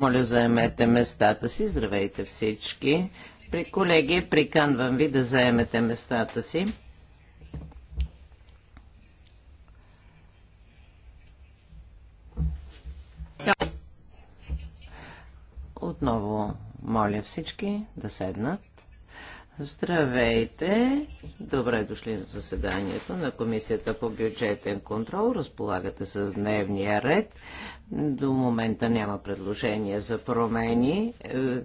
Моля, заемете местата си. Здравейте всички. При колеги, приканвам ви да заемете местата си. Отново моля всички да седнат. Здравейте! Добре дошли на заседанието на Комисията по бюджетен контрол. Разполагате с дневния ред. До момента няма предложения за промени. Е, е,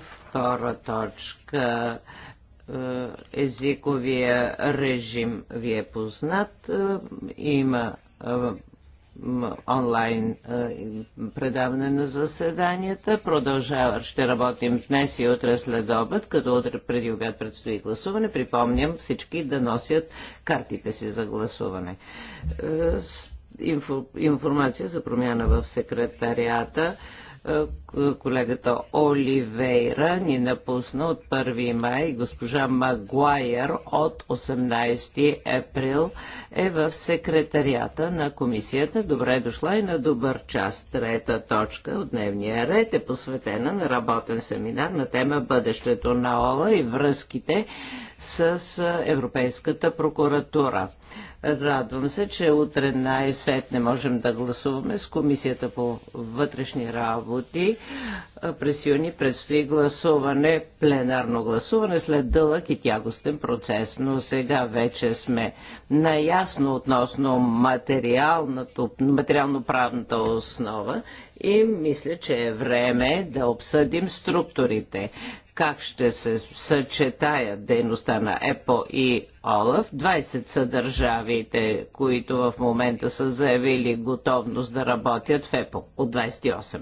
втора точка е, езиковия режим ви е познат. Има онлайн предаване на заседанията. Продължава. Ще работим днес и утре след обед, като утре преди обяд предстои гласуване. Припомням всички да носят картите си за гласуване. Е, инфо, информация за промяна в секретарията е, колегата Оливейра ни напусна от 1 май. Госпожа Магуайер от 18 април е в секретарията на комисията. Добре дошла и на добър час. Трета точка от дневния ред е посветена на работен семинар на тема Бъдещето на ОЛА и връзките с Европейската прокуратура. Радвам се, че утре най не можем да гласуваме с Комисията по вътрешни работи през юни предстои гласуване, пленарно гласуване след дълъг и тягостен процес, но сега вече сме наясно относно материално-правната основа и мисля, че е време да обсъдим структурите как ще се съчетаят дейността на ЕПО и ОЛАФ. 20 са държавите, които в момента са заявили готовност да работят в ЕПО от 28.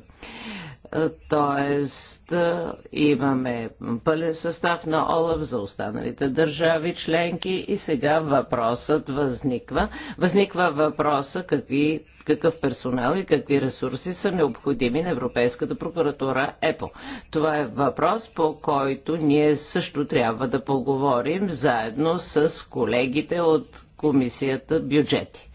Е, тоест, е, имаме пълен състав на ОЛАВ за останалите държави членки и сега въпросът възниква. Възниква въпроса какви какъв персонал и какви ресурси са необходими на Европейската прокуратура ЕПО. Това е въпрос, по който ние също трябва да поговорим заедно с колегите от Комисията бюджети.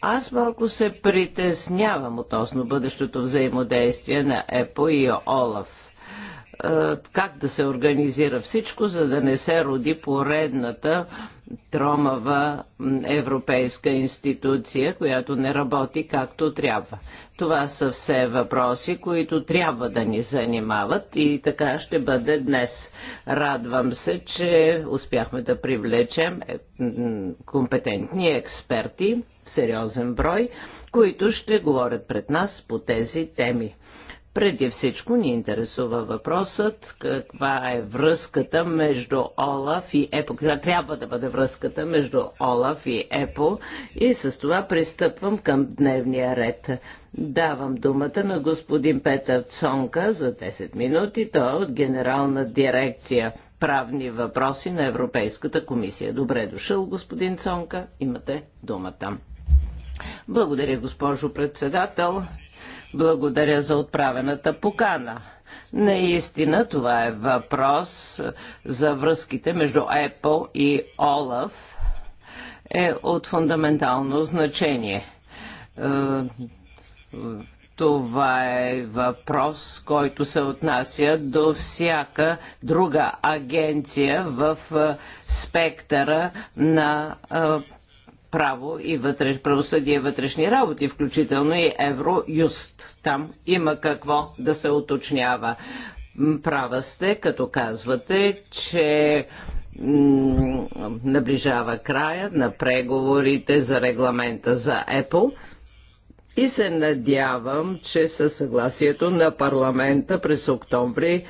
Аз малко се притеснявам относно бъдещото взаимодействие на ЕПО и ОЛАФ. Е, как да се организира всичко, за да не се роди поредната тромава европейска институция, която не работи както трябва. Това са все въпроси, които трябва да ни занимават и така ще бъде днес. Радвам се, че успяхме да привлечем е, компетентни експерти, сериозен брой, които ще говорят пред нас по тези теми. Преди всичко ни интересува въпросът каква е връзката между ОЛАФ и ЕПО. Каква трябва да бъде връзката между ОЛАФ и ЕПО. И с това пристъпвам към дневния ред. Давам думата на господин Петър Цонка за 10 минути. Той е от Генерална дирекция правни въпроси на Европейската комисия. Добре дошъл, господин Цонка. Имате думата. Благодаря, госпожо председател. Благодаря за отправената покана. Наистина това е въпрос за връзките между Apple и Olaf е от фундаментално значение. Е, това е въпрос, който се отнася до всяка друга агенция в е, спектъра на е, право и вътре правосъдие и вътрешни работи, включително и Евроюст. Там има какво да се уточнява. Права сте, като казвате, че наближава края на преговорите за регламента за Apple и се надявам, че със съгласието на парламента през октомври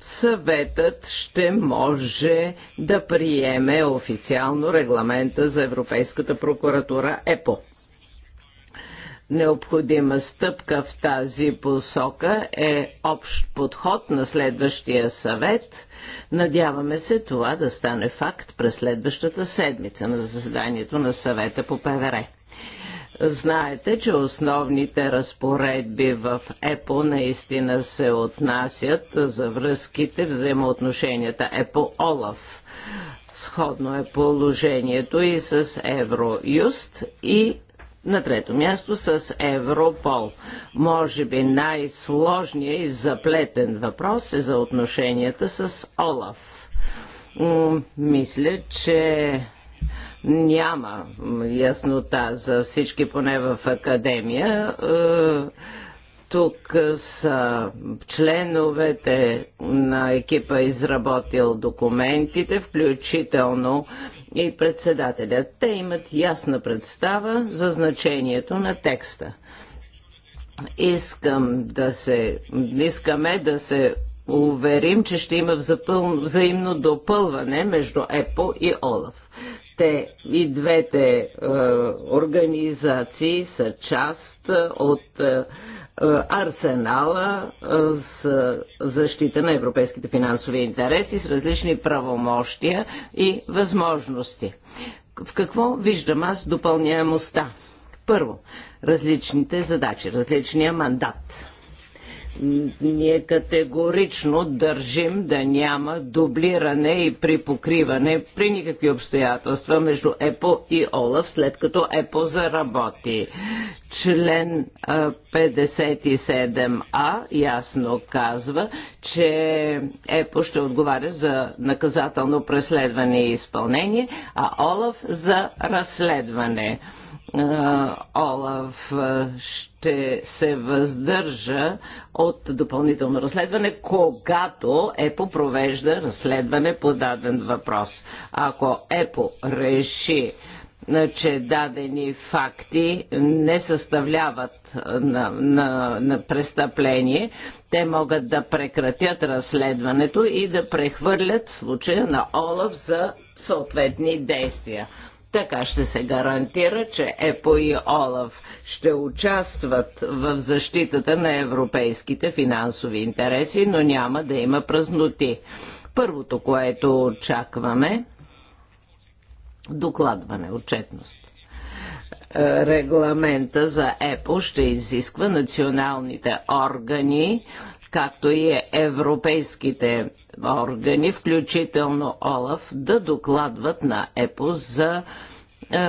съветът ще може да приеме официално регламента за Европейската прокуратура ЕПО. Необходима стъпка в тази посока е общ подход на следващия съвет. Надяваме се това да стане факт през следващата седмица на заседанието на съвета по ПВР. Знаете, че основните разпоредби в ЕПО наистина се отнасят за връзките, взаимоотношенията ЕПО-ОЛАФ. Сходно е положението и с Евроюст и на трето място с Европол. Може би най-сложният и заплетен въпрос е за отношенията с Олаф. Мисля, че няма яснота за всички, поне в академия. Е, тук са членовете на екипа изработил документите, включително и председателят. Те имат ясна представа за значението на текста. Искам да се, искаме да се уверим, че ще има взаимно допълване между ЕПО и ОЛАФ двете, и двете е, организации са част е, от е, е арсенала е, с защита на европейските финансови интереси с различни правомощия и възможности. В какво виждам аз допълняемостта? Първо, различните задачи, различния мандат ние категорично държим да няма дублиране и припокриване при никакви обстоятелства между ЕПО и ОЛАФ, след като ЕПО заработи. Член 57А ясно казва, че ЕПО ще отговаря за наказателно преследване и изпълнение, а ОЛАФ за разследване. Олаф ще се въздържа от допълнително разследване, когато ЕПО провежда разследване по даден въпрос. Ако ЕПО реши че дадени факти не съставляват на, на, на престъпление, те могат да прекратят разследването и да прехвърлят случая на Олаф за съответни действия. Така ще се гарантира, че ЕПО и ОЛАВ ще участват в защитата на европейските финансови интереси, но няма да има празноти. Първото, което очакваме, докладване, отчетност. Е, регламента за ЕПО ще изисква националните органи както и европейските органи, включително ОЛАФ, да докладват на ЕПО за е,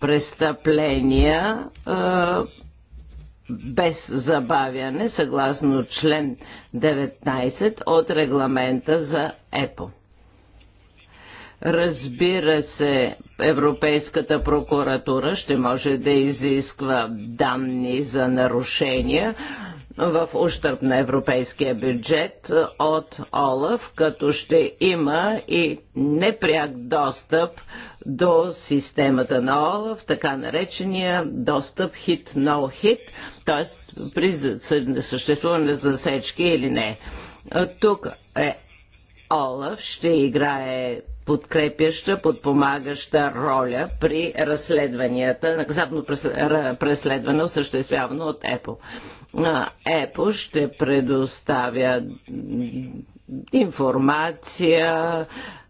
престъпления е, без забавяне, съгласно член 19 от регламента за ЕПО. Разбира се, Европейската прокуратура ще може да изисква данни за нарушения, в ущърп на европейския бюджет от ОЛАФ, като ще има и непряк достъп до системата на ОЛАФ, така наречения достъп хит-но-хит, т.е. при съществуване за сечки или не. Тук е Олаф ще играе подкрепяща, подпомагаща роля при разследванията, наказателно преследване, осъществявано от ЕПО. ЕПО ще предоставя информация,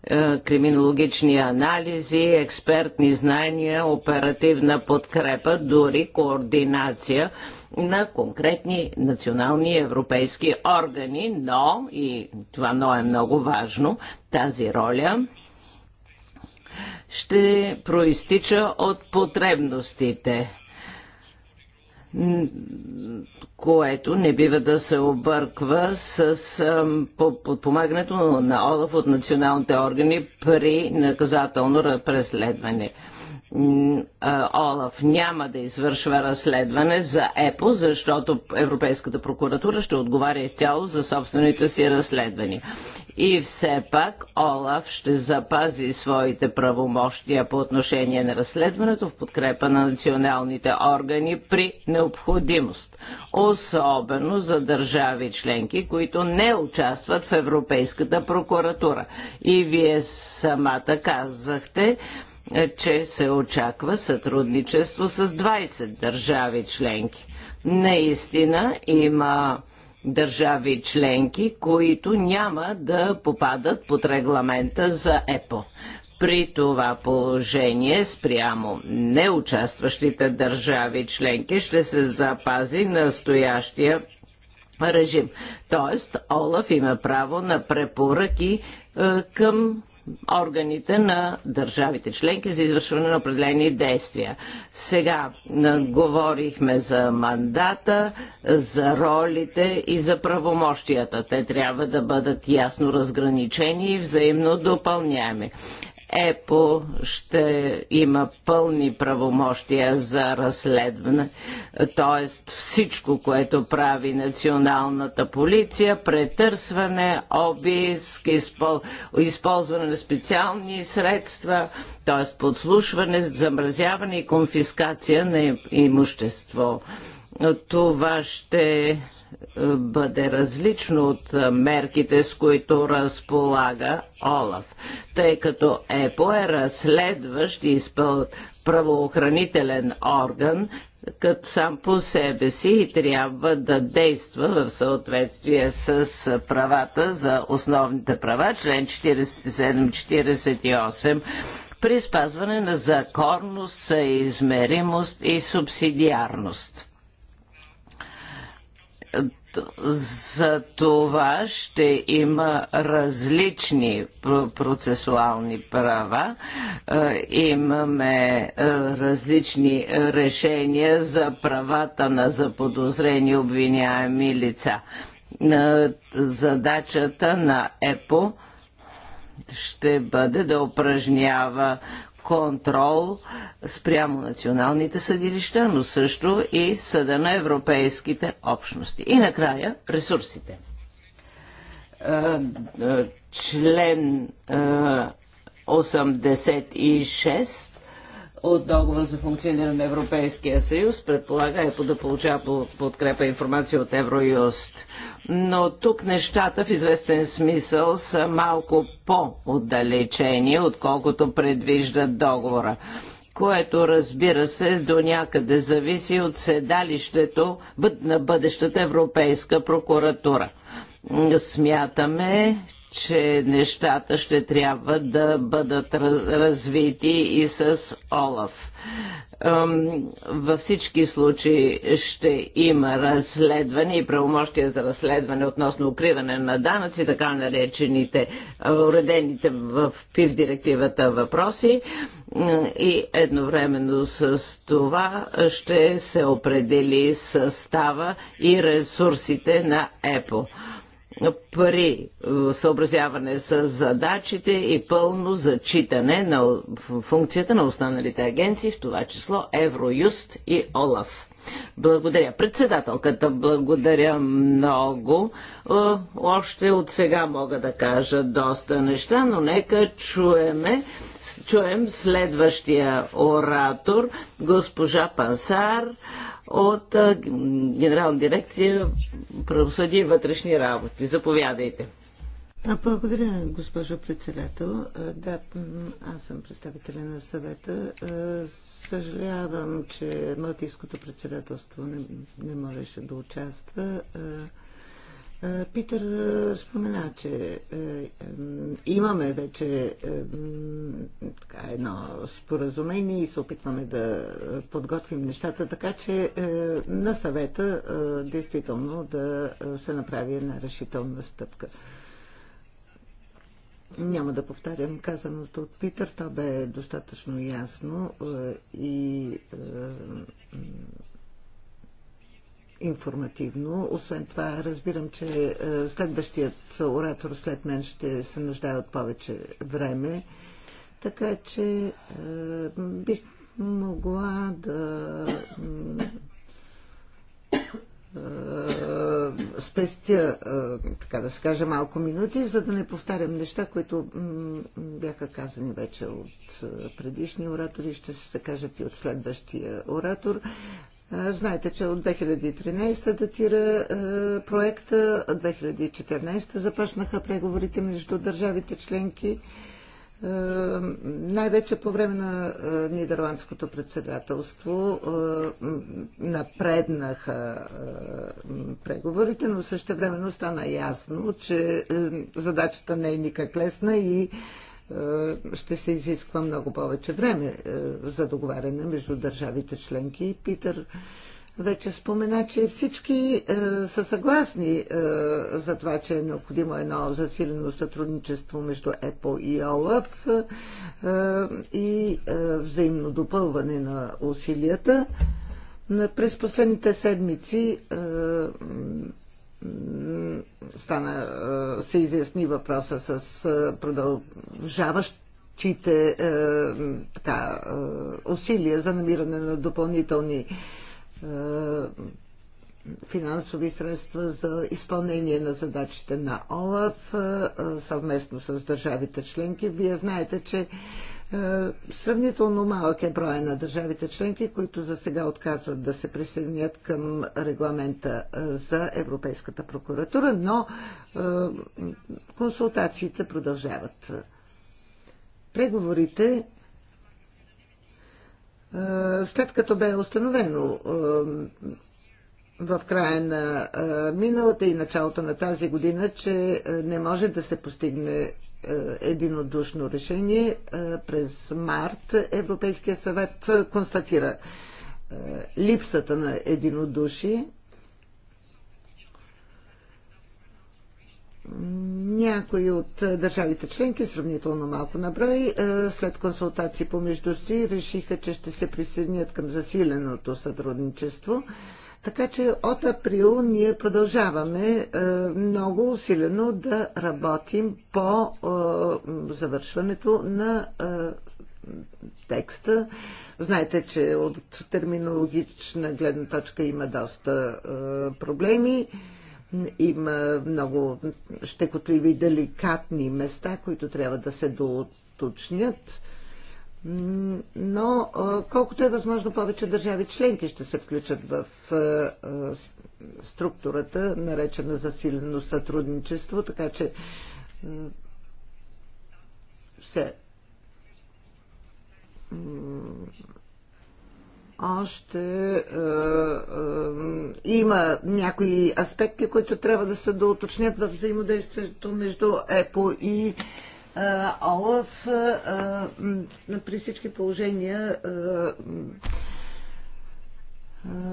е, криминологични анализи, експертни знания, оперативна подкрепа, дори координация на конкретни национални европейски органи, но, и това но е много важно, тази роля ще проистича от потребностите което не бива да се обърква с подпомагането на ОЛАФ от националните органи при наказателно преследване. Олаф няма да извършва разследване за ЕПО, защото Европейската прокуратура ще отговаря изцяло за собствените си разследвания. И все пак Олаф ще запази своите правомощия по отношение на разследването в подкрепа на националните органи при необходимост. Особено за държави членки, които не участват в Европейската прокуратура. И вие самата казахте, е, че се очаква сътрудничество с 20 държави членки. Наистина има държави членки, които няма да попадат под регламента за ЕПО. При това положение спрямо неучастващите държави членки ще се запази настоящия режим. Тоест, Олаф има право на препоръки е, към органите на държавите членки за извършване на определени действия. Сега говорихме за мандата, за ролите и за правомощията. Те трябва да бъдат ясно разграничени и взаимно допълняеми. ЕПО ще има пълни правомощия за разследване, т.е. всичко, което прави националната полиция, претърсване, обиск, изпол... използване на специални средства, т.е. подслушване, замразяване и конфискация на имущество. Това ще е, бъде различно от е, мерките, с които разполага Олаф, тъй като ЕПО е разследващ и изпъл... правоохранителен орган, като сам по себе си и трябва да действа в съответствие с е, правата за основните права, член 47-48 при спазване на законност, съизмеримост и субсидиарност за това ще има различни процесуални права. Е, имаме е, различни решения за правата на заподозрени обвиняеми лица. Е, задачата на ЕПО ще бъде да упражнява контрол спрямо националните съдилища, но също и съда на европейските общности. И накрая ресурсите. Член 86 от договора за функциониране на Европейския съюз, предполага ЕПО да получава подкрепа информация от Евроюст. Но тук нещата в известен смисъл са малко по-отдалечени, отколкото предвиждат договора което разбира се до някъде зависи от седалището на бъдещата Европейска прокуратура. Смятаме, че нещата ще трябва да бъдат развити и с Олаф. Във всички случаи ще има разследване и правомощия за разследване относно укриване на данъци, така наречените, уредените в ПИВ директивата въпроси и едновременно с това ще се определи състава и ресурсите на ЕПО при е, съобразяване с задачите и пълно зачитане на функцията на останалите агенции, в това число Евроюст и ОЛАФ. Благодаря. Председателката, благодаря много. Е, още от сега мога да кажа доста неща, но нека чуеме, чуем следващия оратор, госпожа Пансар от Генерална дирекция правосъдие и вътрешни работи. Заповядайте. А, благодаря, госпожо председател. Да, аз съм представителя на съвета. Съжалявам, че Малтийското председателство не, не можеше да участва. Питър спомена, че е, е, имаме вече е, така, едно споразумение и се опитваме да подготвим нещата, така че на съвета действително да се направи една решителна стъпка. Няма да повтарям казаното от Питър, то бе достатъчно ясно и информативно. Освен това, разбирам, че е, следващият оратор след мен ще се нуждае от повече време. Така че е, бих могла да е, спестя, така да се каже, малко минути, за да не повтарям неща, които бяха казани вече от предишни оратори, ще се кажат и от следващия оратор. Знаете, че от 2013 датира проекта, от 2014 започнаха преговорите между държавите членки най-вече по време на нидерландското председателство напреднаха преговорите, но също времено стана ясно, че задачата не е никак лесна и е, ще се изисква много повече време е, за договаряне между държавите членки. И Питър вече спомена, че всички е, са съгласни за това, че е необходимо едно засилено сътрудничество между ЕПО и ОЛАФ и взаимно допълване на усилията. През последните седмици стана, се изясни въпроса с продължаващите така, усилия за намиране на допълнителни финансови средства за изпълнение на задачите на ОЛАФ съвместно с държавите членки. Вие знаете, че е, сравнително малък е броя на държавите членки, които за сега отказват да се присъединят към регламента е, за Европейската прокуратура, но е, консултациите продължават. Преговорите след като бе установено в края на миналата и началото на тази година, че не може да се постигне е, единодушно решение. Е, през март Европейския съвет констатира е, липсата на единодушие. Някои от държавите членки, сравнително малко на брой, след консултации помежду си решиха, че ще се присъединят към засиленото сътрудничество. Така че от април ние продължаваме е, много усилено да работим по е, завършването на е, текста. Знаете, че от терминологична гледна точка има доста проблеми има много щекотливи деликатни места, които трябва да се доуточнят но колкото е възможно повече държави членки ще се включат в структурата, наречена засилено сътрудничество, така че все още е, е, има някои аспекти, които трябва да се доуточнят в взаимодействието между ЕПО и е, Олаф при всички положения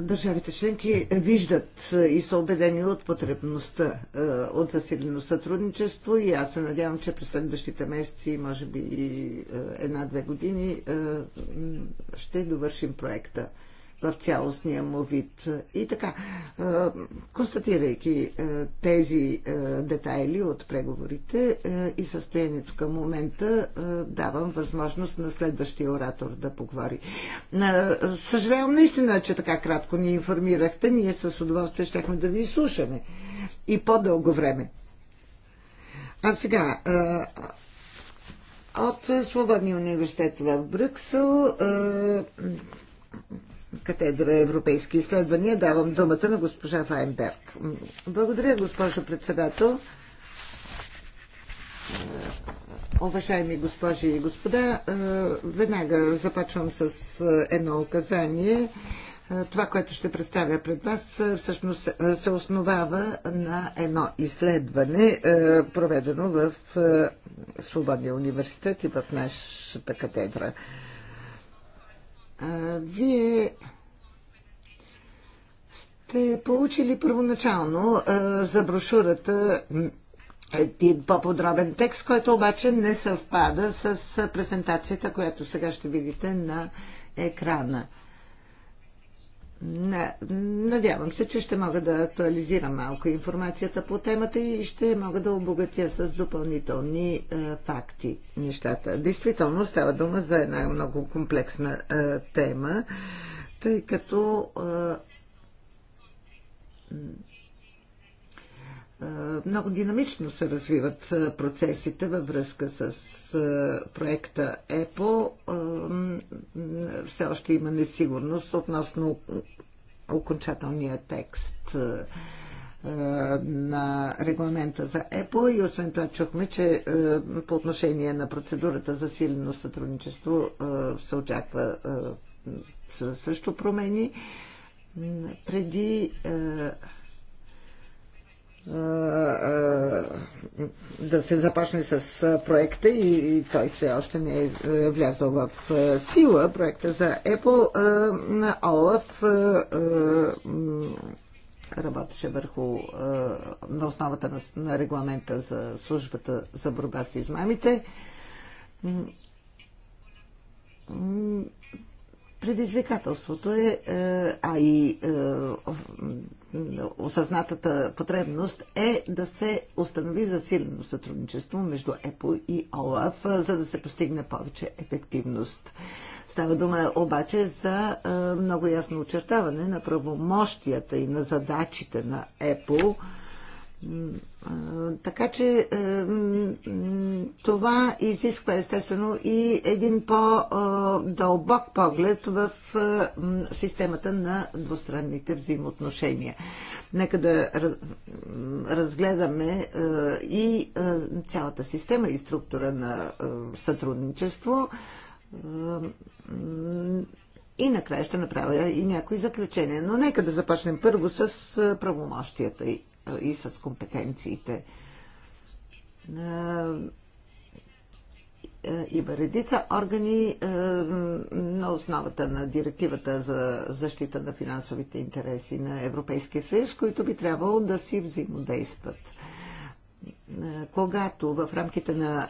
държавите членки виждат и са убедени от потребността от засилено сътрудничество и аз се надявам, че през следващите месеци, може би една-две години, ще довършим проекта в цялостния му вид. И така, е, констатирайки е, тези е, детайли от преговорите и състоянието към момента, давам възможност на следващия оратор да поговори. Съжалявам наистина, че така кратко ни информирахте. Ние с удоволствие щехме да ви слушаме и по-дълго време. А сега, от Свободния университет в Брюксел катедра Европейски изследвания. Давам думата на госпожа Файнберг. Благодаря, госпожо председател. Уважаеми госпожи и господа, веднага започвам с едно указание. Това, което ще представя пред вас, всъщност се основава на едно изследване, проведено в Свободния университет и в нашата катедра. Вие сте получили първоначално за брошурата един по-подробен текст, който обаче не съвпада с презентацията, която сега ще видите на екрана. Надявам се, че ще мога да актуализирам малко информацията по темата и ще мога да обогатя с допълнителни е, факти нещата. Действително става дума за една много комплексна е, тема, тъй като е, е много динамично се развиват е, процесите във връзка с е, проекта ЕПО все още има несигурност относно окончателния текст е, на регламента за ЕПО и освен това чухме, че е, по отношение на процедурата за силено сътрудничество е, се очаква също промени. Преди да се започне с проекта и той все още не е, е влязъл в е, сила. Проекта за Apple на Олаф работеше върху на основата на регламента за службата за борба с измамите. Предизвикателството е, а и е, осъзнатата потребност е да се установи засилено сътрудничество между ЕПО и ОЛАФ, за да се постигне повече ефективност. Става дума обаче за много ясно очертаване на правомощията и на задачите на ЕПО така че е, това изисква естествено и един по-дълбок поглед в е, системата на двустранните взаимоотношения. Нека да разгледаме е, и цялата система и структура на сътрудничество. И накрая ще направя и някои заключения. Но нека да започнем първо с правомощията и с компетенциите. Има редица органи на основата на директивата за защита на финансовите интереси на Европейския съюз, които би трябвало да си взаимодействат. Когато в рамките на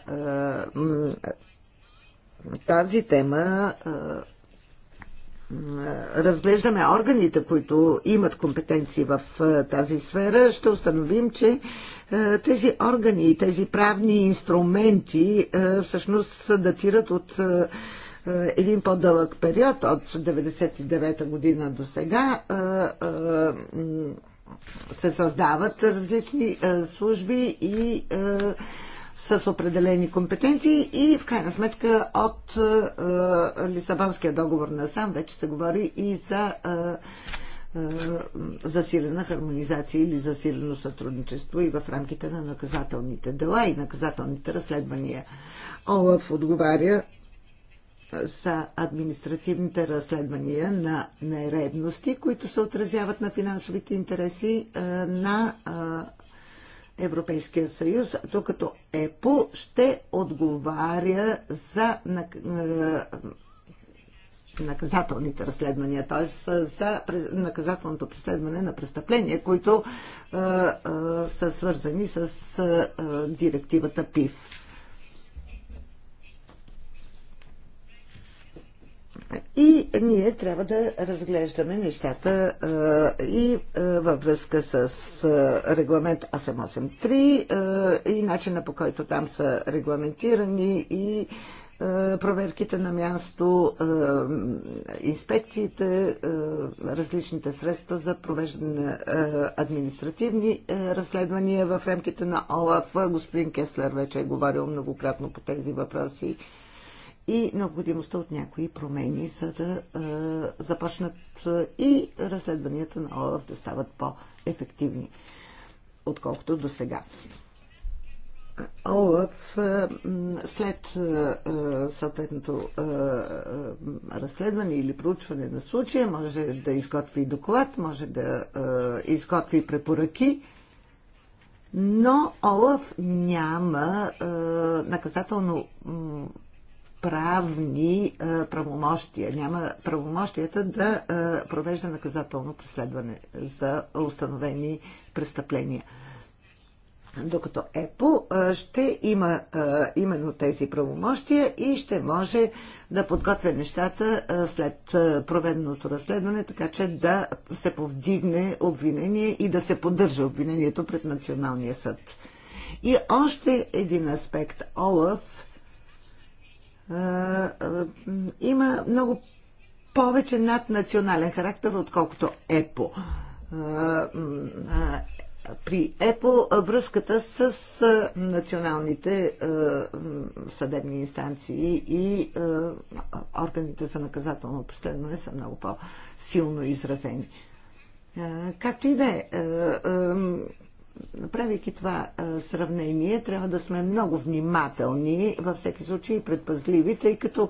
тази тема разглеждаме органите, които имат компетенции в тази сфера, ще установим, че тези органи и тези правни инструменти всъщност датират от един по-дълъг период от 99-та година до сега се създават различни служби и с определени компетенции и в крайна сметка от е, е, Лисабонския договор насам вече се говори и за е, засилена хармонизация или засилено сътрудничество и в рамките на наказателните дела и наказателните разследвания. ОЛАФ отговаря са административните разследвания на нередности, които се отразяват на финансовите интереси на Европейския съюз, докато ЕПО ще отговаря за е, наказателните разследвания, т.е. за наказателното преследване на престъпления, които е, е, са свързани с директивата ПИВ. И ние трябва да разглеждаме нещата и във връзка с регламент 883 и начина по който там са регламентирани и проверките на място, инспекциите, различните средства за провеждане на административни разследвания в рамките на ОЛАФ. Господин Кеслер вече е говорил многократно по тези въпроси и необходимостта от някои промени, за да е, започнат и разследванията на ОЛАФ да стават по-ефективни, отколкото до сега. ОЛАФ след съответното разследване или проучване на случая може да изготви доклад, може да изготви препоръки, но ОЛАФ няма наказателно правни правомощия, няма правомощията да провежда наказателно преследване за установени престъпления. Докато ЕПО ще има именно тези правомощия и ще може да подготвя нещата след проведеното разследване, така че да се повдигне обвинение и да се поддържа обвинението пред Националния съд. И още един аспект. Олаф има много повече наднационален характер, отколкото ЕПО. При ЕПО връзката с националните съдебни инстанции и органите за наказателно преследване са много по-силно изразени. Както и да е, правейки това сравнение, трябва да сме много внимателни, във всеки случай предпазливи, тъй като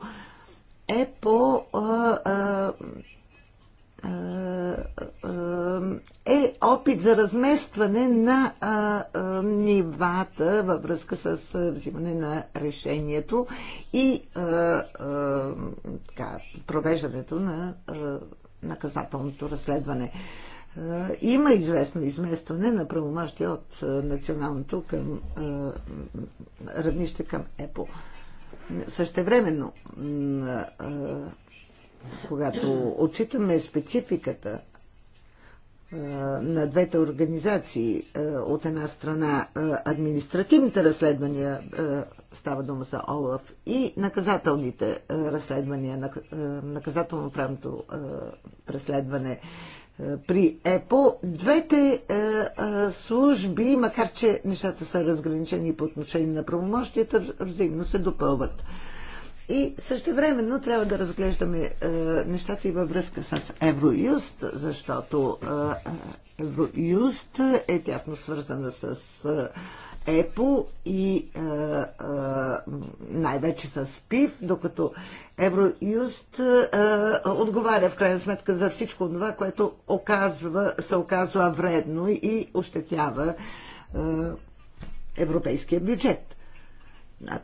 Apple е, е опит за разместване на нивата във връзка с взимане на решението и така, провеждането на наказателното разследване. Е, има известно изместване на правомащи от е, националното към е, равнище към ЕПО. Същевременно, когато отчитаме спецификата на двете организации. От една страна административните разследвания, става дума за ОЛАФ, и наказателните разследвания, наказателно-правното преследване при ЕПО. Двете е, е, служби, макар че нещата са разграничени по отношение на правомощията, взаимно се допълват. И същевременно трябва да разглеждаме е, нещата и във връзка с Евроюст, защото е, Евроюст е тясно свързана с е, ЕПО и е, е, най-вече с ПИВ, докато Евроюст е, отговаря в крайна сметка за всичко това, което оказва, се оказва вредно и ощетява европейския бюджет.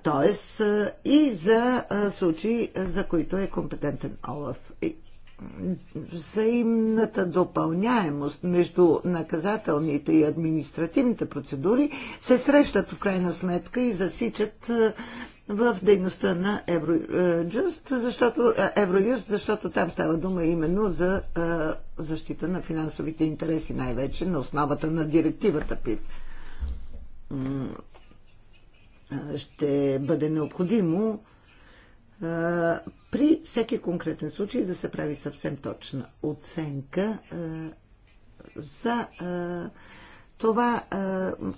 Тоест и за случаи, за които е компетентен ОЛАФ. И, взаимната допълняемост между наказателните и административните процедури се срещат в крайна сметка и засичат е, в дейността на Евроюст, е, защото, е, Евроюст, защото там става дума именно за защита на финансовите интереси, най-вече на основата на директивата ПИП Ще бъде необходимо при всеки конкретен случай да се прави съвсем точна оценка за това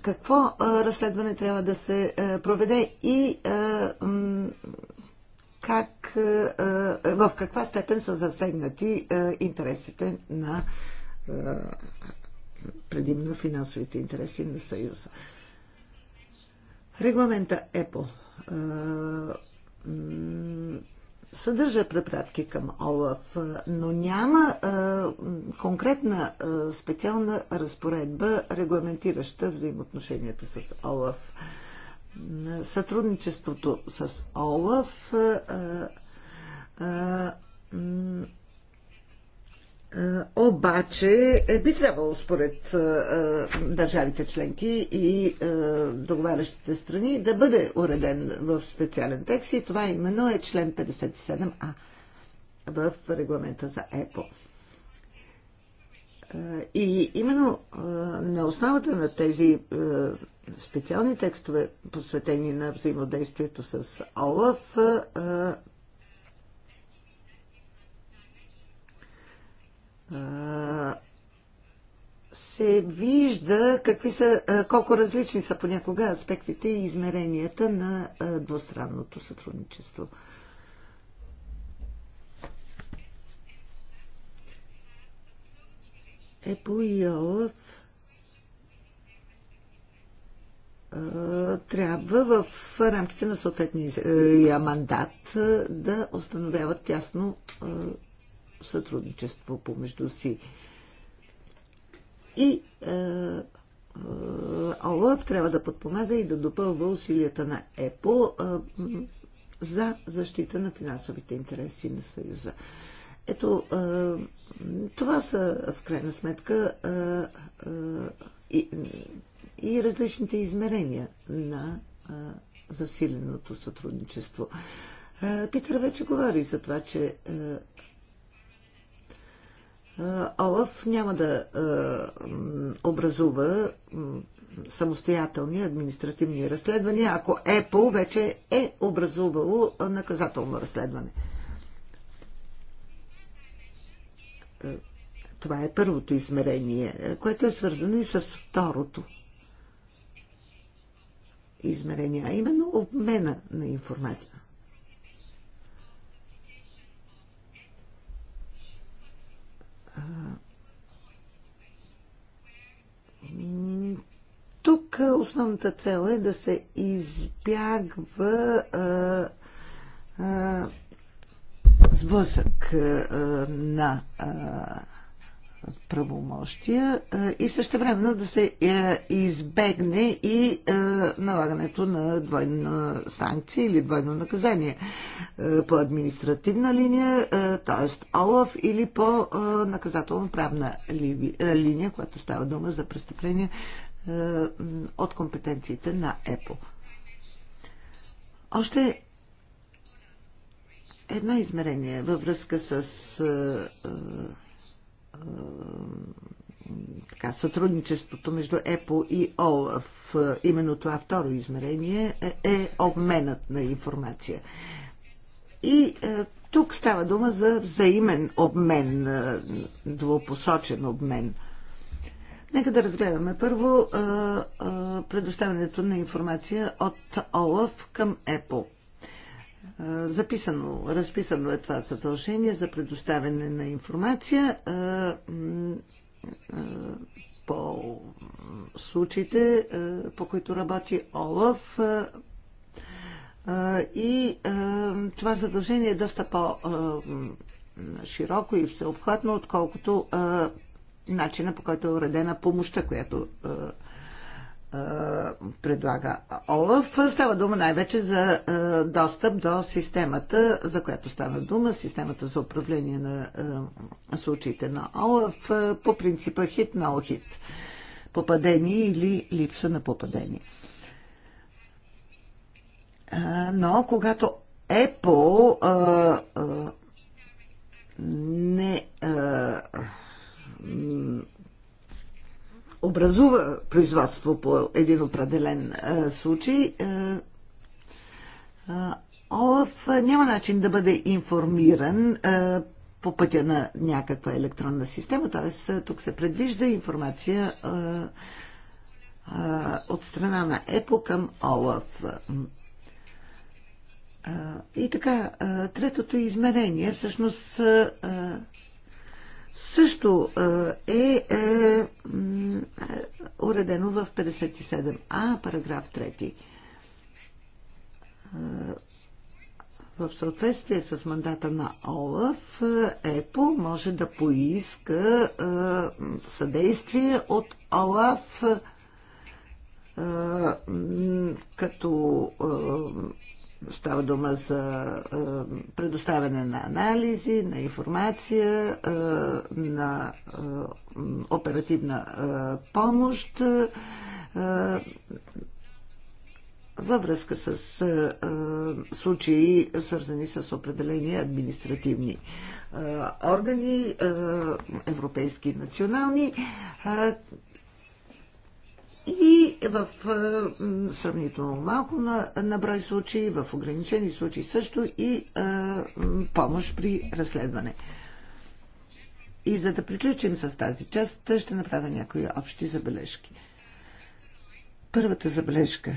какво разследване трябва да се проведе и как, в каква степен са засегнати интересите на предимно финансовите интереси на Съюза. Регламента ЕПО съдържа препратки към ОЛАФ, но няма а, конкретна а, специална разпоредба, регламентираща взаимоотношенията с ОЛАФ. Сътрудничеството с ОЛАФ а, а, е, обаче е, би трябвало според е, държавите членки и договарящите страни да бъде уреден в специален текст и това именно е член 57а в регламента за ЕПО. И именно на основата на тези специални текстове, посветени на взаимодействието с ОЛАФ, се вижда какви са, колко различни са понякога аспектите и измеренията на двустранното сътрудничество. Епо и Олаф трябва в рамките на съответния е, мандат да установяват тясно сътрудничество помежду си. И ОЛАВ е, е, ОЛАФ трябва да подпомага и да допълва усилията на ЕПО е, за защита на финансовите интереси на Съюза. Ето, това са в крайна сметка и, и различните измерения на засиленото сътрудничество. Питър вече говори за това, че Олаф няма да образува самостоятелни административни разследвания, ако ЕПО вече е образувало наказателно разследване. Това е първото измерение, което е свързано и с второто измерение, а именно обмена на информация. Тук основната цел е да се избягва сблъсък на правомощия е, и също времено да се е, избегне и е, налагането на двойна санкция или двойно наказание по административна линия, т.е. ОЛАФ или по наказателно-правна линия, която става дума за престъпление от компетенциите на ЕПО. Още едно измерение във връзка с така, сътрудничеството между Apple и ОЛАФ, именно това второ измерение, е, е обменът на информация. И тук става дума за взаимен обмен, двупосочен обмен. Нека да разгледаме първо предоставянето на информация от ОЛАФ към Apple записано, разписано е това задължение за предоставяне на информация по случаите, по които работи ОЛАФ. И това задължение е доста по-широко и всеобхватно, отколкото начина по който е уредена помощта, която предлага ОЛАФ. Става дума най-вече за достъп до системата, за която стана дума, системата за управление на случаите на ОЛАФ по принципа хит на охит. Попадение или липса на попадение. Но когато ЕПО не образува производство по един определен е, случай, е, е, ОЛАФ няма начин да бъде информиран по пътя на някаква електронна система, т.е. тук се предвижда информация от страна на ЕПО към ОЛАФ. И така, третото измерение всъщност също е, е, е уредено в 57а, параграф 3. В съответствие с мандата на ОЛАФ, е, ЕПО може да поиска съдействие от ОЛАФ като Става дума за е, предоставяне на анализи, на информация, е, на е, оперативна помощ във връзка с случаи, свързани с определени административни органи, европейски и национални, и в сравнително малко на, на брой случаи, в ограничени случаи също и а, помощ при разследване. И за да приключим с тази част, ще направя някои общи забележки. Първата забележка.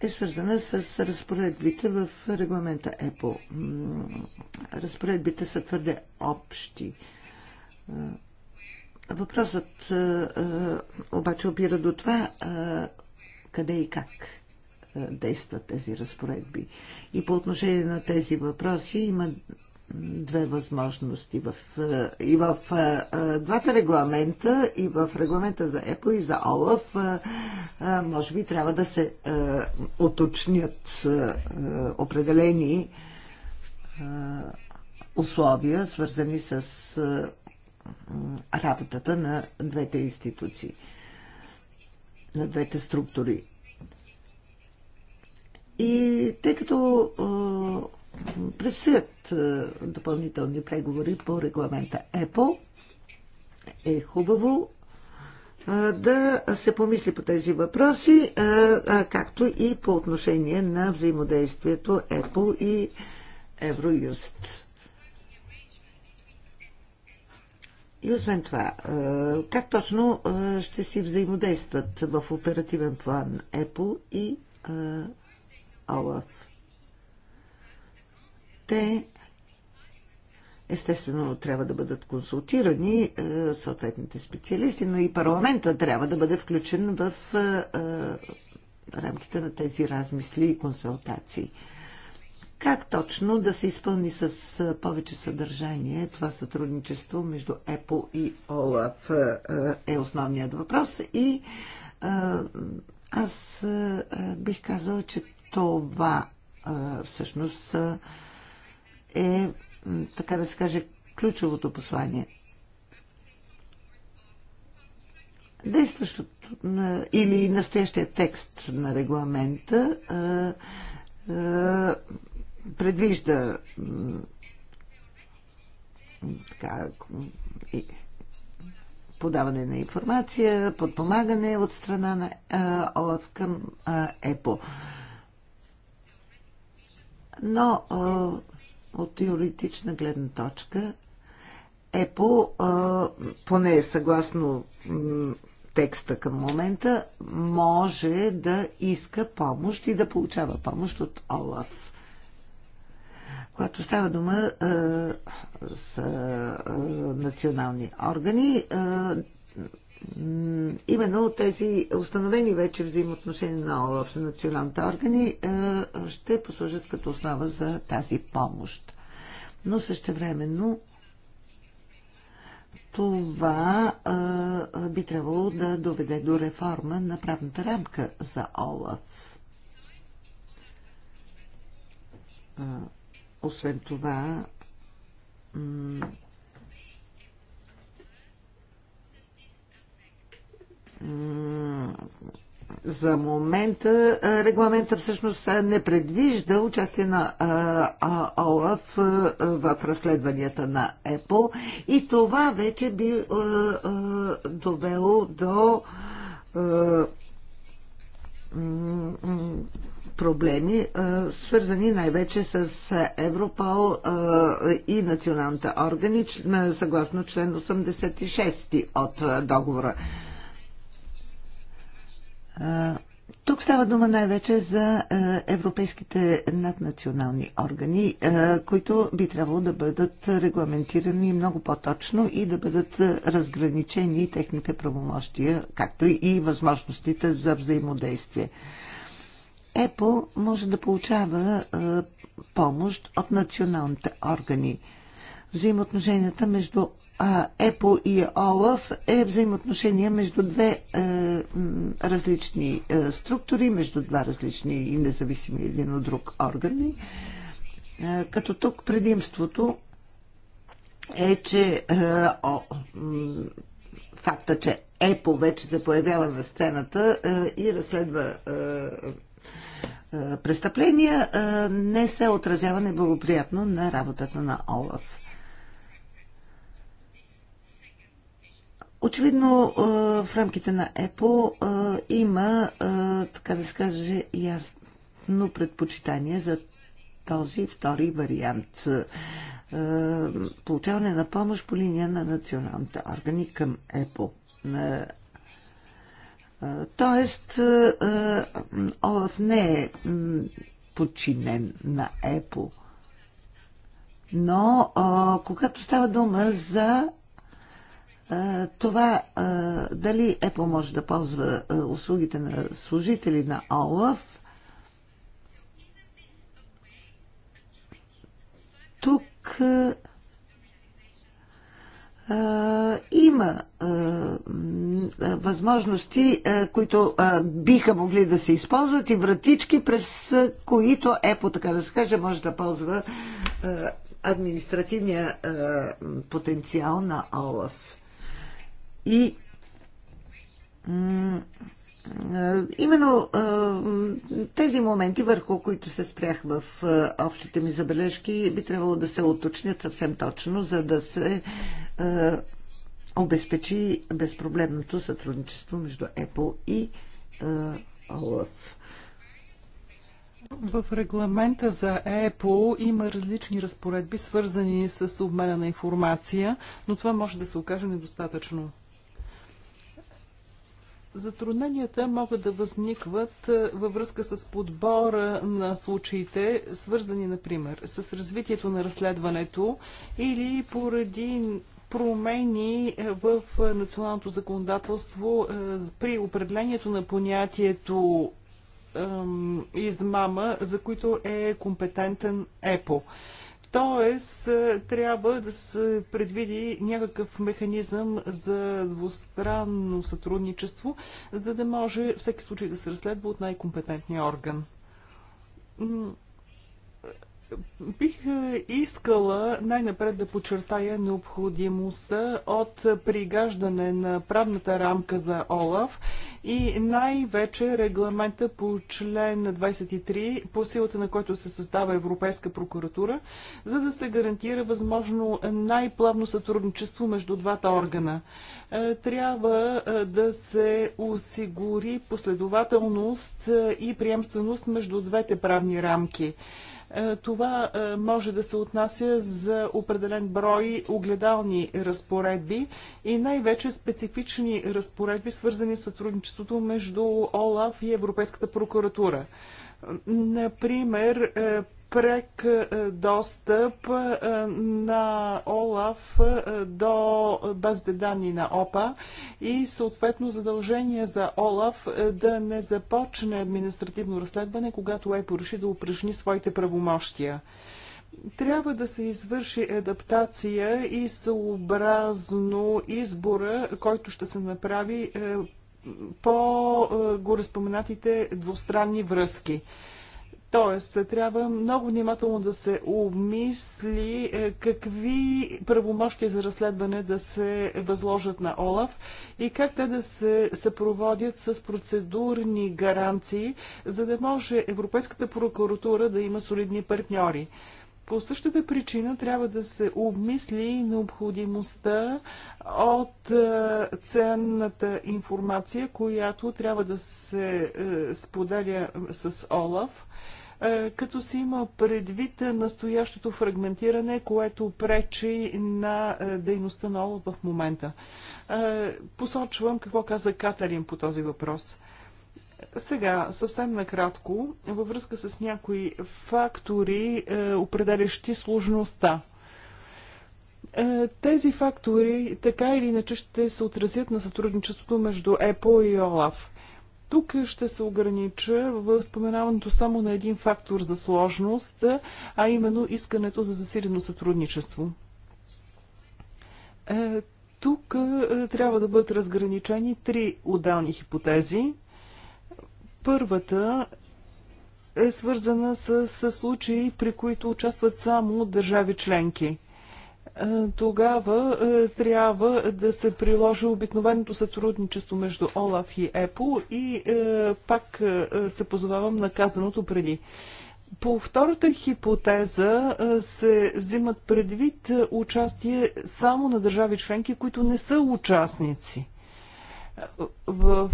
е свързана с разпоредбите в регламента ЕПО. Разпоредбите са твърде общи. Въпросът обаче опира до това къде и как действат тези разпоредби. И по отношение на тези въпроси има две възможности. и в двата регламента, и в регламента за ЕПО и за ОЛАФ, може би трябва да се уточнят определени условия, свързани с работата на двете институции, на двете структури. И тъй като предстоят допълнителни преговори по регламента Apple, е хубаво да се помисли по тези въпроси, както и по отношение на взаимодействието Apple и Евроюст. И освен това, е, как точно е, ще си взаимодействат в оперативен план ЕПО и е, ОЛАФ? Те естествено трябва да бъдат консултирани съответните специалисти, но и парламента трябва да бъде включен в рамките на тези размисли и консултации как точно да се изпълни с повече съдържание това сътрудничество между ЕПО и ОЛАФ е основният въпрос и аз бих казала, че това всъщност е, така да се каже, ключовото послание. Действащото или настоящия текст на регламента предвижда така, подаване на информация, подпомагане от страна на ОЛАФ към ЕПО. Но от юридична гледна точка ЕПО, поне съгласно текста към момента, може да иска помощ и да получава помощ от ОЛАФ. Когато става дума с национални органи, именно тези установени вече взаимоотношения на ОЛАФ с националните органи ще послужат като основа за тази помощ. Но същевременно това би трябвало да доведе до реформа на правната рамка за ОЛАФ. Освен това, за момента регламента всъщност не предвижда участие на ОЛАФ в разследванията на ЕПО и това вече би довело до проблеми, свързани най-вече с Европол и националните органи, съгласно член 86 от договора. Тук става дума най-вече за европейските наднационални органи, които би трябвало да бъдат регламентирани много по-точно и да бъдат разграничени техните правомощия, както и възможностите за взаимодействие. ЕПО може да получава помощ от националните органи. Взаимоотношенията между ЕПО и ОЛАФ е взаимоотношение между две е, различни е, структури, между два различни и независими един от друг органи. Е, като тук предимството е, че е, о, факта, че ЕПО вече се появява на сцената е, и разследва е, е, престъпления е, не се отразява неблагоприятно на работата на ОЛАФ. Очевидно е, в рамките на ЕПО има, така да се каже, ясно предпочитание за този втори вариант. Получаване на помощ по линия на националните органи към ЕПО. Тоест, е, е, Олаф не е подчинен на ЕПО. Но а, е, когато става дума за а, това а, дали ЕПО може да ползва а, услугите на служители на Олаф, тук а, има възможности, които биха могли да се използват и вратички, през които ЕПО, така да се каже, може да ползва административния потенциал на ОЛАФ. И е, именно е, тези моменти, върху които се спрях в е, общите ми забележки, би трябвало да се уточнят съвсем точно, за да се обезпечи безпроблемното сътрудничество между Apple и ОЛАФ. В регламента за ЕПО има различни разпоредби, свързани с обмена на информация, но това може да се окаже недостатъчно. Затрудненията могат да възникват е, във връзка с подбора на случаите, свързани, например, с развитието на разследването или поради промени е, в националното законодателство е, при определението на понятието измама, за които е компетентен ЕПО. Тоест, е, трябва да се предвиди някакъв механизъм за двустранно сътрудничество, за да може всеки случай да се разследва от най-компетентния орган. Бих е, искала най-напред да подчертая необходимостта от пригаждане на правната рамка за ОЛАВ и най-вече регламента по член 23, по силата на който се създава Европейска прокуратура, за да се гарантира възможно най-плавно сътрудничество между двата органа. Е, трябва е, да се осигури последователност и приемственост между двете правни рамки. Е, това е, може да се отнася за определен брой огледални разпоредби и най-вече специфични разпоредби, свързани с сътрудничеството между ОЛАФ и Европейската прокуратура. Например, е, прек е, достъп е, на ОЛАФ е, до базите данни на ОПА и съответно задължение за ОЛАФ да не започне административно разследване, когато е поруши да упражни своите правомощия трябва да се извърши адаптация и съобразно избора, който ще се направи по гореспоменатите двустранни връзки. Тоест, трябва много внимателно да се обмисли е, какви правомощия за разследване да се възложат на ОЛАФ и как те да се съпроводят с процедурни гаранции, за да може Европейската прокуратура да има солидни партньори. По същата причина трябва да се обмисли необходимостта от е, ценната информация, която трябва да се е, споделя с ОЛАФ е, като се има предвид настоящото фрагментиране, което пречи на дейността на ОЛАФ в момента. Посочвам какво каза Катарин по този въпрос. Сега, съвсем накратко, във връзка с някои фактори, е, определящи сложността. Е, тези фактори така или иначе ще се отразят на сътрудничеството между ЕПО и ОЛАФ. Тук ще се огранича в споменаването само на един фактор за сложност, а именно искането за засилено сътрудничество. Е, тук е, трябва да бъдат разграничени три отделни хипотези – Първата е свързана с, с случаи, при които участват само държави членки е, тогава е, трябва да се приложи обикновеното сътрудничество между ОЛАФ и ЕПО и е, пак се позовавам на казаното преди. По втората хипотеза се взимат предвид участие само на държави членки, които не са участници. В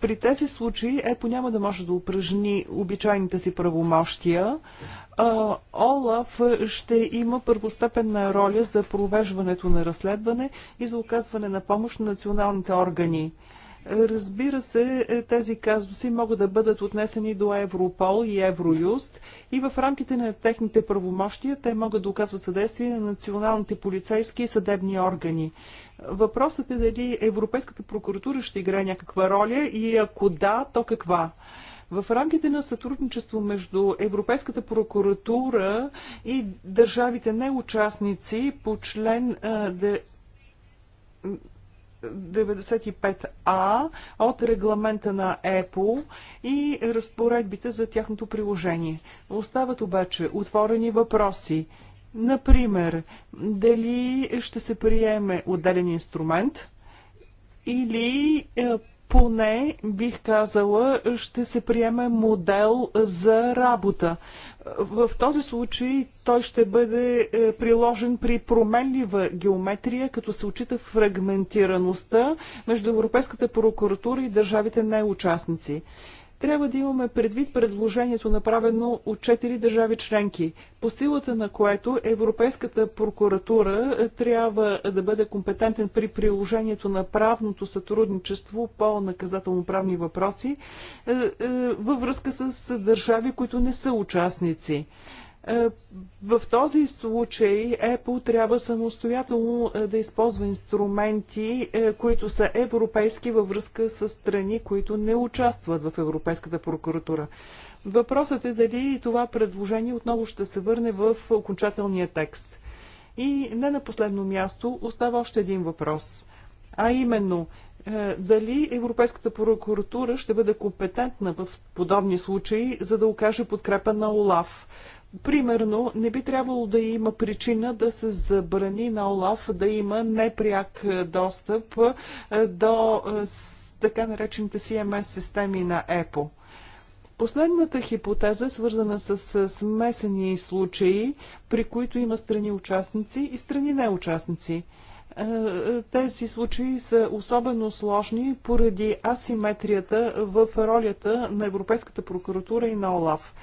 при тези случаи ЕПО няма да може да упражни обичайните си правомощия. Олаф ще има първостепенна роля за провеждането на разследване и за оказване на помощ на националните органи. Разбира се, е, тези казуси могат да бъдат отнесени до Европол и Евроюст и в рамките на техните правомощия те могат да оказват съдействие на националните полицейски и съдебни органи. Въпросът е дали Европейската прокуратура ще играе някаква роля и ако да, то каква? В рамките на сътрудничество между Европейската прокуратура и държавите неучастници по член 95А от регламента на ЕПО и разпоредбите за тяхното приложение. Остават обаче отворени въпроси. Например, дали ще се приеме отделен инструмент или е, поне, бих казала, ще се приеме модел за работа. В този случай той ще бъде е, приложен при променлива геометрия, като се очита фрагментираността между Европейската прокуратура и държавите не участници. Трябва да имаме предвид предложението направено от четири държави членки, по силата на което Европейската прокуратура е, трябва да бъде компетентен при приложението на правното сътрудничество по наказателно-правни въпроси е, е, във връзка с държави, които не са участници. Е, в този случай ЕПО трябва самостоятелно е, да използва инструменти, е, които са европейски във връзка с страни, които не участват в Европейската прокуратура. Въпросът е дали това предложение отново ще се върне в окончателния текст. И не на последно място остава още един въпрос, а именно дали Европейската прокуратура ще бъде компетентна в подобни случаи, за да окаже подкрепа на ОЛАФ. Примерно, не би трябвало да има причина да се забрани на ОЛАФ да има непряк е, достъп е, до е, така наречените CMS системи на ЕПО. Последната хипотеза е свързана с смесени случаи, при които има страни участници и страни неучастници. Тези случаи са особено сложни поради асиметрията в ролята на Европейската прокуратура и на ОЛАФ.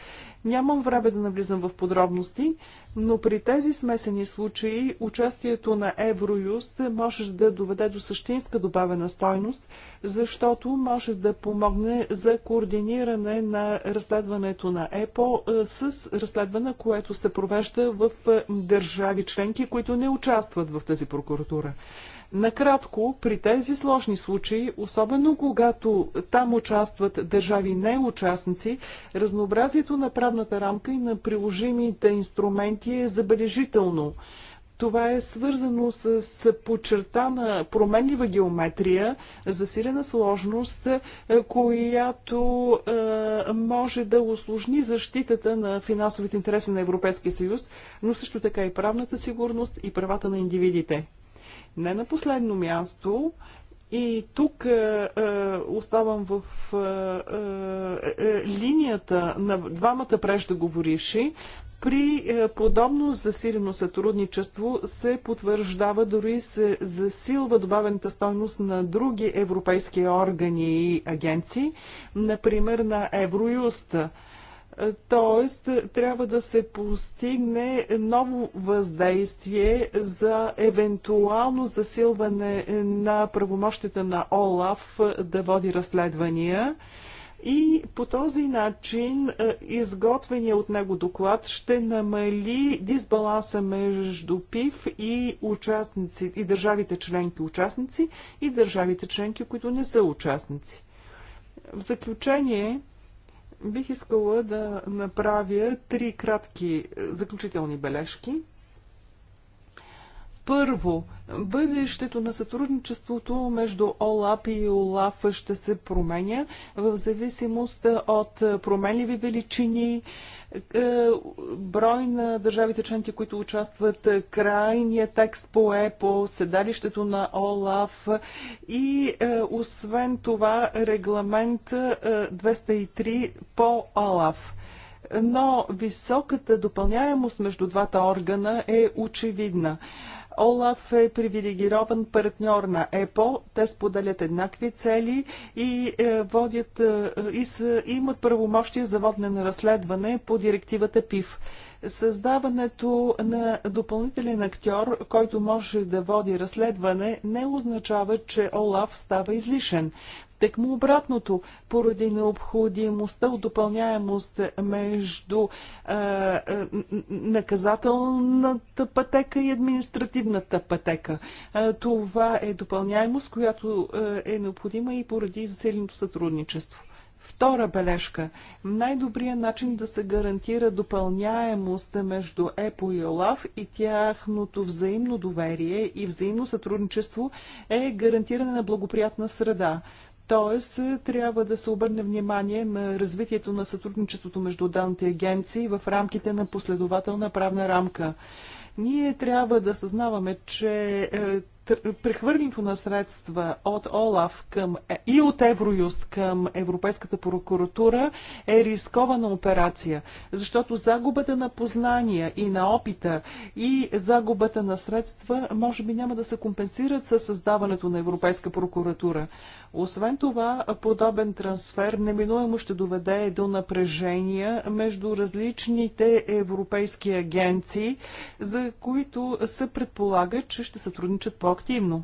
Нямам време да навлизам в подробности, но при тези смесени случаи участието на Евроюст може да доведе до същинска добавена стойност, защото може да помогне за координиране на разследването на ЕПО с разследване, което се провежда в държави членки, които не участват в тази прокуратура. Накратко, при тези сложни случаи, особено когато там участват държави не участници, разнообразието на правната рамка и на приложимите инструменти е забележително. Това е свързано с подчертана променлива геометрия, засилена сложност, е, която е, може да осложни защитата на финансовите интереси на Европейския съюз, но също така и правната сигурност и правата на индивидите. Не на последно място, и тук е, е оставам в е, е, е, линията на двамата преждеговориши, При е, подобно засилено сътрудничество се потвърждава, дори се засилва добавената стойност на други европейски органи и агенции, например на Евроюста. Тоест, трябва да се постигне ново въздействие за евентуално засилване на правомощите на ОЛАФ да води разследвания. И по този начин е, изготвения от него доклад ще намали дисбаланса между ПИВ и, участници, и държавите членки участници и държавите членки, които не са участници. В заключение, Бих искала да направя три кратки е, заключителни бележки. Първо, бъдещето на сътрудничеството между ОЛАП и ОЛАФ ще се променя в зависимост от променливи величини, е, брой на държавите членки, които участват, е, крайния текст по ЕПО, седалището на ОЛАФ и е, освен това регламент 203 по ОЛАФ но високата допълняемост между двата органа е очевидна. ОЛАФ е привилегирован партньор на ЕПО. Те споделят еднакви цели и е, водят е, и са, имат правомощия за водне на разследване по директивата ПИФ. Създаването на допълнителен актьор, който може да води разследване, не означава, че Олаф става излишен. Текмо обратното, поради необходимостта от допълняемост между е, е, наказателната пътека и административната пътека. Е, това е допълняемост, която е необходима и поради заселеното сътрудничество. Втора бележка. Най-добрият начин да се гарантира допълняемост между ЕПО и ОЛАВ и тяхното взаимно доверие и взаимно сътрудничество е гарантиране на благоприятна среда. Тоест, трябва да се обърне внимание на развитието на сътрудничеството между данните агенции в рамките на последователна правна рамка. Ние трябва да съзнаваме, че е, прехвърлянето на средства от ОЛАФ към, е, и от Евроюст към Европейската прокуратура е рискована операция, защото загубата на познания и на опита и загубата на средства може би няма да се компенсират със създаването на Европейска прокуратура. Освен това, подобен трансфер неминуемо ще доведе до напрежения между различните европейски агенции, за които се предполага, че ще сътрудничат по по-активно.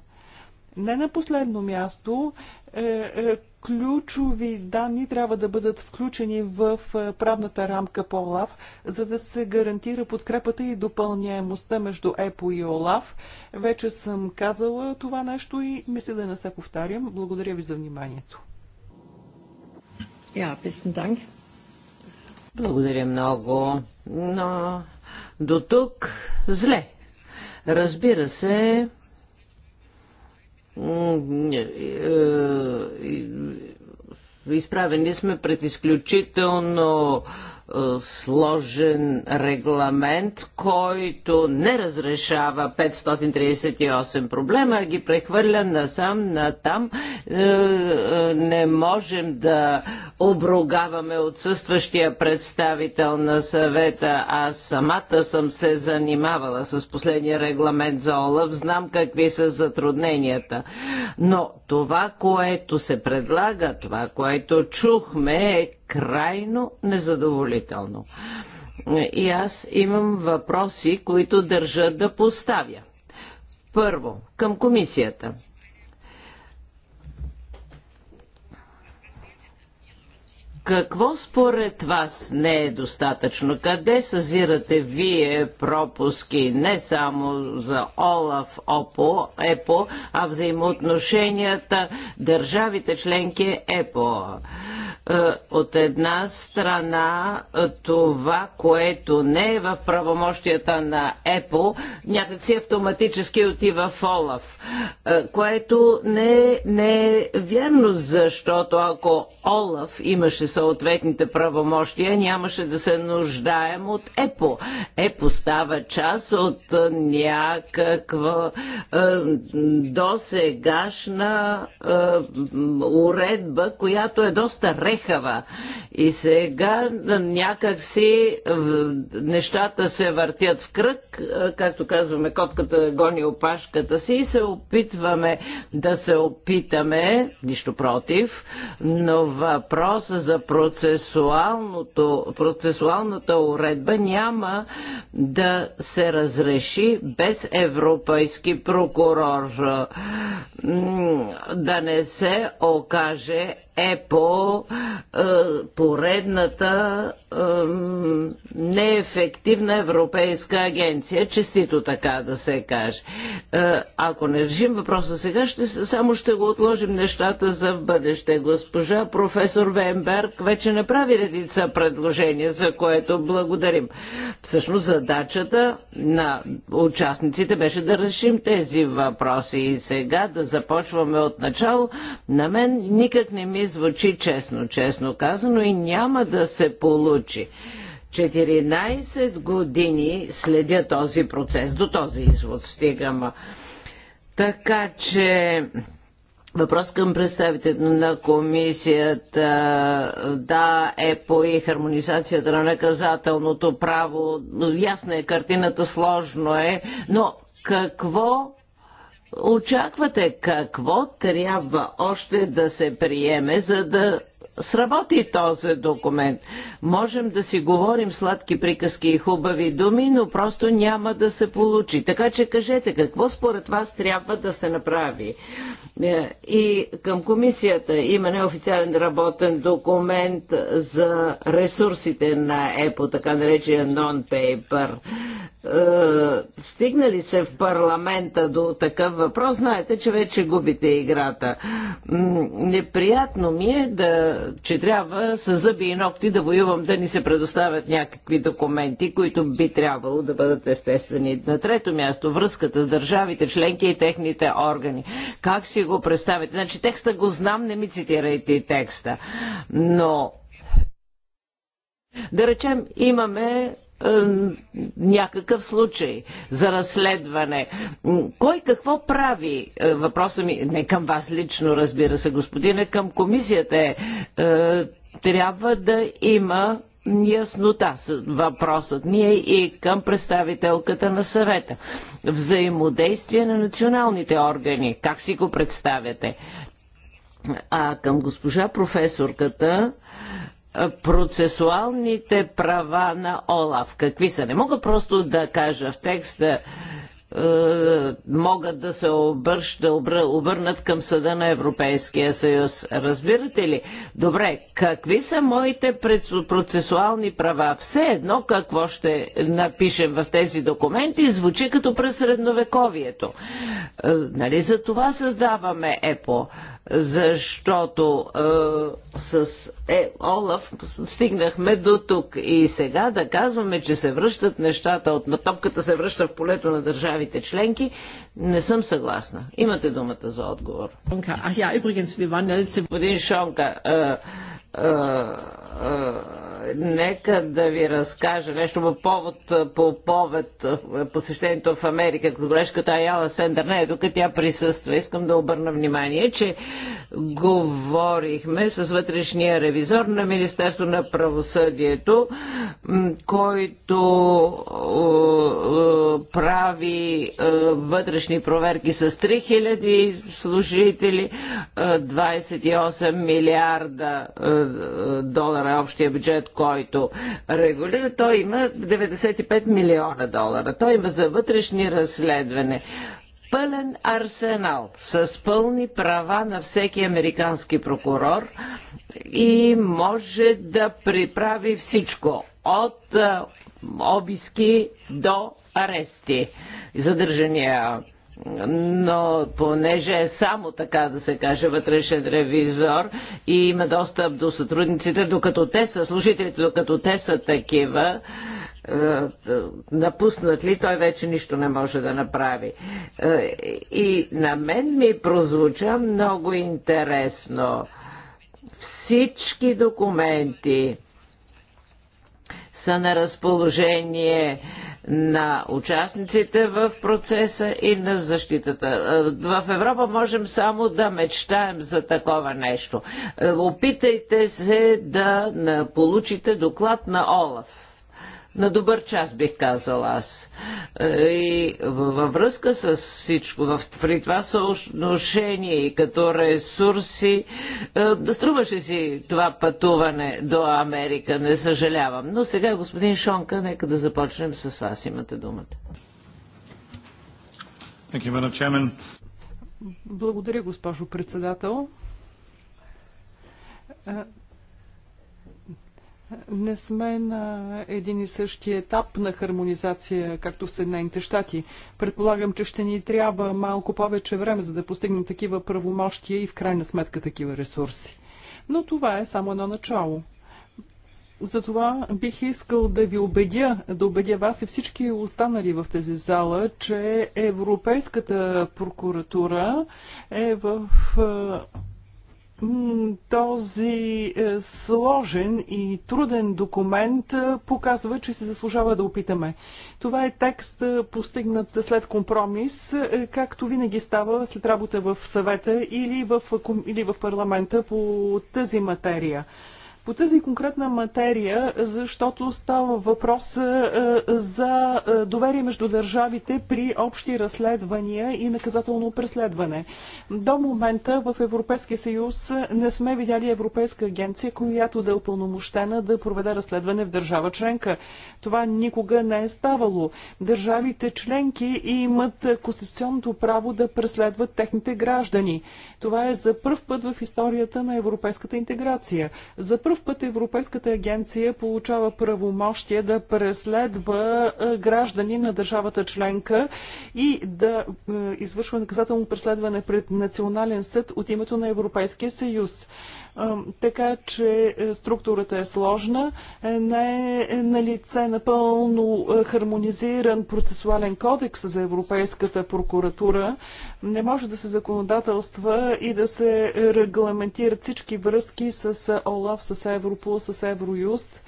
Не на последно място, е, е, ключови данни трябва да бъдат включени в е, правната рамка по ОЛАВ, за да се гарантира подкрепата и допълняемостта между ЕПО и ОЛАВ. Вече съм казала това нещо и мисля да не се повтарям. Благодаря ви за вниманието. Благодаря много. Но до тук зле. Разбира се, е, е, изправени сме пред изключително сложен регламент, който не разрешава 538 проблема, а ги прехвърля насам, натам. Е, е, не можем да обругаваме отсъстващия представител на съвета. Аз самата съм се занимавала с последния регламент за ОЛАВ. Знам какви са затрудненията. Но това, което се предлага, това, което чухме е крайно незадоволително. И аз имам въпроси, които държа да поставя. Първо, към комисията. Какво според вас не е достатъчно? Къде съзирате вие пропуски не само за ОЛАФ, ОПО, ЕПО, а взаимоотношенията държавите членки ЕПО? Е, от една страна е, това, което не е в правомощията на ЕПО, някакси автоматически отива в ОЛАФ, е, което не, не е вярно, защото ако ОЛАФ имаше съответните правомощия, нямаше да се нуждаем от ЕПО. ЕПО става част от е, някаква е, досегашна е, уредба, която е доста рехава. И сега някакси нещата се въртят в кръг, както казваме, котката гони опашката си и се опитваме да се опитаме, нищо против, но въпроса за процесуалната уредба няма да се разреши без европейски прокурор. Да не се окаже е по е, поредната е, неефективна европейска агенция. Честито така да се каже. Е, ако не решим въпроса сега, ще, само ще го отложим нещата за в бъдеще. Госпожа професор Венберг вече направи редица предложения, за което благодарим. Всъщност задачата на участниците беше да решим тези въпроси и сега да започваме от начало. На мен никак не ми не звучи честно, честно казано, и няма да се получи. 14 години следя този процес. До този извод стигам. Така че въпрос към представителите на комисията. Да, е по и хармонизацията на наказателното право. Ясна е картината, сложно е, но какво очаквате? Какво трябва още да се приеме, за да сработи този документ? Можем да си говорим сладки приказки и хубави думи, но просто няма да се получи. Така че кажете, какво според вас трябва да се направи? Е, и към комисията има неофициален работен документ за ресурсите на ЕПО, така наречения нон-пейпер. Стигнали се в парламента до такъв въпрос, знаете, че вече губите играта. Неприятно ми е, да, че трябва с зъби и ногти да воювам да ни се предоставят някакви документи, които би трябвало да бъдат естествени. На трето място, връзката с държавите, членки и техните органи. Как си го представите? Значи текста го знам, не ми цитирайте текста. Но да речем, имаме е, някакъв случай за разследване. Кой какво прави? Е, въпросът ми не към вас лично, разбира се, господине, към комисията е, е. Трябва да има яснота с въпросът ми е и към представителката на съвета. Взаимодействие на националните органи. Как си го представяте? А към госпожа професорката процесуалните права на Олаф. Какви са? Не мога просто да кажа в текста е, могат да се обърш, да обърнат към съда на Европейския съюз. Разбирате ли? Добре, какви са моите процесуални права? Все едно какво ще напишем в тези документи звучи като през средновековието. Е, нали за това създаваме ЕПО? Защото е, с е, Олаф стигнахме до тук и сега да казваме, че се връщат нещата, от топката се връща в полето на държави държавите членки, не съм съгласна. Имате думата за отговор. Господин Шонка, нека да ви разкажа нещо по повод, по повод посещението в Америка. Колежката Аяла Сендър не е тук, тя присъства. Искам да обърна внимание, че говорихме с вътрешния ревизор на Министерство на правосъдието, който прави вътрешни проверки с 3000 служители, 28 милиарда долара общия бюджет, който регулира, той има 95 милиона долара. Той има за вътрешни разследване пълен арсенал с пълни права на всеки американски прокурор и може да приправи всичко от обиски до арести. Задържания но понеже е само така да се каже вътрешен ревизор и има достъп до сътрудниците, докато те са служителите, докато те са такива, е, напуснат ли, той вече нищо не може да направи. Е, и на мен ми прозвуча много интересно. Всички документи са на разположение на участниците в процеса и на защитата. Е, в Европа можем само да мечтаем за такова нещо. Е, опитайте се да получите доклад на Олаф на добър час, бих казал аз. Е, и във връзка с всичко, в, при това съотношение и като ресурси, да е, струваше си това пътуване до Америка, не съжалявам. Но сега, господин Шонка, нека да започнем с вас. Имате думата. Благодаря, госпожо председател. Е, не сме на един и същи етап на хармонизация, както в Съединените щати. Предполагам, че ще ни трябва малко повече време, за да постигнем такива правомощия и в крайна сметка такива ресурси. Но това е само едно начало. Затова бих искал да ви убедя, да убедя вас и всички останали в тази зала, че Европейската прокуратура е в е, този е, сложен и труден документ е, показва, че се заслужава да опитаме. Това е текст е, постигнат след компромис, както винаги става след работа в съвета или в, или в парламента по тази материя по тази конкретна материя, защото става въпрос е, е, за е, доверие между държавите при общи разследвания и наказателно преследване. До момента в Европейския съюз не сме видяли Европейска агенция, която да е упълномощена да проведе разследване в държава членка. Това никога не е ставало. Държавите членки имат конституционното право да преследват техните граждани. Това е за първ път в историята на европейската интеграция. За първ пръв път Европейската агенция получава правомощие да преследва е, граждани на държавата членка и да е, извършва наказателно преследване пред Национален съд от името на Европейския съюз така че е, структурата е сложна, е, не е, е на лице напълно хармонизиран процесуален кодекс за Европейската прокуратура. Не може да се законодателства и да се регламентират всички връзки с ОЛАВ, с Европол, с Евроюст.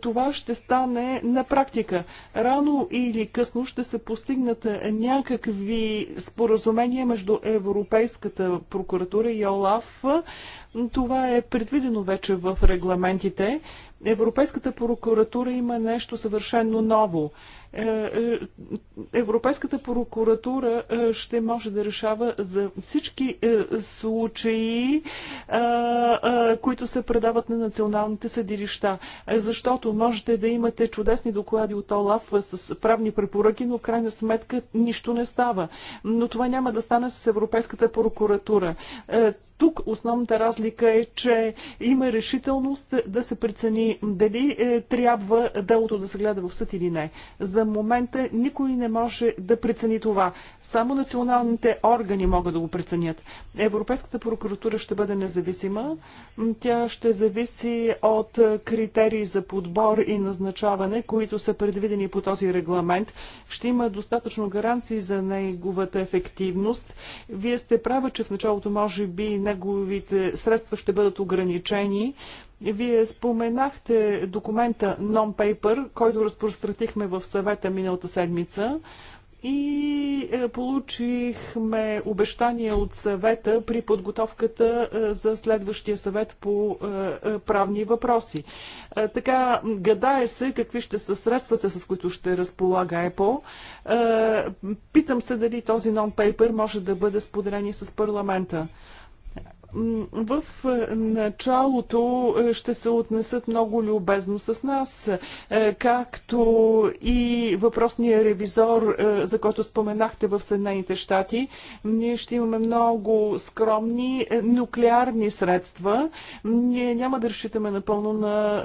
Това ще стане на практика. Рано или късно ще се постигнат някакви споразумения между Европейската прокуратура и ОЛАВ, това е предвидено вече в регламентите. Европейската прокуратура има нещо съвършенно ново. Е, е, Европейската прокуратура е, ще може да решава за всички случаи, които се предават на националните съдилища. Защото можете да имате чудесни доклади от ОЛАФ с правни препоръки, но в крайна сметка нищо не става. Но това няма да стане с Европейската прокуратура. Тук основната разлика е, че има решителност да се прецени дали е, трябва делото да се гледа в съд или не. За момента никой не може да прецени това. Само националните органи могат да го преценят. Европейската прокуратура ще бъде независима. Тя ще зависи от е, критерии за подбор и назначаване, които са предвидени по този регламент. Ще има достатъчно гаранции за неговата ефективност. Вие сте права, че в началото може би неговите средства ще бъдат ограничени, вие споменахте документа Non-Paper, който разпространихме в съвета миналата седмица и е, получихме обещания от съвета при подготовката е, за следващия съвет по е, правни въпроси. Така, гадае се какви ще са средствата, с които ще разполага ЕПО. Питам се дали този нон-пейпер може да бъде споделен с парламента в е, началото е, ще се отнесат много любезно с нас, е, както и въпросния ревизор, за който споменахте в Съединените щати. Ние ще имаме много скромни нуклеарни средства. Ние няма да решитаме напълно на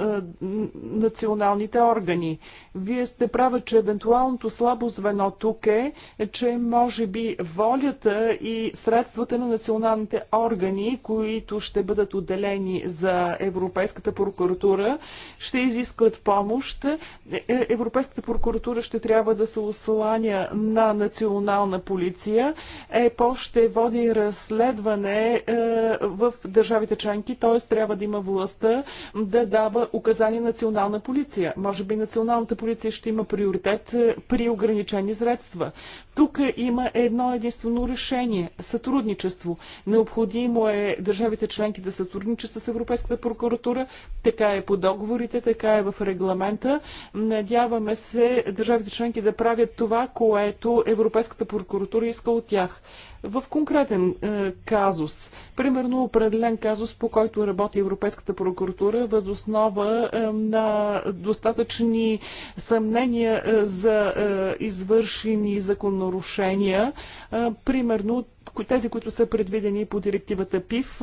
националните органи. Вие сте права, че евентуалното слабо звено тук е, че може би волята и средствата на националните органи които ще бъдат отделени за Европейската прокуратура, ще изискват помощ. Е, е, Европейската прокуратура ще трябва да се осланя на национална полиция. ЕПО ще води разследване е, в държавите членки, т.е. трябва да има властта да дава указания национална полиция. Може би националната полиция ще има приоритет при ограничени средства. Тук има едно единствено решение – сътрудничество. Необходимо е държавите членки да сътрудничат с Европейската прокуратура. Така е по договорите, така е в регламента. Надяваме се държавите членки да правят това, което Европейската прокуратура иска от тях в конкретен е, казус. Примерно определен казус, по който работи Европейската прокуратура, възоснова е, на достатъчни съмнения е, за е, извършени закононарушения. Е, примерно тези, които са предвидени по директивата ПИФ,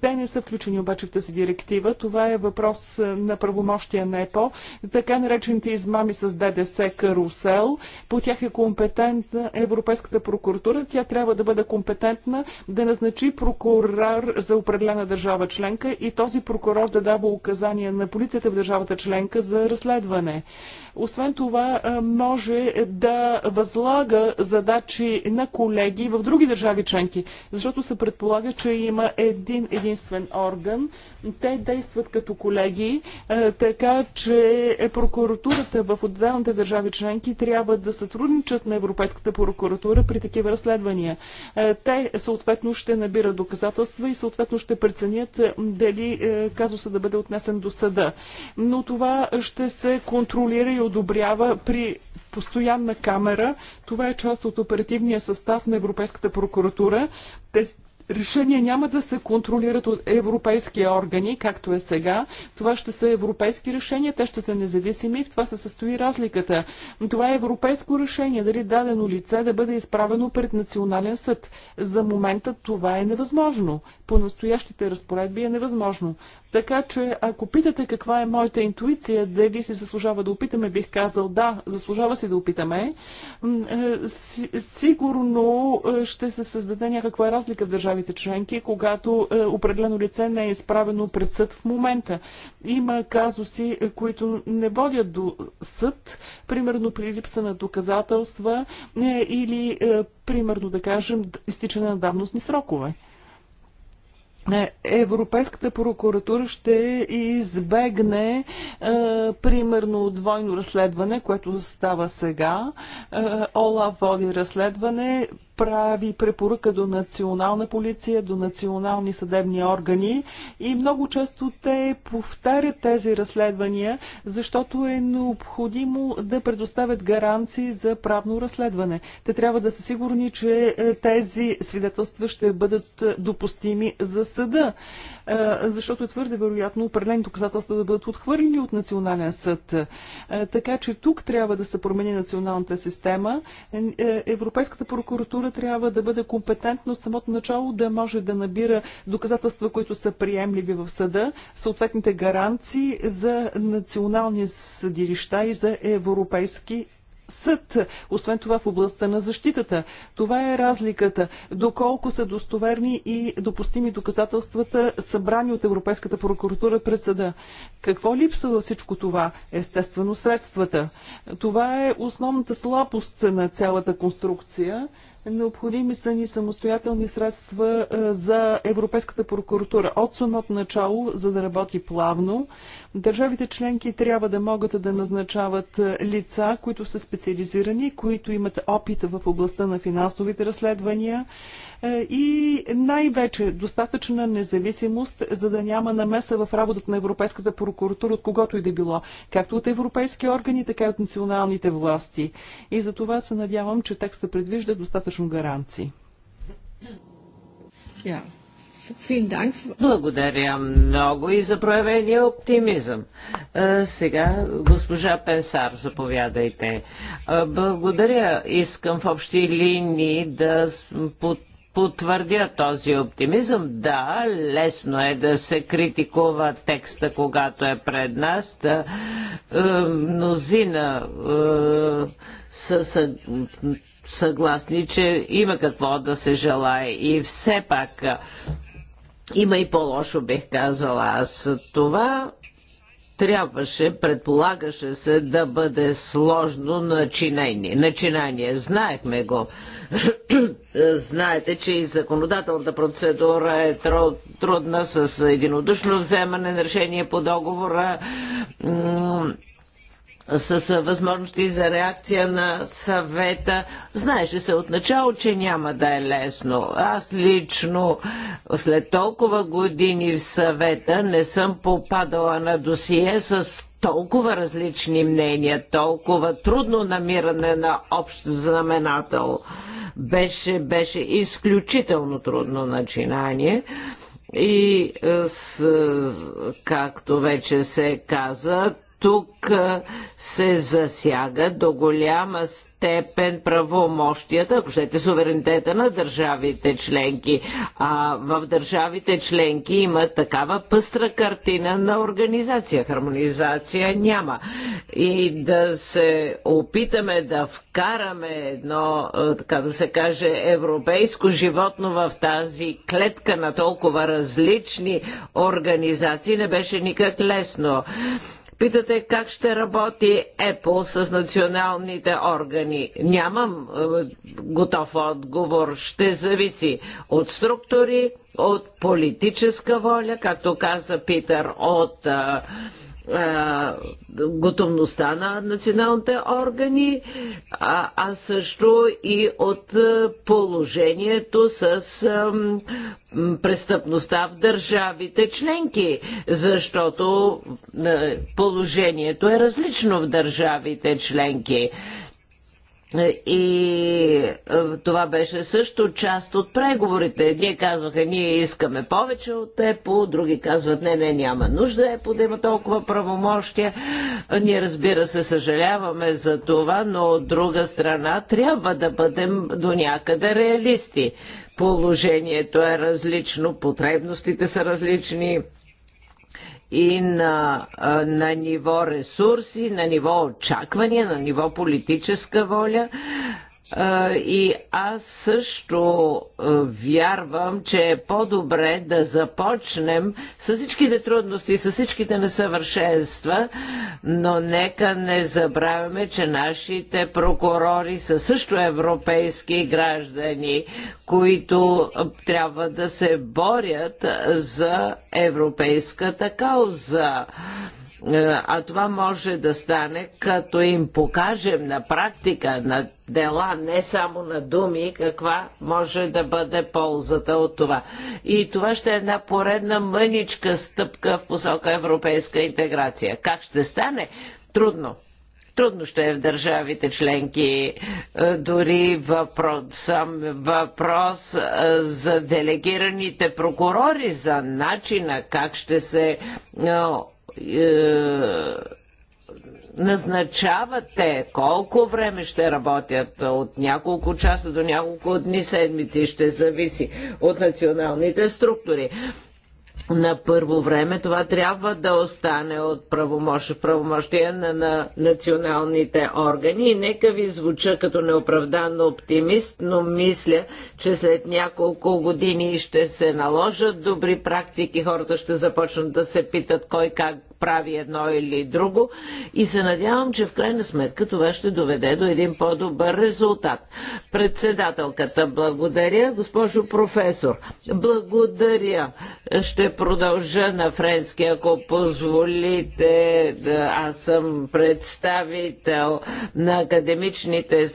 те не са включени обаче в тази директива. Това е въпрос е, на правомощия на ЕПО. Така наречените измами с ДДС карусел, по тях е компетентна Европейската прокуратура. Тя трябва да бъде бъде компетентна да назначи прокурор за определена държава членка и този прокурор да дава указания на полицията в държавата членка за разследване. Освен това, може да възлага задачи на колеги в други държави членки, защото се предполага, че има един единствен орган, те действат като колеги, е, така че прокуратурата в отделните държави членки трябва да сътрудничат на Европейската прокуратура при такива разследвания. Е, те съответно ще набират доказателства и съответно ще преценят е, дали казуса да бъде отнесен до съда. Но това ще се контролира и одобрява при постоянна камера. Това е част от оперативния състав на Европейската прокуратура. Тези решения няма да се контролират от европейски органи, както е сега. Това ще са европейски решения, те ще са независими и в това се състои разликата. Това е европейско решение, дали дадено лице да бъде изправено пред национален съд. За момента това е невъзможно. По настоящите разпоредби е невъзможно. Така че, ако питате каква е моята интуиция, дали се заслужава да опитаме, бих казал да, заслужава си да опитаме. Е, сигурно е, ще се създаде някаква разлика в държавите членки, когато е, определено лице не е изправено пред съд в момента. Има казуси, които не водят до съд, примерно при липса на доказателства или, примерно да кажем, изтичане на давностни срокове. Европейската прокуратура ще избегне е, примерно двойно разследване, което става сега. Е, Ола води разследване, прави препоръка до национална полиция, до национални съдебни органи и много често те повтарят тези разследвания, защото е необходимо да предоставят гаранции за правно разследване. Те трябва да са сигурни, че е, тези свидетелства ще бъдат е, допустими за съда защото е твърде вероятно определени доказателства да бъдат отхвърлени от национален съд. Така че тук трябва да се промени националната система. Е, е, Европейската прокуратура трябва да бъде компетентна от самото начало да може да набира доказателства, които са приемливи в съда, съответните гаранции за национални съдилища и за европейски съд. Освен това в областта на защитата. Това е разликата. Доколко са достоверни и допустими доказателствата, събрани от Европейската прокуратура пред съда. Какво липсва във всичко това? Естествено средствата. Това е основната слабост на цялата конструкция. Необходими са ни самостоятелни средства е, за Европейската прокуратура от самото начало, за да работи плавно. Държавите членки трябва да могат да назначават е, лица, които са специализирани, които имат опит в областта на финансовите разследвания, е, и най-вече достатъчна независимост, за да няма намеса в работата на Европейската прокуратура от когото и да било, както от европейски органи, така и от националните власти. И за това се надявам, че текста предвижда достатъчно гаранции. Благодаря много и за проявения оптимизъм. Е, сега госпожа Пенсар, заповядайте. Е, благодаря. Искам в общи линии да под потвърдя този оптимизъм. Да, лесно е да се критикува текста, когато е пред нас. Да, е, мнозина е, са, са съгласни, че има какво да се желае и все пак е, има и по-лошо, бих казала аз. Това трябваше, предполагаше се да бъде сложно начинание. начинание. Знаехме го. Знаете, че и законодателната процедура е трудна с единодушно вземане на решение по договора с възможности за реакция на съвета. Знаеше се отначало, че няма да е лесно. Аз лично след толкова години в съвета не съм попадала на досие с толкова различни мнения, толкова трудно намиране на общ знаменател. Беше, беше изключително трудно начинание. И е, с, както вече се каза, тук се засяга до голяма степен правомощията, ако щете суверенитета на държавите членки. А в държавите членки има такава пъстра картина на организация. Хармонизация няма. И да се опитаме да вкараме едно, така да се каже, европейско животно в тази клетка на толкова различни организации не беше никак лесно. Питате как ще работи Apple с националните органи. Нямам е, готов отговор. Ще зависи от структури, от политическа воля, както каза Питър, от е, готовността на националните органи, а, а също и от положението с престъпността в държавите членки, защото положението е различно в държавите членки. И е, това беше също част от преговорите. Едни казваха, ние искаме повече от ЕПО, други казват, не, не, няма нужда ЕПО да има толкова правомощия. Ние разбира се съжаляваме за това, но от друга страна трябва да бъдем до някъде реалисти. Положението е различно, потребностите са различни и на, на ниво ресурси, на ниво очаквания, на ниво политическа воля и аз също вярвам, че е по-добре да започнем с всичките трудности, с всичките несъвършенства, но нека не забравяме, че нашите прокурори са също европейски граждани, които трябва да се борят за европейската кауза. Е, а това може да стане, като им покажем на практика, на дела, не само на думи, каква може да бъде ползата от това. И това ще е една поредна мъничка стъпка в посока европейска интеграция. Как ще стане? Трудно. Трудно ще е в държавите членки. Е, дори въпрос, сам въпрос е, за делегираните прокурори, за начина как ще се е, назначавате колко време ще работят от няколко часа до няколко дни седмици ще зависи от националните структури на първо време това трябва да остане от правомощ, правомощия на, на националните органи. И нека ви звуча като неоправдан оптимист, но мисля, че след няколко години ще се наложат добри практики, хората ще започнат да се питат кой как прави едно или друго и се надявам, че в крайна сметка това ще доведе до един по-добър резултат. Председателката, благодаря. Госпожо професор, благодаря. Ще продължа на френски, ако позволите. Аз съм представител на академичните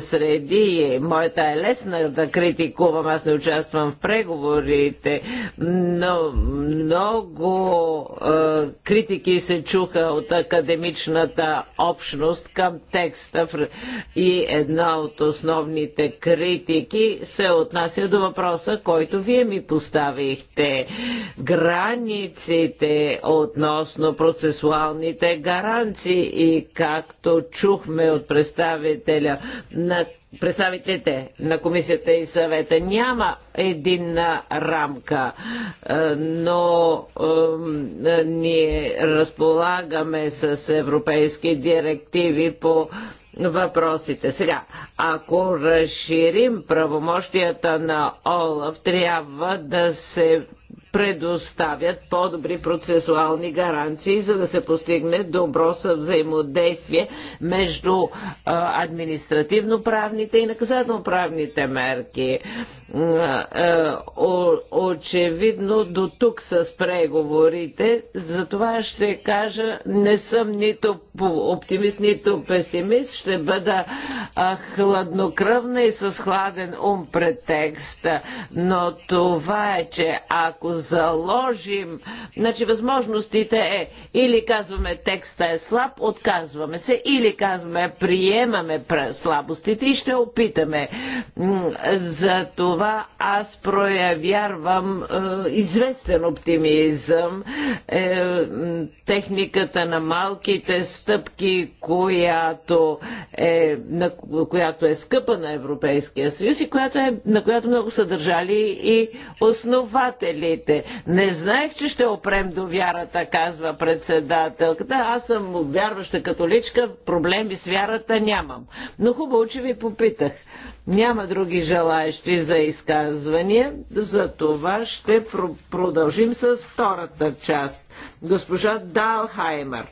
среди. Моята е лесна да критикувам. Аз не участвам в преговорите, но много е, критики се чуха от академичната общност към текста и една от основните критики се отнася до въпроса, който вие ми поставихте. Границите относно процесуалните гаранции и както чухме от представителя на представителите на комисията и съвета. Няма единна рамка, но ние разполагаме с европейски директиви по въпросите. Сега, ако разширим правомощията на ОЛАВ, трябва да се предоставят по-добри процесуални гаранции, за да се постигне добро взаимодействие между административно-правните и наказателно-правните мерки. Очевидно до тук с преговорите, за това ще кажа, не съм нито оптимист, нито песимист, ще бъда хладнокръвна и с хладен ум текста, но това е, че ако заложим. Значи възможностите е или казваме текста е слаб, отказваме се, или казваме приемаме слабостите и ще опитаме. За това аз проявявам е, известен оптимизъм. Е, техниката на малките стъпки, която е, на, която е скъпа на Европейския съюз и която е, на която много са държали и основателите парите. Не знаех, че ще опрем до вярата, казва председателката. Аз съм вярваща католичка, проблеми с вярата нямам. Но хубаво, че ви попитах. Няма други желаящи за изказвания, за това ще про- продължим с втората част. Госпожа Далхаймер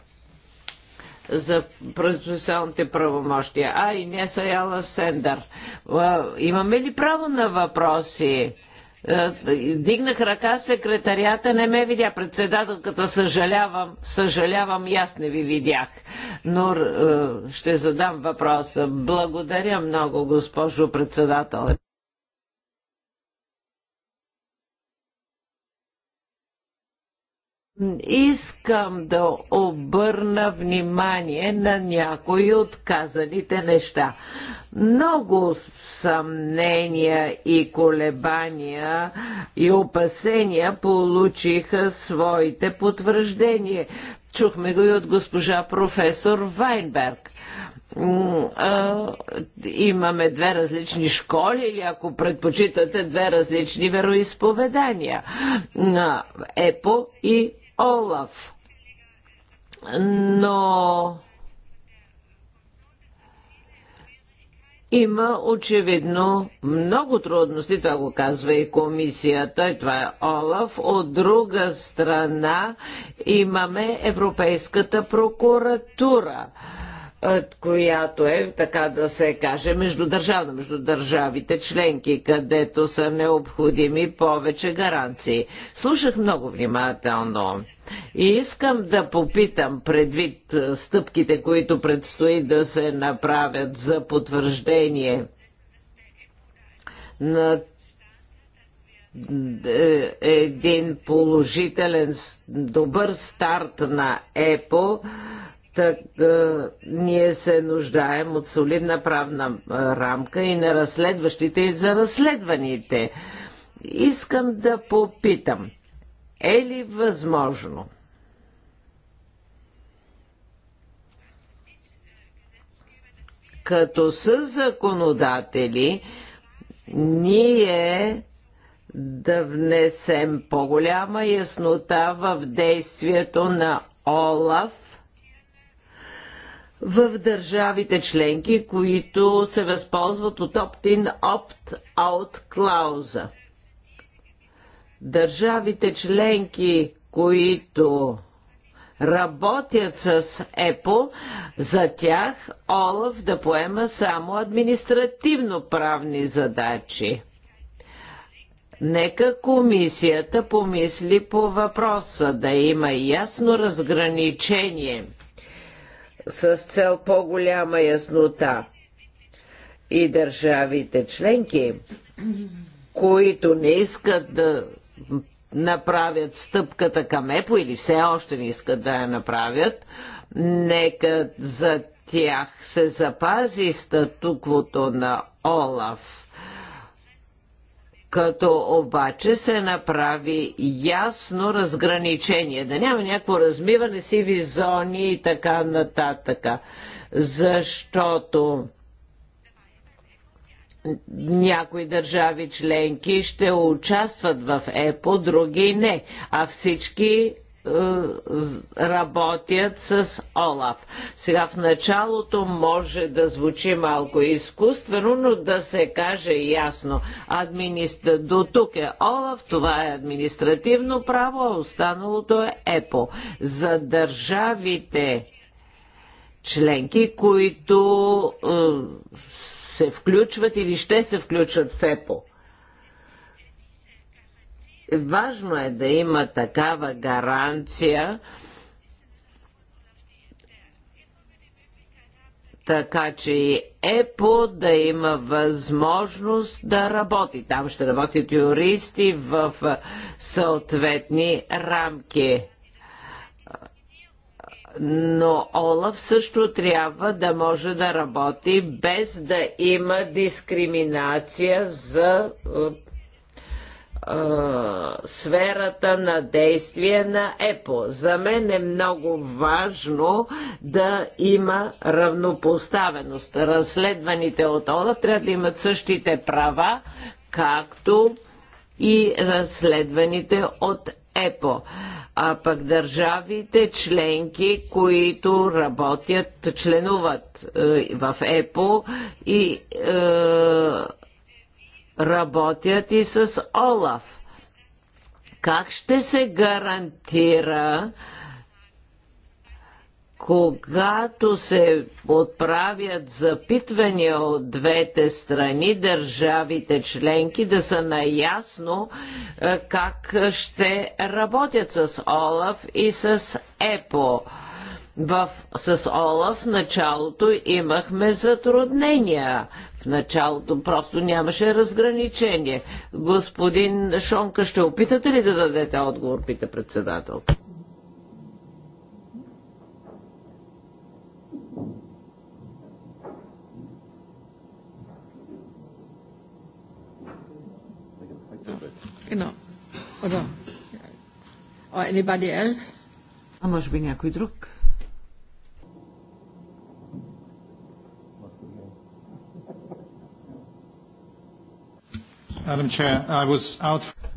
за процесуалните правомощия. А, и не Яла Сендър. Имаме ли право на въпроси? Е, дигнах ръка, секретарията не ме видя. Председателката съжалявам, съжалявам, и аз не ви видях. Но е, ще задам въпроса. Благодаря много, госпожо председател. Искам да обърна внимание на някои от казаните неща. Много съмнения и колебания и опасения получиха своите потвърждения. Чухме го и от госпожа професор Вайнберг имаме две различни школи или ако предпочитате две различни вероисповедания. ЕПО и Олаф. Но има очевидно много трудности, това го казва и комисията, и това е Олаф. От друга страна имаме Европейската прокуратура която е, така да се каже, междудържавна, между държавите членки, където са необходими повече гаранции. Слушах много внимателно и искам да попитам предвид стъпките, които предстои да се направят за потвърждение на е, един положителен добър старт на ЕПО Так, ние се нуждаем от солидна правна рамка и на разследващите и за разследваните. Искам да попитам, е ли възможно като са законодатели, ние да внесем по-голяма яснота в действието на Олаф в държавите членки, които се възползват от opt-in, opt-out клауза. Държавите членки, които работят с ЕПО, за тях Олаф да поема само административно-правни задачи. Нека комисията помисли по въпроса да има ясно разграничение – с цел по-голяма яснота. И държавите членки, които не искат да направят стъпката към ЕПО или все още не искат да я направят, нека за тях се запази статуквото на Олаф като обаче се направи ясно разграничение, да няма някакво размиване, сиви зони и така нататък. Защото някои държави членки ще участват в ЕПО, други не, а всички е, работят с Олаф. Сега в началото може да звучи малко изкуствено, но да се каже ясно. Администра... До тук е Олаф, това е административно право, а останалото е ЕПО. За държавите членки, които е, се включват или ще се включат в ЕПО Важно е да има такава гаранция, така че и ЕПО да има възможност да работи. Там ще работят юристи в съответни рамки. Но Олаф също трябва да може да работи без да има дискриминация за сферата на действие на ЕПО. За мен е много важно да има равнопоставеност. Разследваните от ОЛАФ трябва да имат същите права, както и разследваните от ЕПО. А пък държавите членки, които работят, членуват е, в ЕПО и е, работят и с Олаф. Как ще се гарантира, когато се отправят запитвания от двете страни, държавите членки да са наясно е, как ще работят с Олаф и с ЕПО. В, с Олаф в началото имахме затруднения. В началото просто нямаше разграничение. Господин Шонка, ще опитате ли да дадете отговор, пита председател? Едно. Oder? Anybody else? А може би някой друг?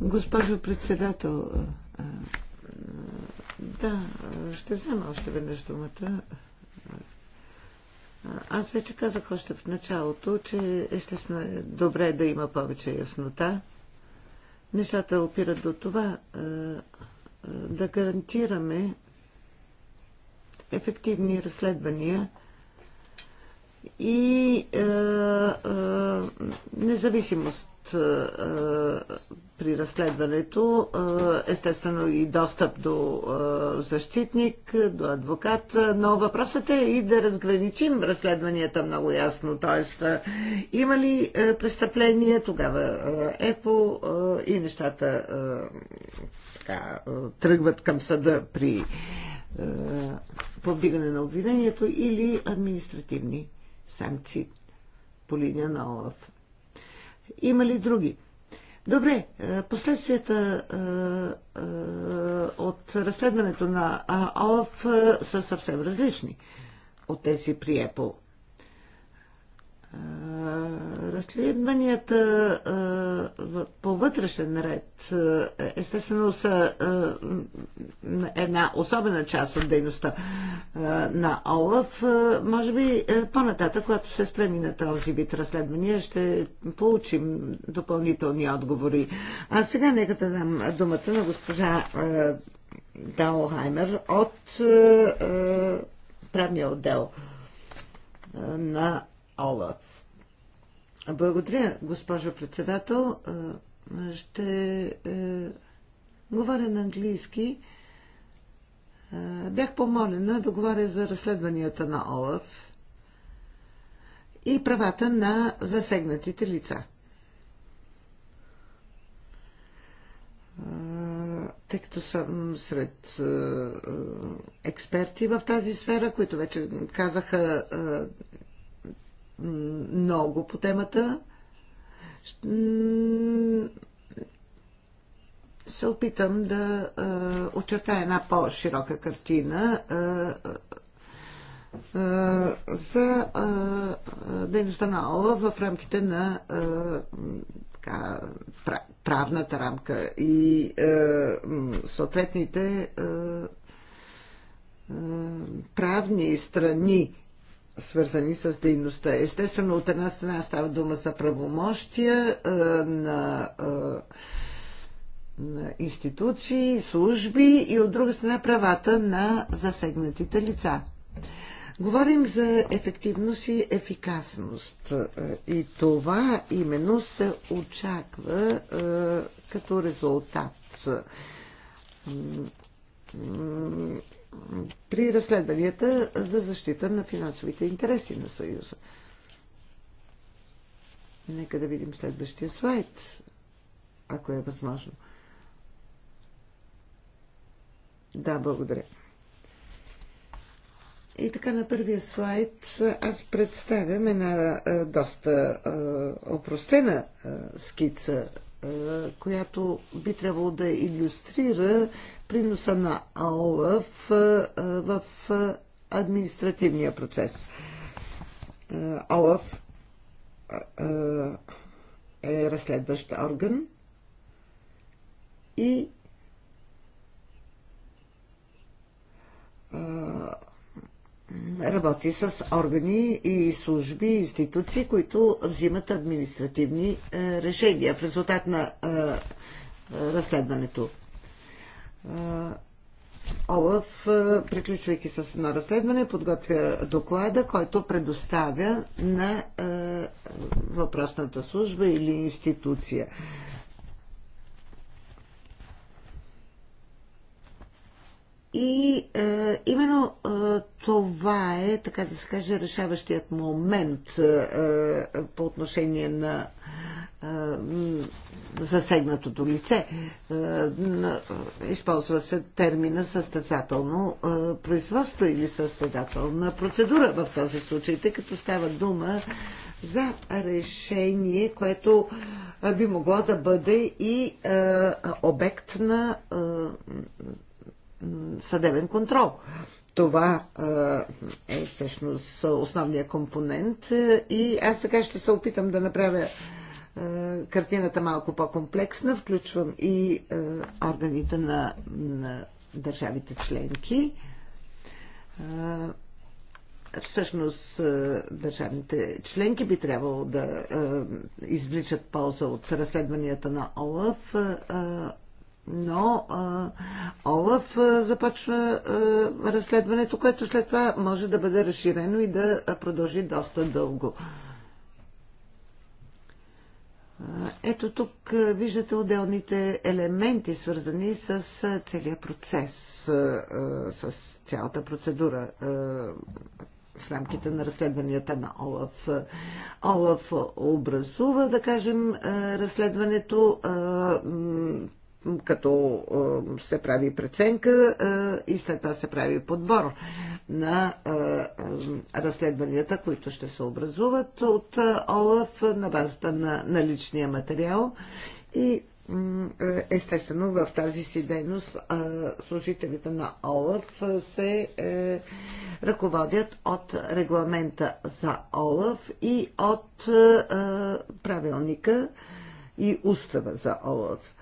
Госпожо председател, да, ще взема още веднъж думата. Аз вече казах още в началото, че естествено е добре да има повече яснота. Нещата опират до това да гарантираме ефективни разследвания и е, е, независимост е, е, при разследването, е, естествено и достъп до защитник, до адвокат, но въпросът е и да разграничим разследванията много ясно. т.е. има ли престъпление, тогава ЕПО и нещата така, тръгват към съда при повдигане на обвинението или административни санкции по линия на ОАФ. Има ли други? Добре, е, последствията е, е, от разследването на АОФ са съвсем различни от тези при Apple разследванията по вътрешен ред естествено са една особена част от дейността на ОЛАФ. Може би по-нататък, когато се спреми на този вид разследвания, ще получим допълнителни отговори. А сега нека да дам думата на госпожа Даухаймер от правния отдел на Олаф. Благодаря, госпожо председател. Ще е, говоря на английски. Бях помолена да говоря за разследванията на Олаф и правата на засегнатите лица. тъй като съм сред е, е, експерти в тази сфера, които вече казаха много по темата. Се опитам да очертая една по-широка картина за дейността на ОЛА в рамките на така, правната рамка и съответните правни страни свързани с дейността. Естествено, от една страна става дума за правомощия а, на, а, на институции, служби и от друга страна правата на засегнатите лица. Говорим за ефективност и ефикасност. И това именно се очаква а, като резултат при разследванията за защита на финансовите интереси на Съюза. Нека да видим следващия слайд, ако е възможно. Да, благодаря. И така на първия слайд аз представям една доста опростена скица е, която би трябвало да иллюстрира приноса на ОЛАФ е, е, в административния процес. ОЛАФ е разследващ орган и работи с органи и служби, институции, които взимат административни е, решения в резултат на е, разследването. Е, Олаф, приключвайки с едно разследване, подготвя доклада, който предоставя на въпросната служба или институция. И е, именно е, това е, така да се каже, решаващият момент е, е, по отношение на е, засегнатото лице. Е, е, използва се термина състезателно е, производство или състезателна процедура в този случай, тъй като става дума за решение, което е, би могло да бъде и е, обект на. Е, съдебен контрол. Това е всъщност основният компонент и аз сега ще се опитам да направя картината малко по-комплексна. Включвам и органите на, на държавите членки. Всъщност държавните членки би трябвало да извличат полза от разследванията на ОЛАФ но а, Олаф а, започва а, разследването, което след това може да бъде разширено и да продължи доста дълго. Ето тук виждате отделните елементи, свързани с целият процес, с цялата процедура в рамките на разследванията на Олаф. Олаф образува, да кажем, разследването като се прави преценка и след това се прави подбор на разследванията, които ще се образуват от ОЛАФ на базата на наличния материал и Естествено, в тази си дейност служителите на ОЛАФ се е, ръководят от регламента за ОЛАФ и от е, правилника и устава за ОЛАФ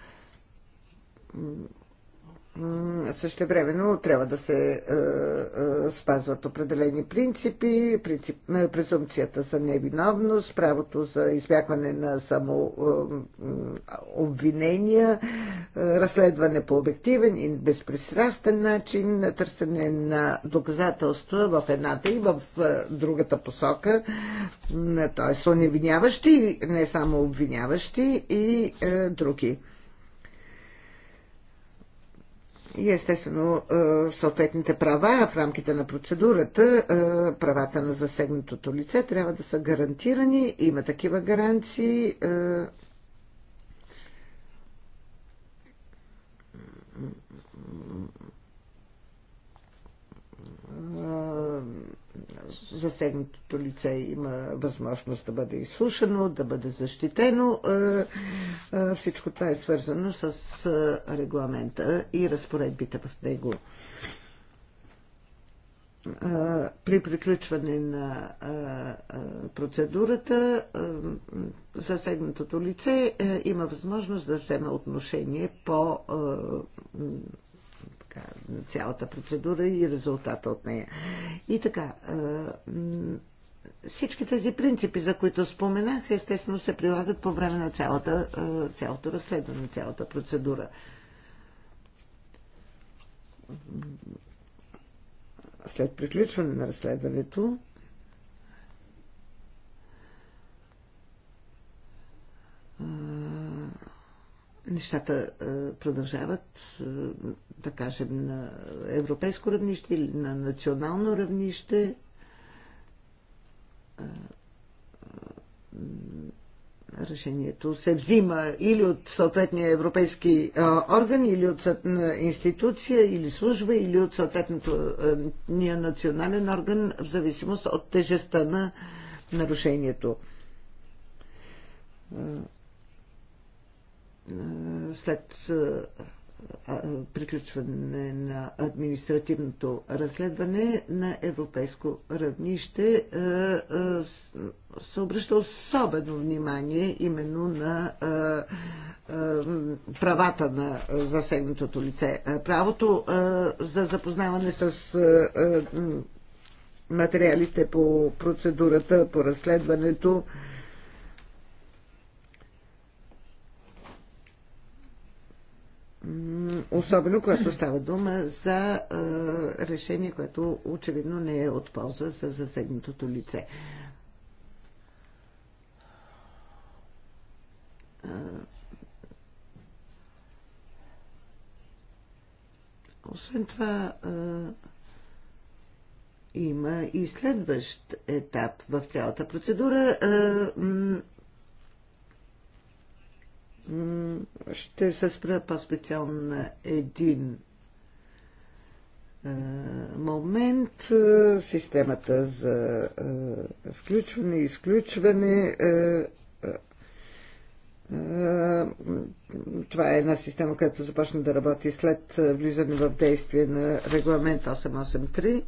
също времено трябва да се е, е, спазват определени принципи, принцип, е, презумпцията за невиновност, правото за избягване на само е, обвинения, е, разследване по обективен и безпристрастен начин, търсене на доказателства в едната и в е, другата посока, т.е. оневиняващи, не само обвиняващи и е, други и естествено е, съответните права в рамките на процедурата, е, правата на засегнатото лице трябва да са гарантирани. Има такива гаранции. Е засегнатото лице има възможност да бъде изслушано, да бъде защитено. Е, е, всичко това е свързано с е, регламента и разпоредбите в него. При приключване на процедурата засегнатото лице има възможност да вземе отношение по така, цялата процедура и резултата от нея. И така, всички тези принципи, за които споменах, естествено се прилагат по време на цялата, цялото разследване, цялата процедура. След приключване на разследването, нещата продължават да кажем, на европейско равнище или на национално равнище решението се взима или от съответния европейски орган, или от институция, или служба, или от съответното ния национален орган, в зависимост от тежестта на нарушението. След приключване на административното разследване на европейско равнище се обръща особено внимание именно на правата на засегнатото лице. Правото за запознаване с материалите по процедурата, по разследването, Особено, когато става дума за е, решение, което очевидно не е от полза за засегнатото лице. освен това, е, има и следващ етап в цялата процедура. Е, ще се спра по-специално на един момент системата за включване и изключване това е една система, която започна да работи след влизане в действие на регламент 883.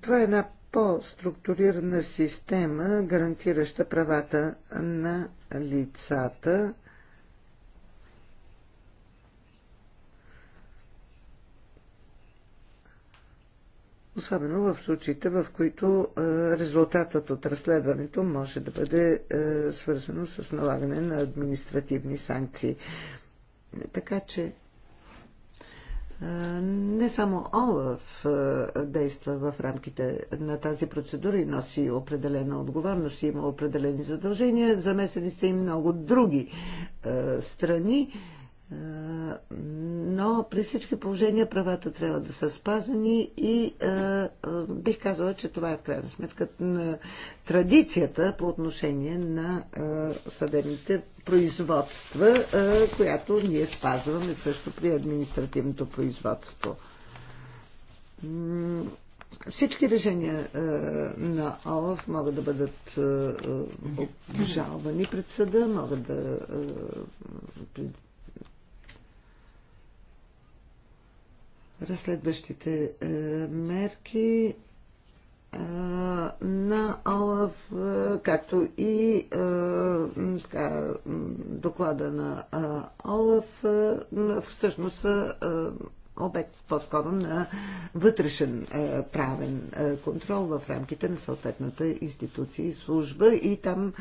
Това е една по-структурирана система, гарантираща правата на лицата. Особено в случаите, в които резултатът от разследването може да бъде свързано с налагане на административни санкции. Така че не само ОЛАФ действа в рамките на тази процедура и носи определена отговорност и има определени задължения. Замесени са и много други страни но при всички положения правата трябва да са спазени и бих казала, че това е в крайна сметка на традицията по отношение на съдебните производства, която ние спазваме също при административното производство. Всички решения на ОЛАФ могат да бъдат обжалвани пред съда, могат да разследващите е, мерки е, на ОЛАФ, е, както и така, доклада на ОЛАФ, всъщност е, обект по-скоро на вътрешен правен контрол в рамките на съответната институция и служба и там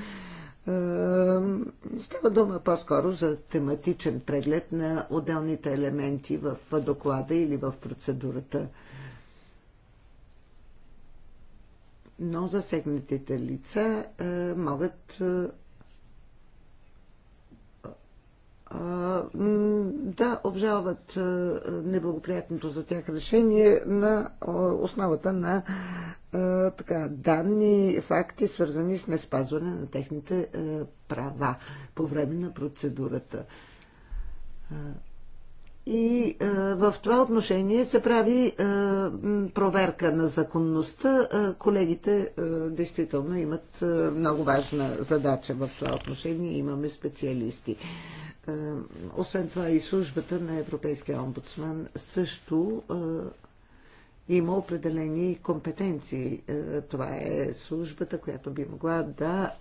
Става дума по-скоро за тематичен преглед на отделните елементи в доклада или в процедурата. Но засегнатите лица могат да обжалват неблагоприятното за тях решение на основата на така, данни, факти, свързани с неспазване на техните права по време на процедурата. И а, в това отношение се прави а, проверка на законността. А, колегите а, действително имат а, много важна задача в това отношение. Имаме специалисти. А, е, освен това и службата на Европейския омбудсман също е, има определени компетенции. Е, това е службата, която би могла да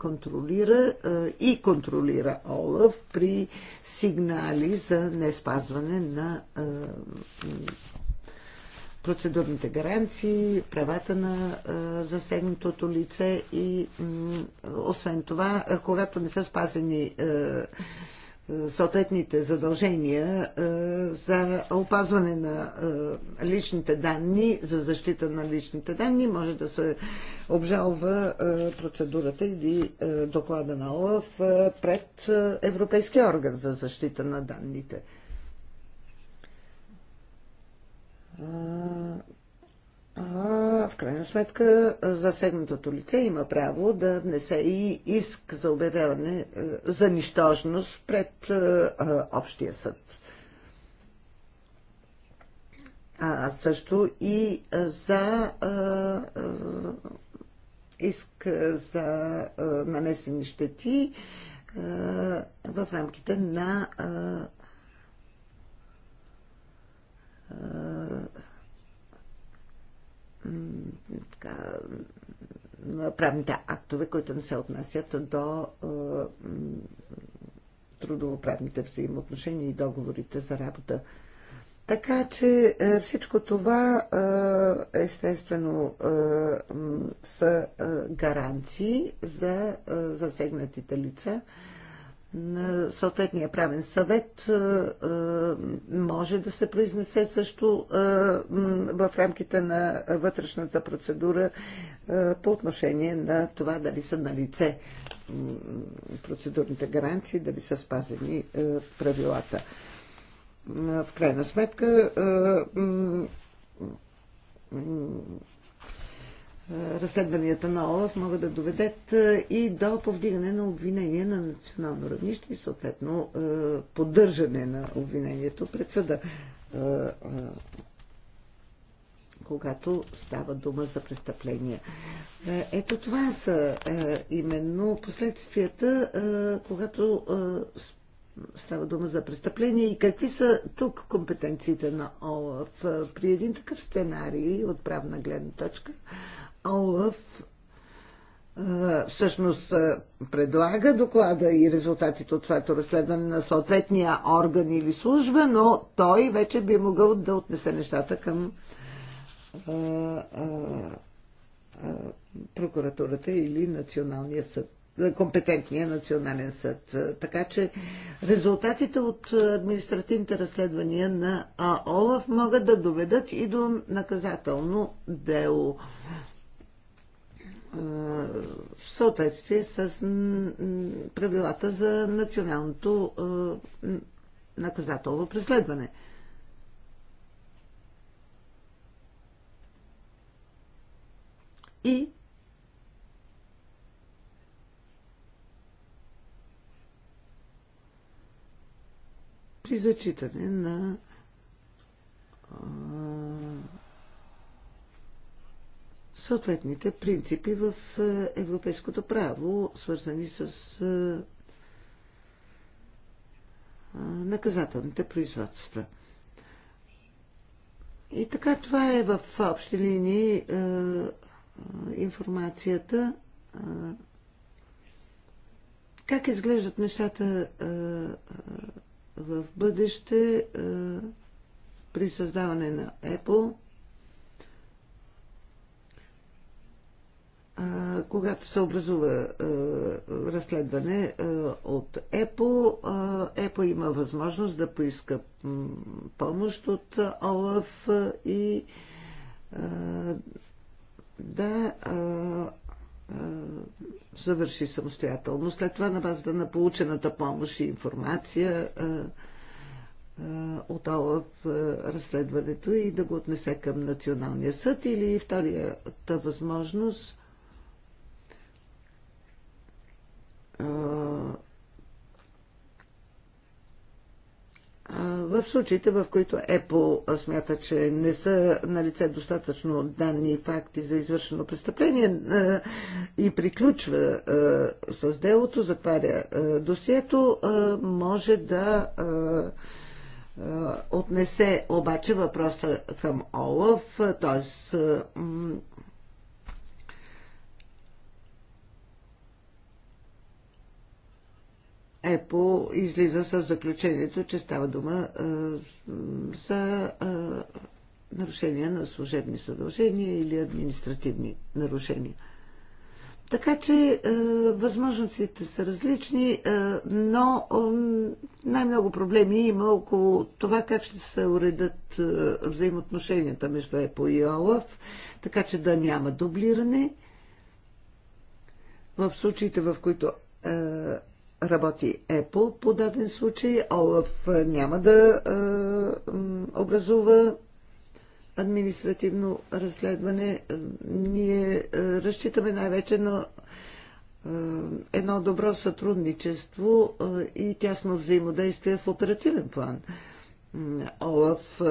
контролира и контролира ОЛАВ при сигнали за не спазване на процедурните гаранции, правата на засегнатото лице и освен това, когато не са спазени съответните задължения е, за опазване на е, личните данни, за защита на личните данни, може да се обжалва е, процедурата или доклада на ОЛАФ пред Европейския орган за защита на данните в крайна сметка засегнатото лице има право да внесе и иск за обявяване за нищожност пред общия съд. А също и за иск за нанесени щети в рамките на така, правните актове, които не се отнасят до е, трудовоправните взаимоотношения и договорите за работа. Така че е, всичко това е, естествено са гаранции за засегнатите лица съответния правен съвет е, е, може да се произнесе също е, в рамките на вътрешната процедура по отношение на това дали са на лице процедурните гаранции, дали са спазени правилата. В крайна сметка разследванията на ОЛАФ могат да доведат е, и до повдигане на обвинение на национално равнище и съответно е, поддържане на обвинението пред съда, е, когато става дума за престъпления. Ето това са именно последствията, когато става дума за престъпление и какви са тук компетенциите на ОЛАФ при един такъв сценарий от правна гледна точка. ОЛАФ всъщност предлага доклада и резултатите от товато разследване на съответния орган или служба, но той вече би могъл да отнесе нещата към а, а, а, прокуратурата или националния съд компетентния национален съд. Така че резултатите от административните разследвания на ОЛАФ могат да доведат и до наказателно дело в съответствие с правилата за националното наказателно преследване. И при зачитане на съответните принципи в е, европейското право, свързани с е, е, наказателните производства. И така това е в общи линии информацията. как изглеждат нещата в бъдеще при създаване на Apple – когато се образува разследване от ЕПО, ЕПО има възможност да поиска помощ от ОЛАФ и да завърши самостоятелно. След това на базата на получената помощ и информация от ОЛАФ разследването и да го отнесе към Националния съд или вторията възможност в случаите, в които Apple смята, че не са на лице достатъчно данни и факти за извършено престъпление и приключва с делото, затваря досието, може да отнесе обаче въпроса към Олаф, т.е. ЕПО излиза с заключението, че става дума за нарушения на служебни съдължения или административни нарушения. Така че а, възможностите са различни, а, но най-много проблеми има около това как ще се уредат а, взаимоотношенията между ЕПО и ОЛАФ, така че да няма дублиране. В случаите, в които работи Apple по даден случай, Олаф няма да е, образува административно разследване. Ние е, разчитаме най-вече на е, едно добро сътрудничество и тясно взаимодействие в оперативен план. Олаф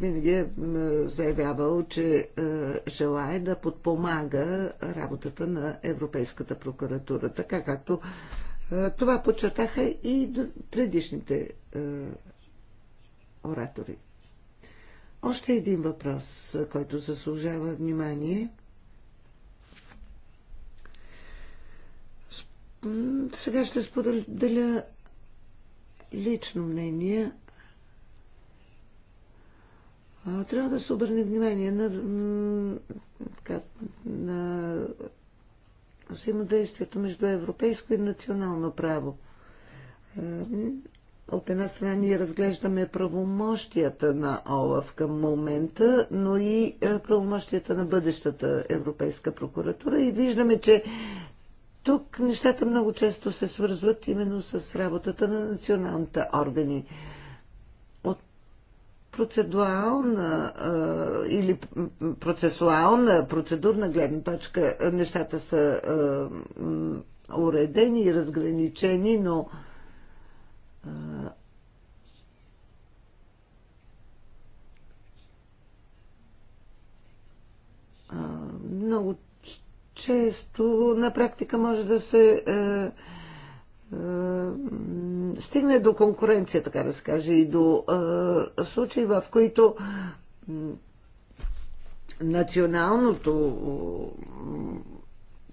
винаги е заявявал, че желая да подпомага работата на Европейската прокуратура, така както е, това подчертаха и предишните е, оратори. Още един въпрос, който заслужава внимание. Сега ще споделя лично мнение. Трябва да се обърне внимание на, на взаимодействието между европейско и национално право. Е, от една страна ние разглеждаме правомощията на ОЛАФ към момента, но и е, правомощията на бъдещата Европейска прокуратура и виждаме, че тук нещата много често се свързват именно с работата на националните органи процедуална а, или процесуална, процедурна гледна точка нещата са а, уредени и разграничени, но а, а, много често на практика може да се а, е, стигне до конкуренция, така да се каже, и до е, случаи, в които националното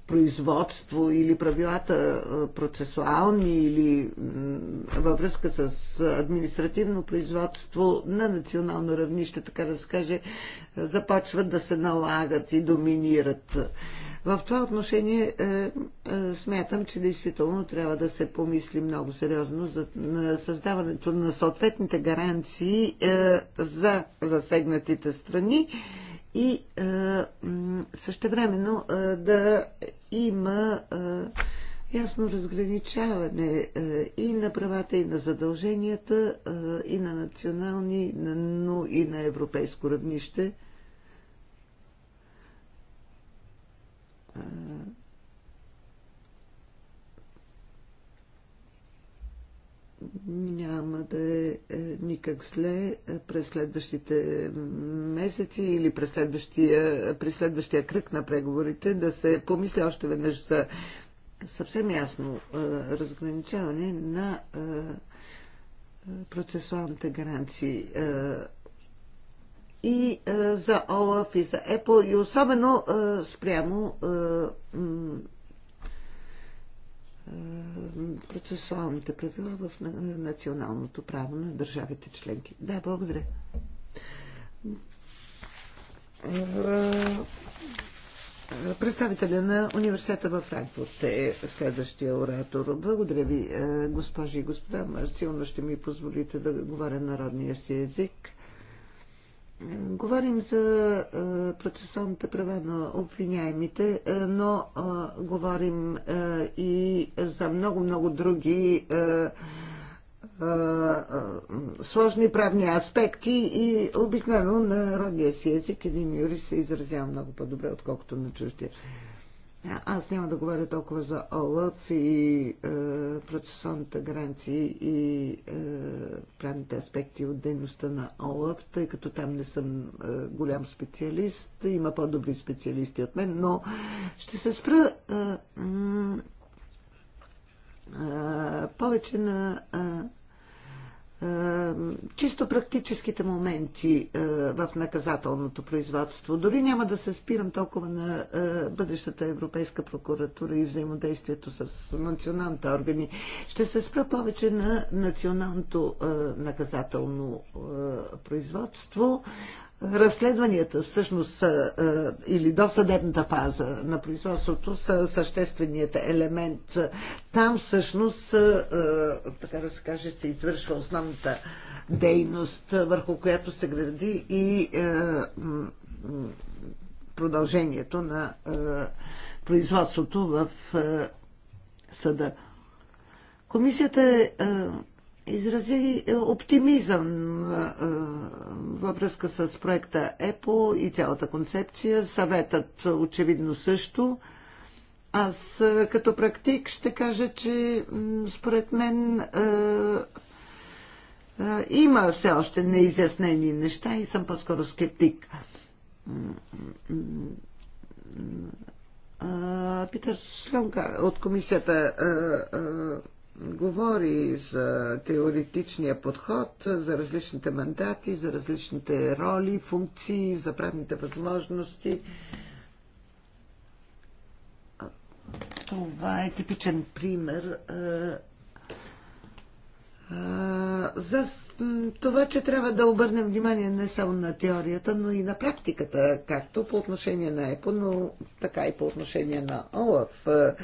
производство или правилата процесуални или във връзка с административно производство на национално равнище, така да се каже, започват да се налагат и доминират. В това отношение е, е, смятам, че действително трябва да се помисли много сериозно за създаването на съответните гаранции е, за засегнатите страни и е, същевременно е, да има е, ясно разграничаване и на правата, и на задълженията, и на национални, но и на европейско равнище. няма да е, е никак зле е, през следващите месеци или през следващия, през следващия кръг на преговорите да се помисли още веднъж за съвсем ясно е, разграничаване на процесуалните гаранции и за ОЛАФ и за ЕПО и особено спрямо е, процесуалните правила в националното право на държавите членки. Да, благодаря. Е, представителя на университета във Франкфурт е следващия оратор. Благодаря ви, е, госпожи и господа. Силно ще ми позволите да говоря народния си език. Говорим за е, процесуалните права на обвиняемите, е, но е, говорим и за много-много други сложни правни аспекти и обикновено на родния си език един юрист се изразява много по-добре, отколкото на чуждия. Аз няма да говоря толкова за ОЛАФ и е, процесуалните гаранции и е, правните аспекти от дейността на ОЛАФ, тъй като там не съм е, голям специалист, има по-добри специалисти от мен, но ще се спра е, е, повече на. Е, е, чисто практическите моменти е, в наказателното производство. Дори няма да се спирам толкова на е, бъдещата Европейска прокуратура и взаимодействието с националните органи. Ще се спра повече на националното наказателно производство, разследванията всъщност е, или досъдебната фаза на производството са същественият елемент. Там всъщност, е, е, така да се каже, се извършва основната дейност, върху която се гради и продължението на производството в съда. Комисията е изрази е, оптимизъм е, е, във връзка с проекта ЕПО и цялата концепция. Съветът очевидно също. Аз като практик ще кажа, че според мен има все още неизяснени неща и съм по-скоро скептик. Питър Шлонка от комисията говори за теоретичния подход, за различните мандати, за различните роли, функции, за правните възможности. Това е типичен пример е, е, за това, че трябва да обърнем внимание не само на теорията, но и на практиката, както по отношение на ЕПО, но така и по отношение на ОЛАФ. Е,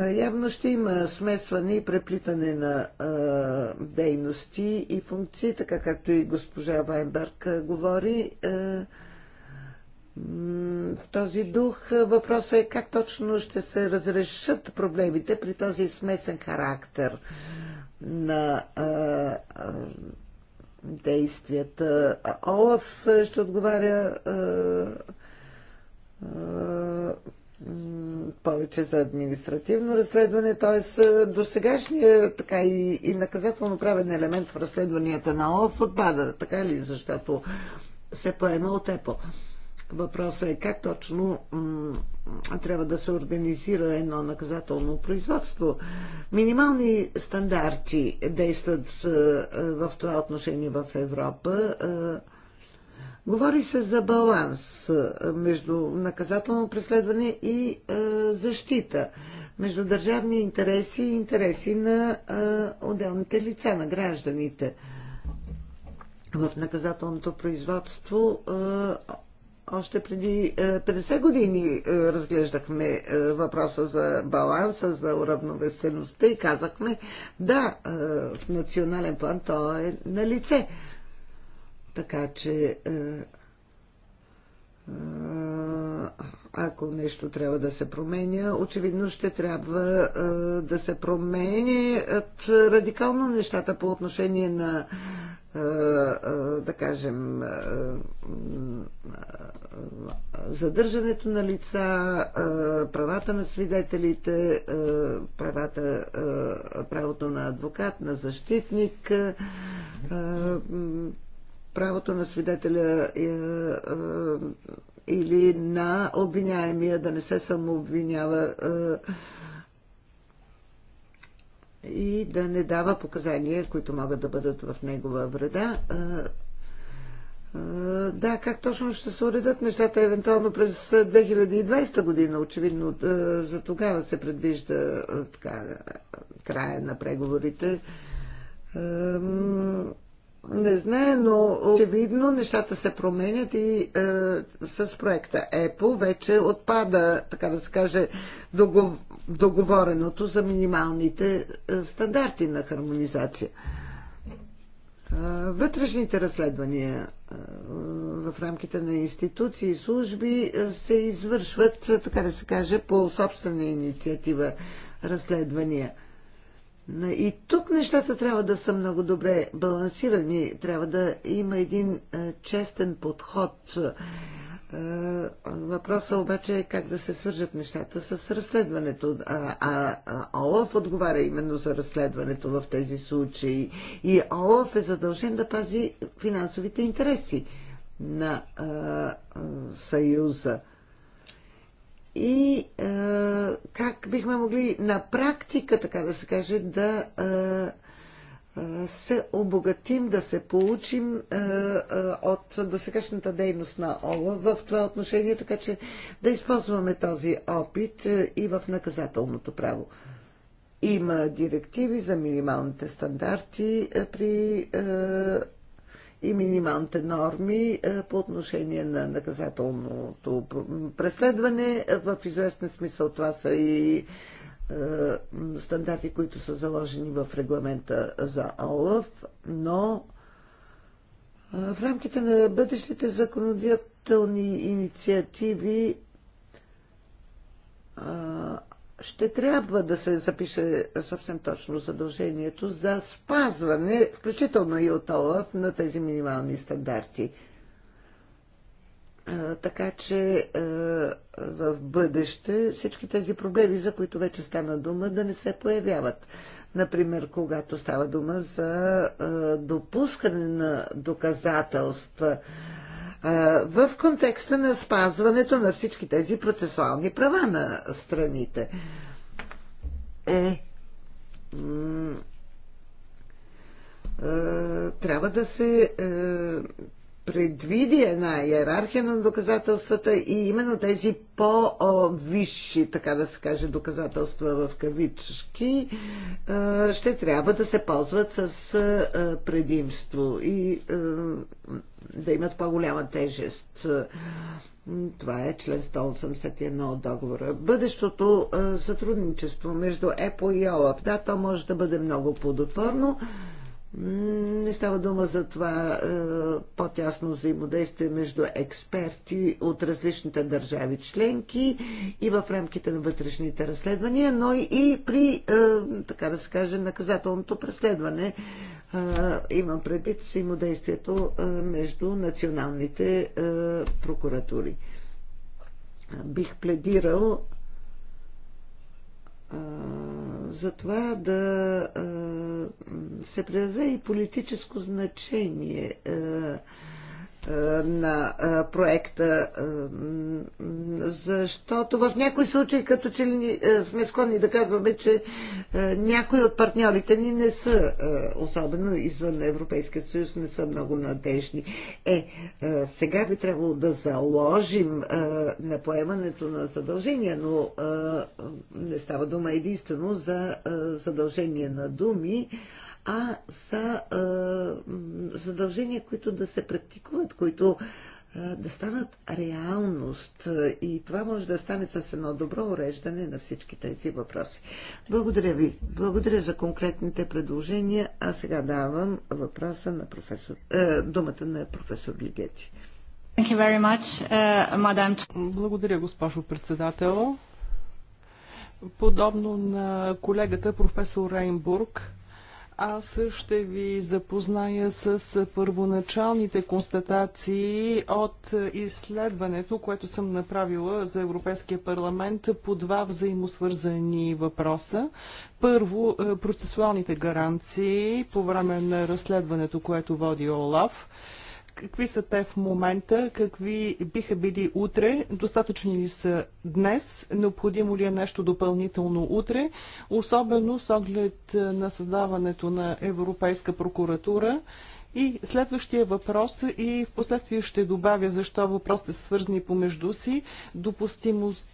е, явно ще има смесване и преплитане на а, е, дейности и функции, така както и госпожа Вайнберг е, говори. А, в този дух въпросът е как точно ще се разрешат проблемите при този смесен характер на а, а, действията. Олаф ще отговаря а, повече за административно разследване, т.е. до сегашния така и, и наказателно правен елемент в разследванията на ОФ отпада, така ли, защото се поема от ЕПО. Въпросът е как точно трябва да се организира едно наказателно производство. Минимални стандарти действат е, е, в това отношение в Европа. А, е, Говори се за баланс между наказателно преследване и е, защита, между държавни интереси и интереси на е, отделните лица, на гражданите. В наказателното производство е, още преди 50 години разглеждахме въпроса за баланса, за уравновесеността и казахме, да, в национален план то е на лице така че е, е, ако нещо трябва да се променя, очевидно ще трябва е, да се променят радикално нещата по отношение на, да кажем, задържането на лица, правата на свидетелите, правата, правото на адвокат, на защитник правото на свидетеля е, е, или на обвиняемия да не се самообвинява е, и да не дава показания, които могат да бъдат в негова вреда. Да, как точно ще се уредат нещата, евентуално през 2020 година, очевидно за тогава се предвижда така, края на преговорите. Не знае, но очевидно нещата се променят и е, с проекта ЕПО вече отпада, така да се каже, догов... договореното за минималните е, стандарти на хармонизация. Е, вътрешните разследвания е, в рамките на институции и служби се извършват, така да се каже, по собствена инициатива разследвания – и тук нещата трябва да са много добре балансирани, трябва да има един е, честен подход. Е, въпросът обаче е как да се свържат нещата с разследването. А, а, а ОЛАФ отговаря именно за разследването в тези случаи. И ОЛАФ е задължен да пази финансовите интереси на а, е, а, Съюза и е, как бихме могли на практика, така да се каже, да е, е се обогатим, да се получим е, е, от досегашната дейност на ОЛА в това отношение, така че да използваме този опит е, и в наказателното право. Има директиви за минималните стандарти е, при и минималните норми е, по отношение на наказателното преследване. В известен смисъл това са и е, стандарти, които са заложени в регламента за ОЛАФ, но е, в рамките на бъдещите законодателни инициативи ще трябва да се запише съвсем точно задължението за спазване, включително и от ОЛАФ, на тези минимални стандарти. Така че в бъдеще всички тези проблеми, за които вече стана дума, да не се появяват. Например, когато става дума за допускане на доказателства, в контекста на спазването на всички тези процесуални права на страните. Е, трябва да се е, предвиди една иерархия на доказателствата и именно тези по-висши, така да се каже, доказателства в кавички, ще трябва да се ползват с предимство и да имат по-голяма тежест. Това е член 181 от договора. Бъдещото сътрудничество между ЕПО и ОЛАФ, да, то може да бъде много плодотворно, не става дума за това е, по-тясно взаимодействие между експерти от различните държави членки и в рамките на вътрешните разследвания, но и при, е, така да се каже, наказателното преследване. Е, имам предвид взаимодействието между националните прокуратури. Бих пледирал за това да се предаде и политическо значение е, на е, проекта, е, защото в някои случаи като че ли сме склонни да казваме, че някои от партньорите ни не са, особено извън Европейския съюз, не са много надежни. Е, сега би трябвало да заложим на поемането на задължения, но не става дума единствено за задължения на думи, а са задължения, които да се практикуват, които да станат реалност. И това може да стане с едно добро уреждане на всички тези въпроси. Благодаря ви. Благодаря за конкретните предложения. А сега давам въпроса на професор, а, е, думата на професор Лигети. Uh, Благодаря, госпожо председател. Подобно на колегата професор Рейнбург, аз ще ви запозная с първоначалните констатации от изследването, което съм направила за Европейския парламент по два взаимосвързани въпроса. Първо, е, процесуалните гаранции по време на разследването, което води ОЛАФ какви са те в момента, какви биха били утре, достатъчни ли са днес, необходимо ли е нещо допълнително утре, особено с оглед е, на създаването на Европейска прокуратура. И следващия въпрос, и в последствие ще добавя защо въпросите са свързани помежду си, допустимост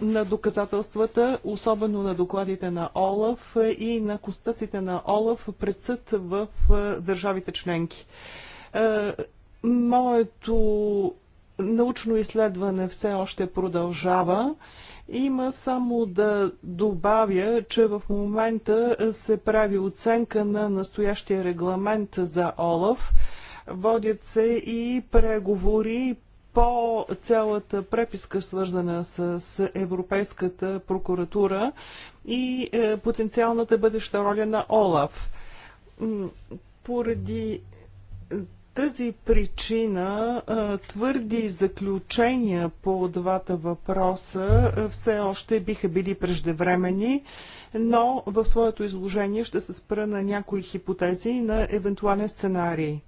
на доказателствата, особено на докладите на ОЛАФ е, и на констатациите на ОЛАФ пред съд в е, държавите членки. Моето научно изследване все още продължава. Има само да добавя, че в момента се прави оценка на настоящия регламент за ОЛАФ. Водят се и преговори по цялата преписка, свързана с Европейската прокуратура и е, потенциалната бъдеща роля на ОЛАФ. Поради тази причина твърди заключения по двата въпроса все още биха били преждевремени, но в своето изложение ще се спра на някои хипотези на евентуален сценарий.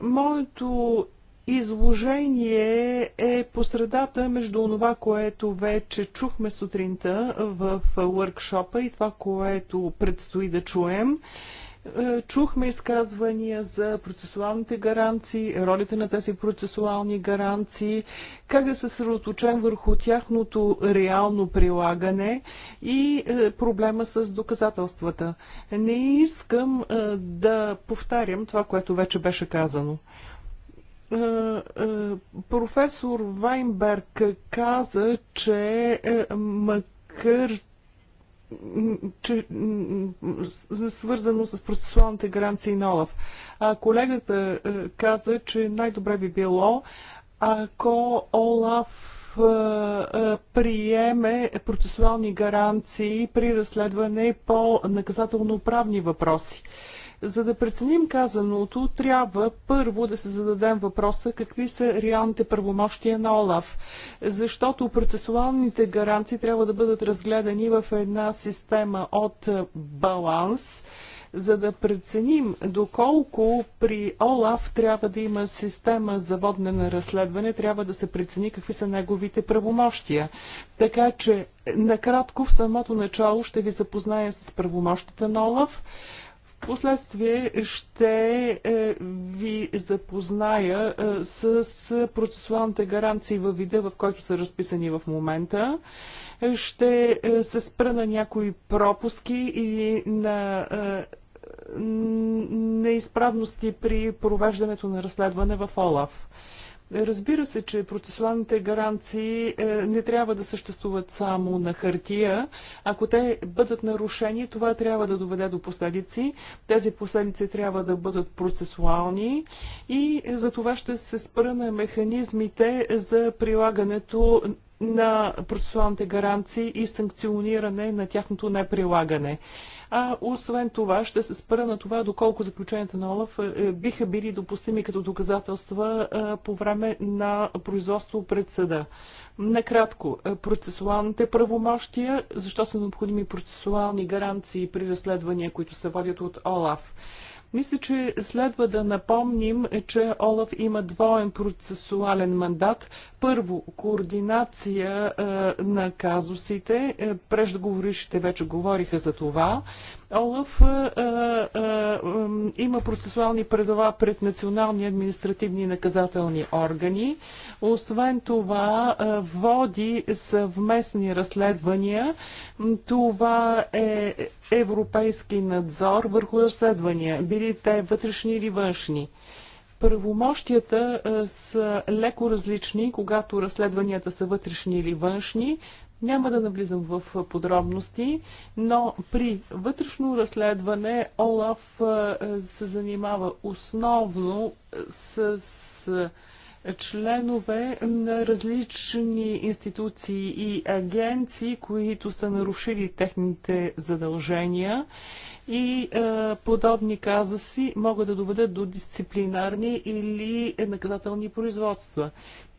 Моето изложение е посредата между това, което вече чухме сутринта в въркшопа и това, което предстои да чуем. Е, чухме изказвания за процесуалните гаранции, ролите на тези процесуални гаранции, как да се съсредоточен върху тяхното реално прилагане и е, проблема с доказателствата. Не искам е, да повтарям това, което вече беше казано. Професор Вайнберг каза, че макар свързано с процесуалните гаранции на ОЛАФ. колегата е, каза, че най-добре би било, ако ОЛАФ е, е, приеме процесуални гаранции при разследване по наказателно-правни въпроси. За да преценим казаното, трябва първо да се зададем въпроса какви са реалните правомощия на ОЛАФ, защото процесуалните гаранции трябва да бъдат разгледани в една система от баланс, за да преценим доколко при ОЛАФ трябва да има система за водне на разследване, трябва да се прецени какви са неговите правомощия. Така че, накратко, в самото начало ще ви запозная с правомощите на ОЛАФ. Впоследствие ще е, ви запозная е, с процесуалните гаранции във вида, в който са разписани в момента. Ще е, се спра на някои пропуски или на неизправности при провеждането на разследване в ОЛАФ. Разбира се, че процесуалните гаранции е, не трябва да съществуват само на хартия. Ако те бъдат нарушени, това трябва да доведе до последици. Тези последици трябва да бъдат процесуални и за това ще се спра на механизмите за прилагането на процесуалните гаранции и санкциониране на тяхното неприлагане. прилагане. А освен това ще се спра на това доколко заключенията на Олаф е, биха били допустими като доказателства е, по време на производство пред съда. Накратко, е, процесуалните правомощия, защо са необходими процесуални гаранции при разследвания, които се водят от ОЛАФ. Мисля, че следва да напомним, че Олаф има двоен процесуален мандат. Първо, координация е, на казусите. Е, преждоговорившите вече говориха за това. Олаф а, е, а, има процесуални предава пред национални административни и наказателни органи. Освен това, а, води съвместни разследвания. Това е европейски надзор върху разследвания, били те вътрешни или външни. Правомощията е, са леко различни, когато разследванията са вътрешни или външни. Няма да навлизам в подробности, но при вътрешно разследване ОЛАФ е, се занимава основно е, с членове на различни институции и агенции, които са нарушили техните задължения и е, подобни казуси могат да доведат до дисциплинарни или наказателни производства.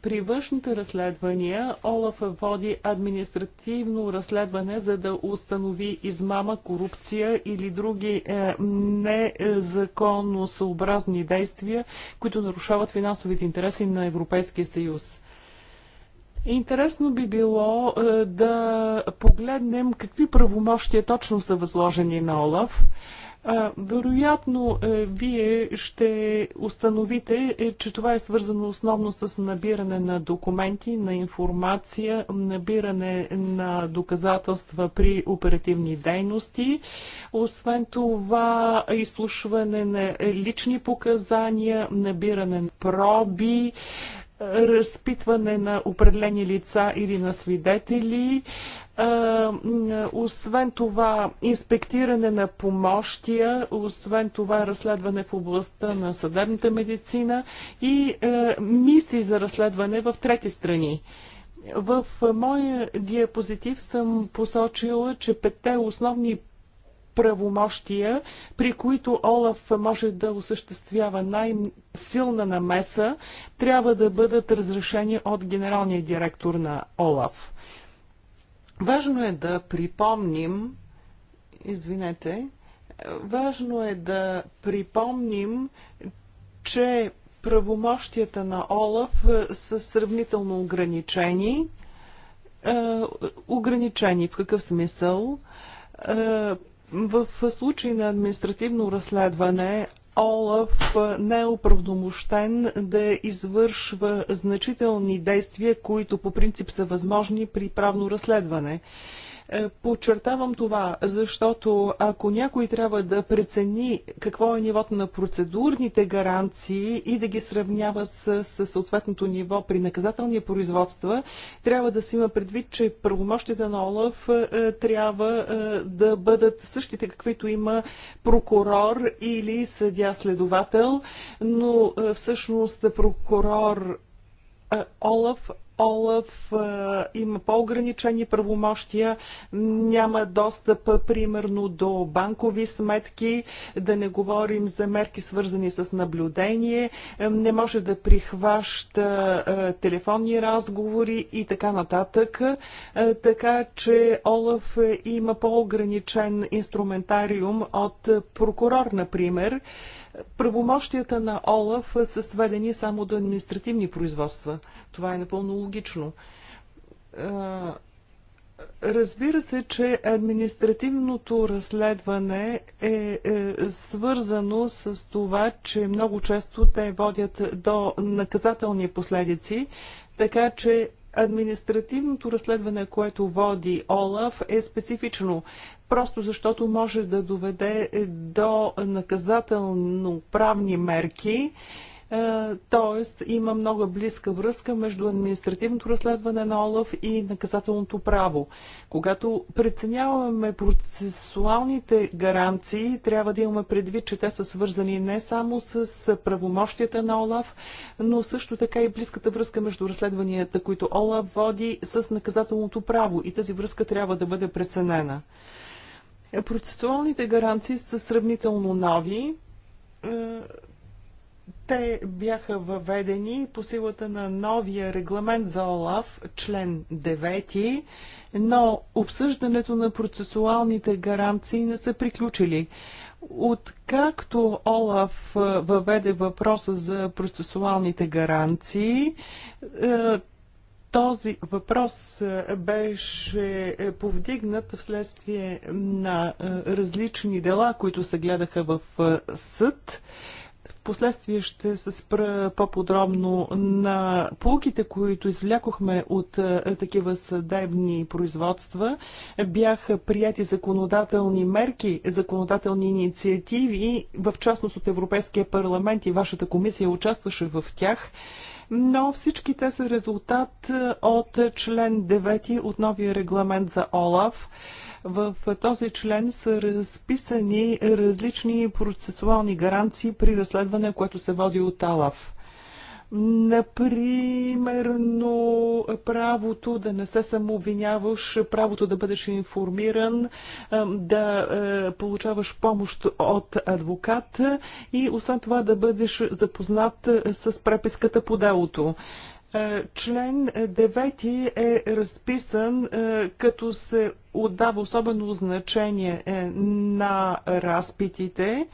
При външните разследвания Олаф води административно разследване, за да установи измама, корупция или други е, незаконно съобразни действия, които нарушават финансовите интереси на Европейския съюз. Интересно би било е, да погледнем какви правомощия точно са възложени на Олаф. Е, вероятно, е, вие ще установите, че това е свързано основно с набиране на документи, на информация, набиране на доказателства при оперативни дейности. Освен това, изслушване на лични показания, набиране на проби, разпитване на определени лица или на свидетели, освен това инспектиране на помощия, освен това разследване в областта на съдебната медицина и мисии за разследване в трети страни. В моя диапозитив съм посочила, че петте основни правомощия, при които Олаф може да осъществява най-силна намеса, трябва да бъдат разрешени от генералния директор на Олаф. Важно е да припомним, извинете, важно е да припомним, че правомощията на Олаф е, са сравнително ограничени. Е, ограничени в какъв смисъл? Е, в случай на административно разследване Олаф не е оправдомощен да извършва значителни действия, които по принцип са възможни при правно разследване. Е, подчертавам това, защото ако някой трябва да прецени какво е нивото на процедурните гаранции и да ги сравнява с, с съответното ниво при наказателния производства, трябва да се има предвид, че правомощите на ОЛАФ е, трябва е, да бъдат същите, каквито има прокурор или съдя-следовател, но всъщност прокурор е, Олаф Олаф е, има по-ограничени правомощия, няма достъп е, примерно до банкови сметки, да не говорим за мерки свързани с наблюдение, не може да прихваща телефонни разговори и така нататък. Така че Олаф има по-ограничен инструментариум от прокурор, например. Правомощията на ОЛАФ са сведени само до административни производства. Това е напълно логично. Разбира се, че административното разследване е, е, свързано с това, че много често те водят до наказателни последици, така че административното разследване, което води ОЛАФ, е специфично просто защото може да доведе е, до наказателно-правни мерки. Е, тоест има много близка връзка между административното разследване на ОЛАФ и наказателното право. Когато преценяваме процесуалните гаранции, трябва да имаме предвид, че те са свързани не само с правомощията на ОЛАФ, но също така и близката връзка между разследванията, които ОЛАФ води с наказателното право. И тази връзка трябва да бъде преценена. Е, процесуалните гаранции са сравнително нови. Е, те бяха въведени по силата на новия регламент за ОЛАВ, член 9, но обсъждането на процесуалните гаранции не са приключили. Откакто Олаф е, въведе въпроса за процесуалните гаранции, този въпрос е, беше е, повдигнат вследствие на е, различни дела, които се гледаха в съд. Впоследствие ще се спра по-подробно на полуките, които извлякохме от такива съдебни производства. Бяха прияти законодателни мерки, законодателни инициативи, в частност от Европейския парламент и вашата комисия участваше в тях но всички те са резултат е, от член 9 от новия регламент за ОЛАВ. В е, този член са разписани различни процесуални гаранции при разследване, което се води от ОЛАВ но правото да не се самообвиняваш, правото да бъдеш информиран, да е, получаваш помощ от адвокат и освен това да бъдеш запознат е, с преписката по делото. Е, член 9 е разписан като се отдава особено значение на разпитите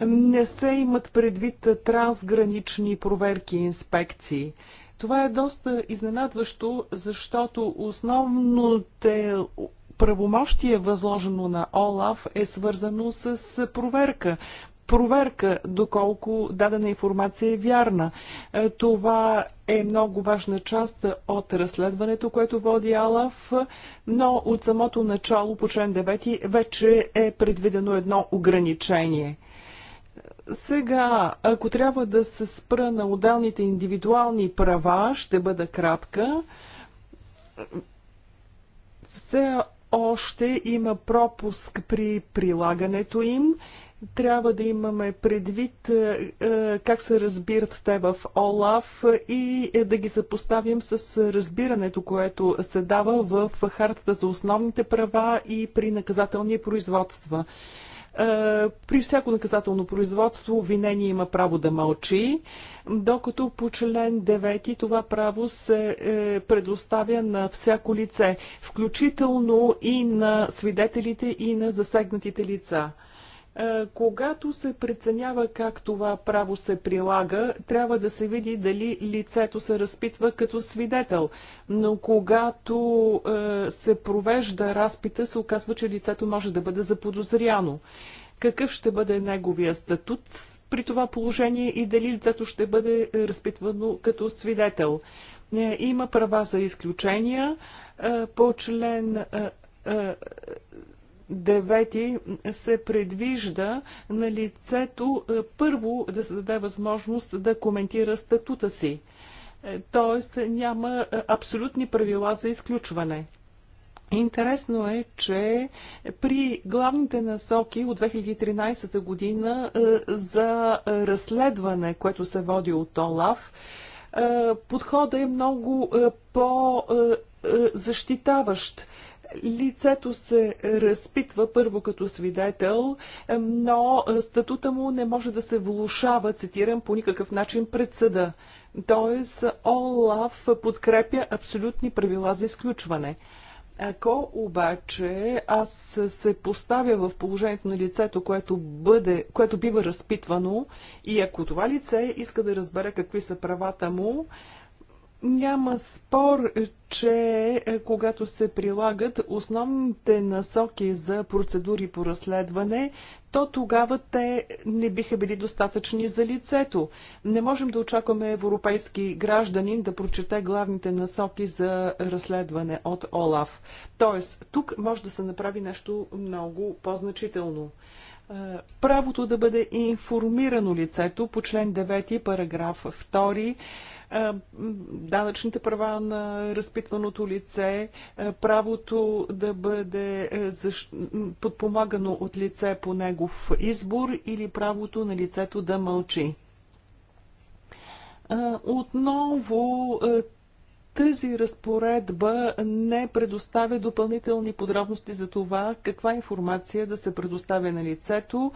не се имат предвид трансгранични проверки и инспекции. Това е доста изненадващо, защото основните правомощие, възложено на ОЛАФ, е свързано с проверка. Проверка доколко дадена информация е вярна. Е, това е много важна част от разследването, което води Алав, но от самото начало по член 9 вече е предвидено едно ограничение – сега, ако трябва да се спра на отделните индивидуални права, ще бъда кратка. Все още има пропуск при прилагането им. Трябва да имаме предвид е, е, как се разбират те в ОЛАФ и е, да ги съпоставим с разбирането, което се дава в Хартата за основните права и при наказателни производства. Е, при всяко наказателно производство обвинение има право да мълчи, докато по член 9 това право се е, предоставя на всяко лице, включително и на свидетелите и на засегнатите лица. Е, когато се преценява как това право се прилага, трябва да се види дали лицето се разпитва като свидетел. Но когато е, се провежда разпита, се оказва, че лицето може да бъде заподозряно. Какъв ще бъде неговия статут при това положение и дали лицето ще бъде разпитвано като свидетел? Е, има права за изключения по член девети се предвижда на лицето е, първо да се даде възможност да коментира статута си. Е, тоест няма е, абсолютни правила за изключване. Интересно е, че при главните насоки от 2013 година за разследване, което се води от ОЛАВ, подходът е много по-защитаващ лицето се разпитва първо като свидетел, но статута му не може да се влушава, цитирам, по никакъв начин пред съда. Тоест, ОЛАФ подкрепя абсолютни правила за изключване. Ако обаче аз се поставя в положението на лицето, което, бъде, което бива разпитвано и ако това лице иска да разбере какви са правата му, няма спор, че е, когато се прилагат основните насоки за процедури по разследване, то тогава те не биха били достатъчни за лицето. Не можем да очакваме европейски гражданин да прочете главните насоки за разследване от ОЛАФ. Тоест, тук може да се направи нещо много по-значително е, правото да бъде информирано лицето по член 9, параграф 2 е, данъчните права на разпитваното лице, е, правото да бъде е, подпомагано от лице по негов избор или правото на лицето да мълчи. Отново тази разпоредба не предоставя допълнителни подробности за това каква информация да се предоставя на лицето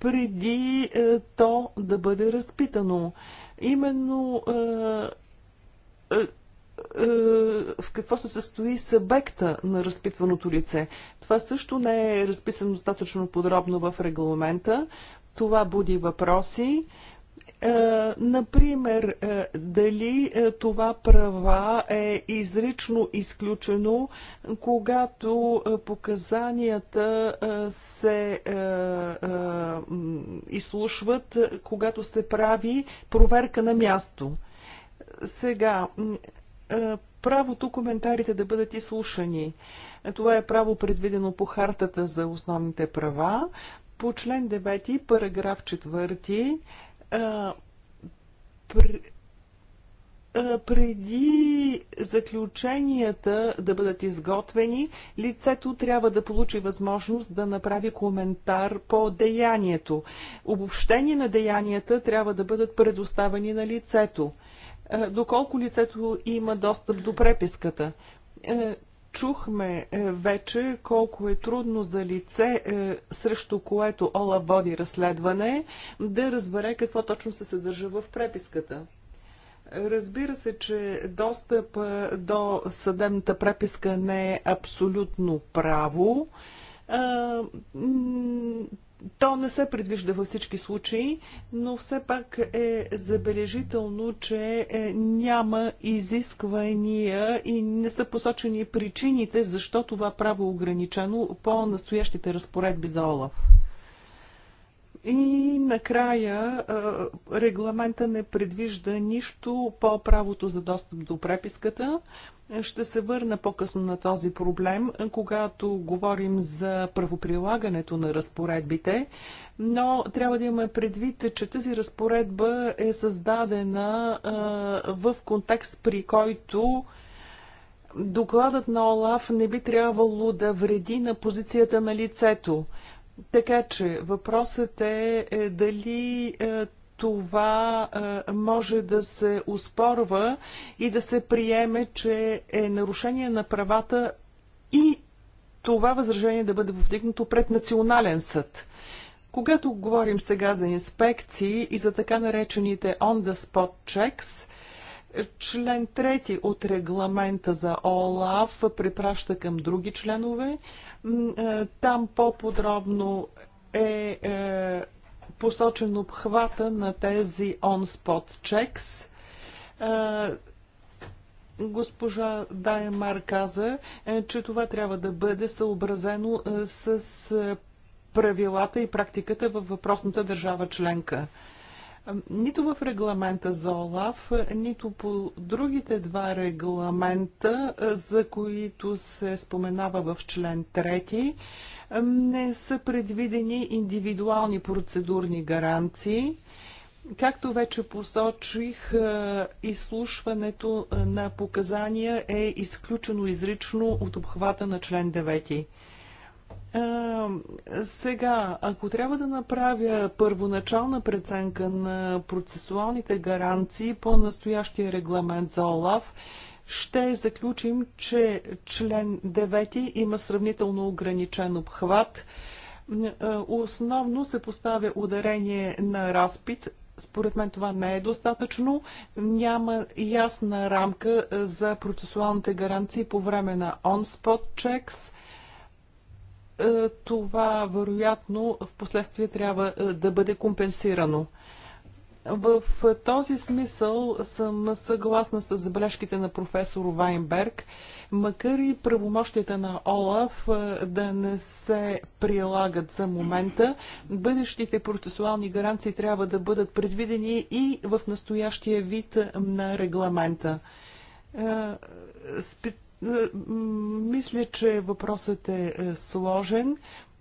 преди то да бъде разпитано именно в какво се състои събекта на разпитваното лице. Това също не е разписано достатъчно подробно в регламента. Това буди въпроси. Е, например, е, дали е, това права е изрично изключено, когато показанията се изслушват, когато се прави проверка на място. Сега, правото коментарите да бъдат изслушани. Това е право предвидено по хартата за основните права. По член 9, параграф 4, преди заключенията да бъдат изготвени, лицето трябва да получи възможност да направи коментар по деянието. Обобщение на деянията трябва да бъдат предоставени на лицето. доколко лицето има достъп до преписката? Е, Чухме е, вече колко е трудно за лице, е, срещу което Ола води разследване, да разбере какво точно се съдържа в преписката. Разбира се, че достъп е, до съдебната преписка не е абсолютно право то не се предвижда във всички случаи, но все пак е забележително, че е, няма изисквания и не са посочени причините, защо това право е ограничено по настоящите разпоредби за ОЛАФ. И накрая е, регламента не предвижда нищо по правото за достъп до преписката. Ще се върна по-късно на този проблем, когато говорим за правоприлагането на разпоредбите, но трябва да имаме предвид, че тази разпоредба е създадена в контекст, при който докладът на ОЛАФ не би трябвало да вреди на позицията на лицето. Така че въпросът е, е дали е, това е, може да се успорва и да се приеме, че е нарушение на правата и това възражение да бъде повдигнато пред Национален съд. Когато говорим сега за инспекции и за така наречените on-the-spot checks, член 3 от регламента за ОЛАВ препраща към други членове. Е, там по-подробно е, е посочен обхвата на тези on-spot checks. Госпожа Даймар каза, е, че това трябва да бъде съобразено е, с е, правилата и практиката във въпросната държава членка. Нито в регламента за ОЛАВ, нито по другите два регламента, за които се споменава в член 3, не са предвидени индивидуални процедурни гаранции. Както вече посочих, е, изслушването е, на показания е изключено изрично от обхвата на член 9. Е, сега, ако трябва да направя първоначална преценка на процесуалните гаранции по настоящия регламент за ОЛАВ, ще заключим, че член 9 има сравнително ограничен обхват. Основно се поставя ударение на разпит. Според мен това не е достатъчно. Няма ясна рамка за процесуалните гаранции по време на on-spot checks. Това вероятно в последствие трябва да бъде компенсирано. В този смисъл съм съгласна с забележките на професор Вайнберг, макар и правомощията на ОЛАФ да не се прилагат за момента, бъдещите процесуални гаранции трябва да бъдат предвидени и в настоящия вид на регламента. Мисля, че въпросът е, е сложен.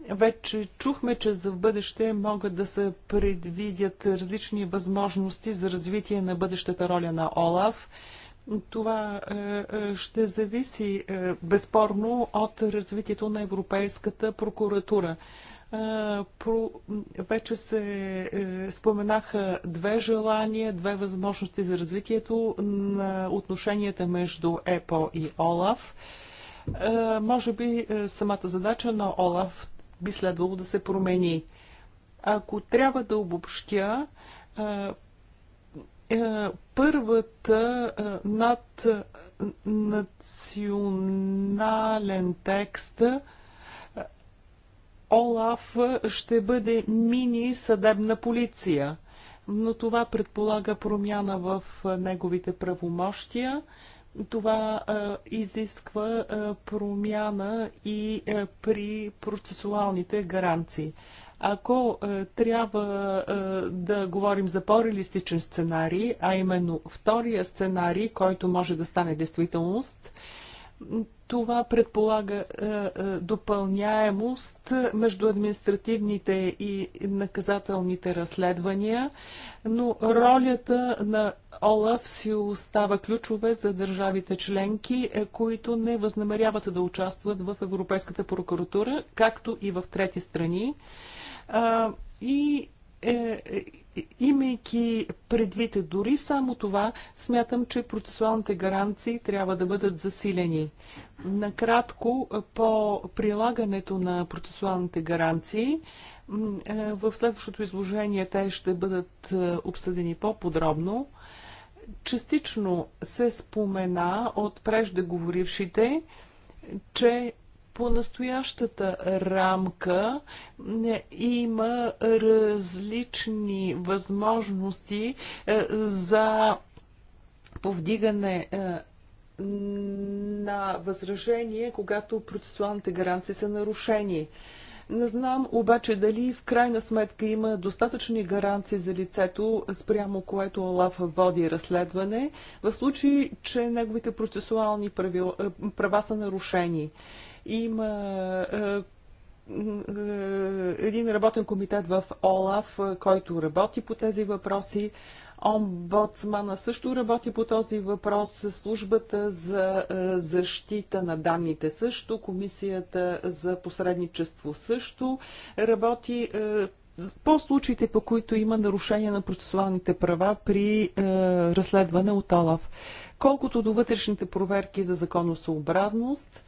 Вече чухме, че за бъдеще могат да се предвидят различни възможности за развитие на бъдещата роля на ОЛАФ. Това е, е, ще зависи е, безспорно от развитието на Европейската прокуратура. Про... Вече се споменаха две желания, две възможности за развитието на отношенията между ЕПО и ОЛАФ. Може би самата задача на ОЛАФ би следвало да се промени. Ако трябва да обобщя, е, първата над национален текст Олаф ще бъде мини съдебна полиция, но това предполага промяна в неговите правомощия това а, изисква а, промяна и а, при процесуалните гаранции. Ако а, трябва а, да говорим за по-реалистичен сценарий, а именно втория сценарий, който може да стане действителност, това предполага е, е, допълняемост между административните и наказателните разследвания, но ролята на ОЛАФ си остава ключове за държавите членки, е, които не възнамеряват да участват в Европейската прокуратура, както и в трети страни. И е, е, имайки предвид дори само това, смятам, че процесуалните гаранции трябва да бъдат засилени. Накратко по прилагането на процесуалните гаранции, е, в следващото изложение те ще бъдат е, обсъдени по-подробно. Частично се спомена от преждеговорившите, че по настоящата рамка е, има различни възможности е, за повдигане е, на възражение, когато процесуалните гаранции са нарушени. Не знам обаче дали в крайна сметка има достатъчни гаранции за лицето, спрямо което Олаф води разследване, в случай, че неговите процесуални правила, права са нарушени. Има е, е, е, един работен комитет в ОЛАФ, който работи по тези въпроси. Омбудсмана също работи по този въпрос, службата за защита на данните също, комисията за посредничество също работи по случаите, по които има нарушение на процесуалните права при разследване от ОЛАФ. Колкото до вътрешните проверки за законосъобразност,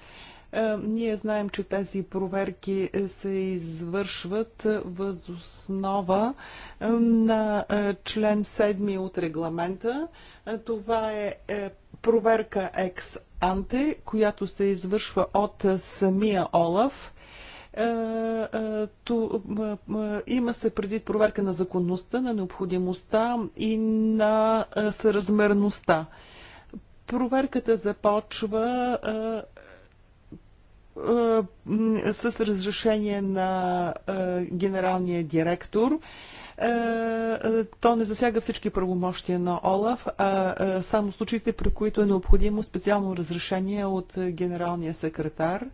е, ние знаем, че тези проверки е, се извършват е, възоснова на член 7 от регламента. Това е проверка екс анте, която се извършва от самия Олаф. Има се преди проверка на законността, на необходимостта и на съразмерността. Проверката започва с разрешение на генералния директор. То не засяга всички правомощия на ОЛАФ, а само случаите, при които е необходимо специално разрешение от генералния секретар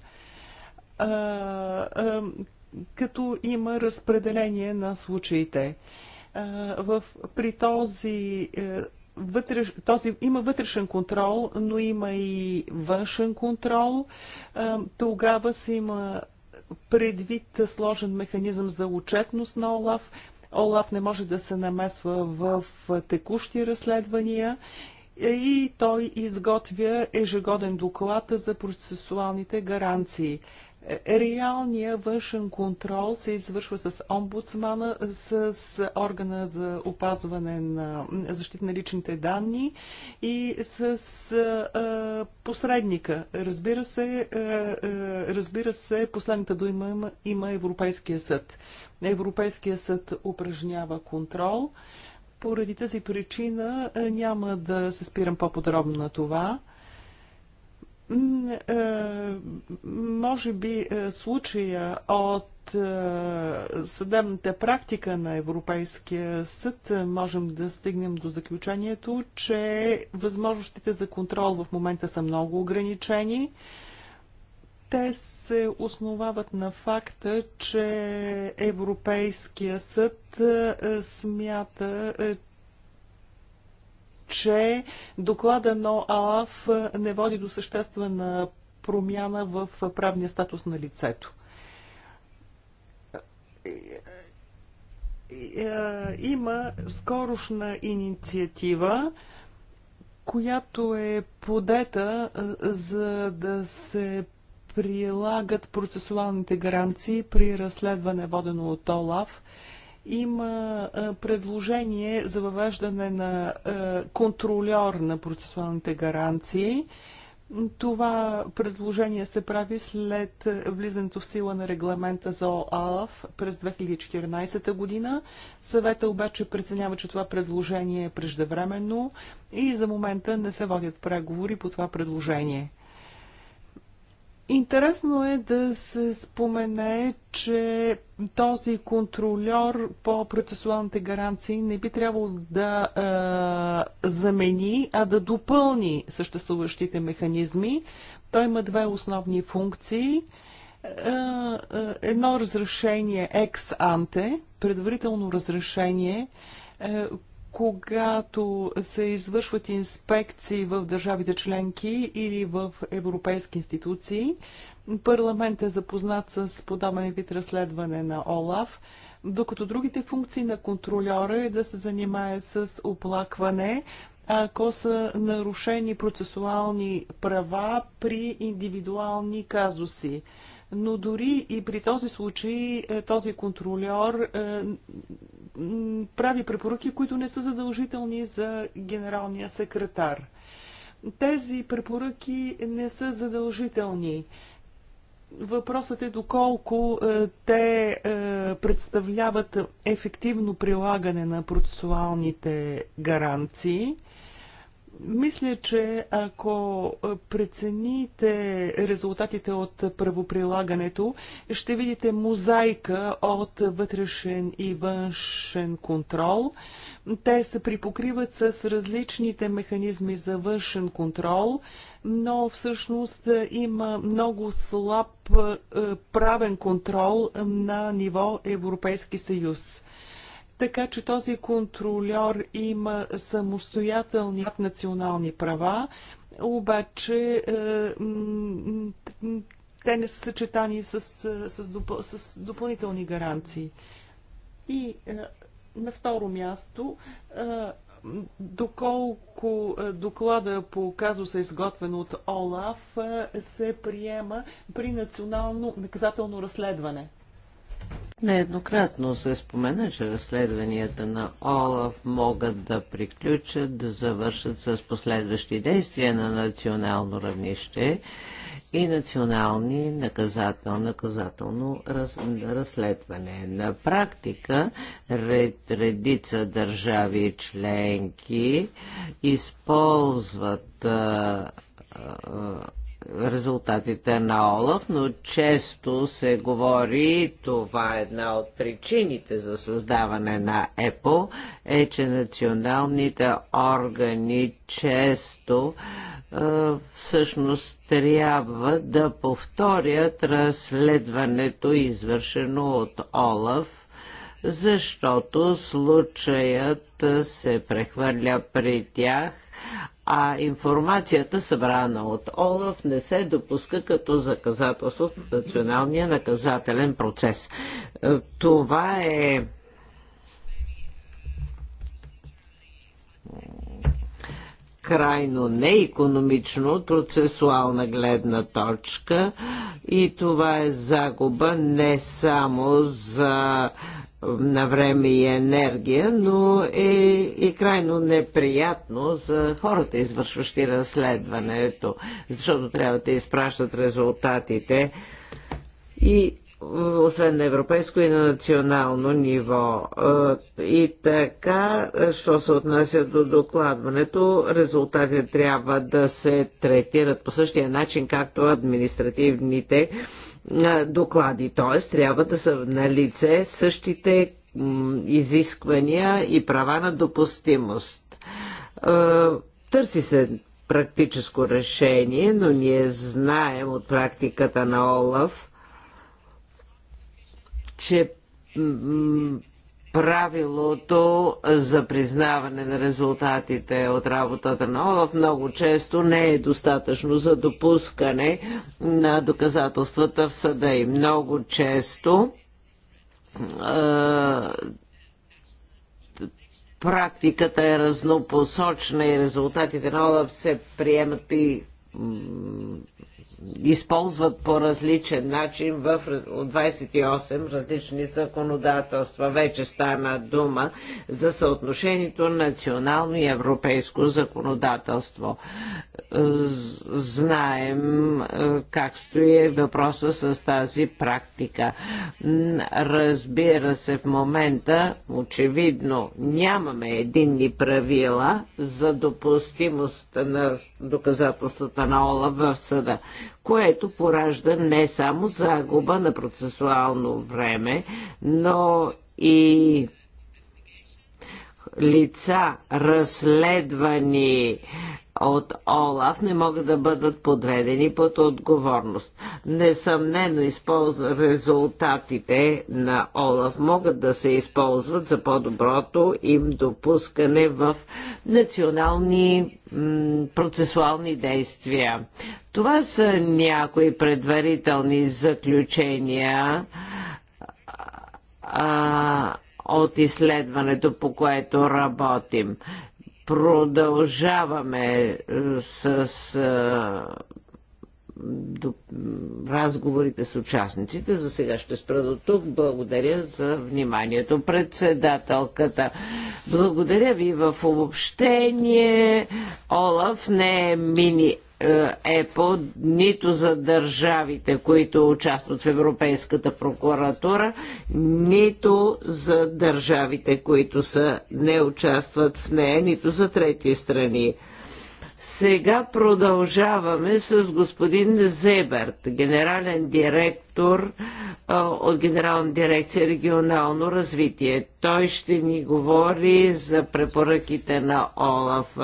като има разпределение на случаите. при този е, вътреш, този, има вътрешен контрол, но има и външен контрол. Тогава се има предвид сложен механизъм за отчетност на ОЛАФ. ОЛАФ не може да се намесва в текущи разследвания и той изготвя ежегоден доклад за процесуалните гаранции. Реалният външен контрол се извършва с омбудсмана, с органа за опазване на защита на личните данни и с посредника. Разбира се, разбира се, последната дума има Европейския съд. Европейския съд упражнява контрол. Поради тази причина няма да се спирам по-подробно на това. Е, може би е, случая от е, съдебната практика на Европейския съд можем да стигнем до заключението, че възможностите за контрол в момента са много ограничени. Те се основават на факта, че Европейския съд смята, че доклада на ОАФ не води до съществена промяна в правния статус на лицето. Е, има скорошна инициатива, която е подета е, за да се прилагат процесуалните гаранции при разследване водено от ОЛАФ – има предложение за въвеждане на контролер на процесуалните гаранции. Това предложение се прави след влизането в сила на регламента за ОАФ през 2014 година. Съвета обаче преценява, че това предложение е преждевременно и за момента не се водят преговори по това предложение. Интересно е да се спомене, че този контролер по процесуалните гаранции не би трябвало да е, замени, а да допълни съществуващите механизми. Той има две основни функции. Е, е, едно разрешение екс-анте, предварително разрешение, е, когато се извършват инспекции в държавите членки или в европейски институции. Парламент е запознат с подобен вид разследване на ОЛАФ, докато другите функции на контролера е да се занимае с оплакване, ако са нарушени процесуални права при индивидуални казуси но дори и при този случай е, този контролер е, прави препоръки, които не са задължителни за генералния секретар. Тези препоръки не са задължителни. Въпросът е доколко е, те представляват ефективно прилагане на процесуалните гаранции – мисля, че ако прецените резултатите от правоприлагането, ще видите мозайка от вътрешен и външен контрол. Те се припокриват с различните механизми за външен контрол, но всъщност има много слаб е, правен контрол на ниво Европейски съюз така че този контролер има самостоятелни национални права, обаче е, те не са съчетани с, с, допъл, с допълнителни гаранции. И е, на второ място, е, доколко доклада по казуса изготвен от ОЛАФ се приема при национално наказателно разследване. Нееднократно се спомена, че разследванията на ОЛАФ могат да приключат, да завършат с последващи действия на национално равнище и национални наказател, наказателно раз, разследване. На практика ред, редица държави и членки използват а, а, резултатите на Олаф, но често се говори, това е една от причините за създаване на ЕПО, е, че националните органи често всъщност трябва да повторят разследването, извършено от Олаф защото случаят се прехвърля при тях, а информацията събрана от Олаф не се допуска като заказателство в националния наказателен процес. Е, това е крайно неекономично от процесуална гледна точка и това е загуба не само за на време и енергия, но е и е крайно неприятно за хората, извършващи разследването, защото трябва да изпращат резултатите и освен на европейско и на национално ниво. И така, що се отнася до докладването, резултатите трябва да се третират по същия начин, както административните доклади. Т.е. трябва да са на лице същите изисквания и права на допустимост. Търси се практическо решение, но ние знаем от практиката на ОЛАФ, че правилото за признаване на резултатите от работата на ОЛАФ много често не е достатъчно за допускане на доказателствата в съда и много често практиката е разнопосочна и резултатите на ОЛАФ се приемат и използват по различен начин в 28 различни законодателства. Вече стана дума за съотношението национално и европейско законодателство. Знаем е, как стои въпроса с тази практика. Разбира се, в момента очевидно нямаме единни правила за допустимост на доказателствата на ОЛА в съда което поражда не само загуба на процесуално време, но и лица, разследвани от ОЛАФ не могат да бъдат подведени под отговорност. Несъмнено използва резултатите на ОЛАФ могат да се използват за по-доброто им допускане в национални процесуални действия. Това са някои предварителни заключения а, от изследването, по което работим. Продължаваме е, с е, до разговорите с участниците. За сега ще спра до тук. Благодаря за вниманието. Председателката, благодаря ви в обобщение. Олаф не е мини ЕПО, нито за държавите, които участват в Европейската прокуратура, нито за държавите, които са, не участват в нея, нито за трети страни. Сега продължаваме с господин Зеберт, генерален директор директор от Генерална дирекция регионално развитие. Той ще ни говори за препоръките на Олаф.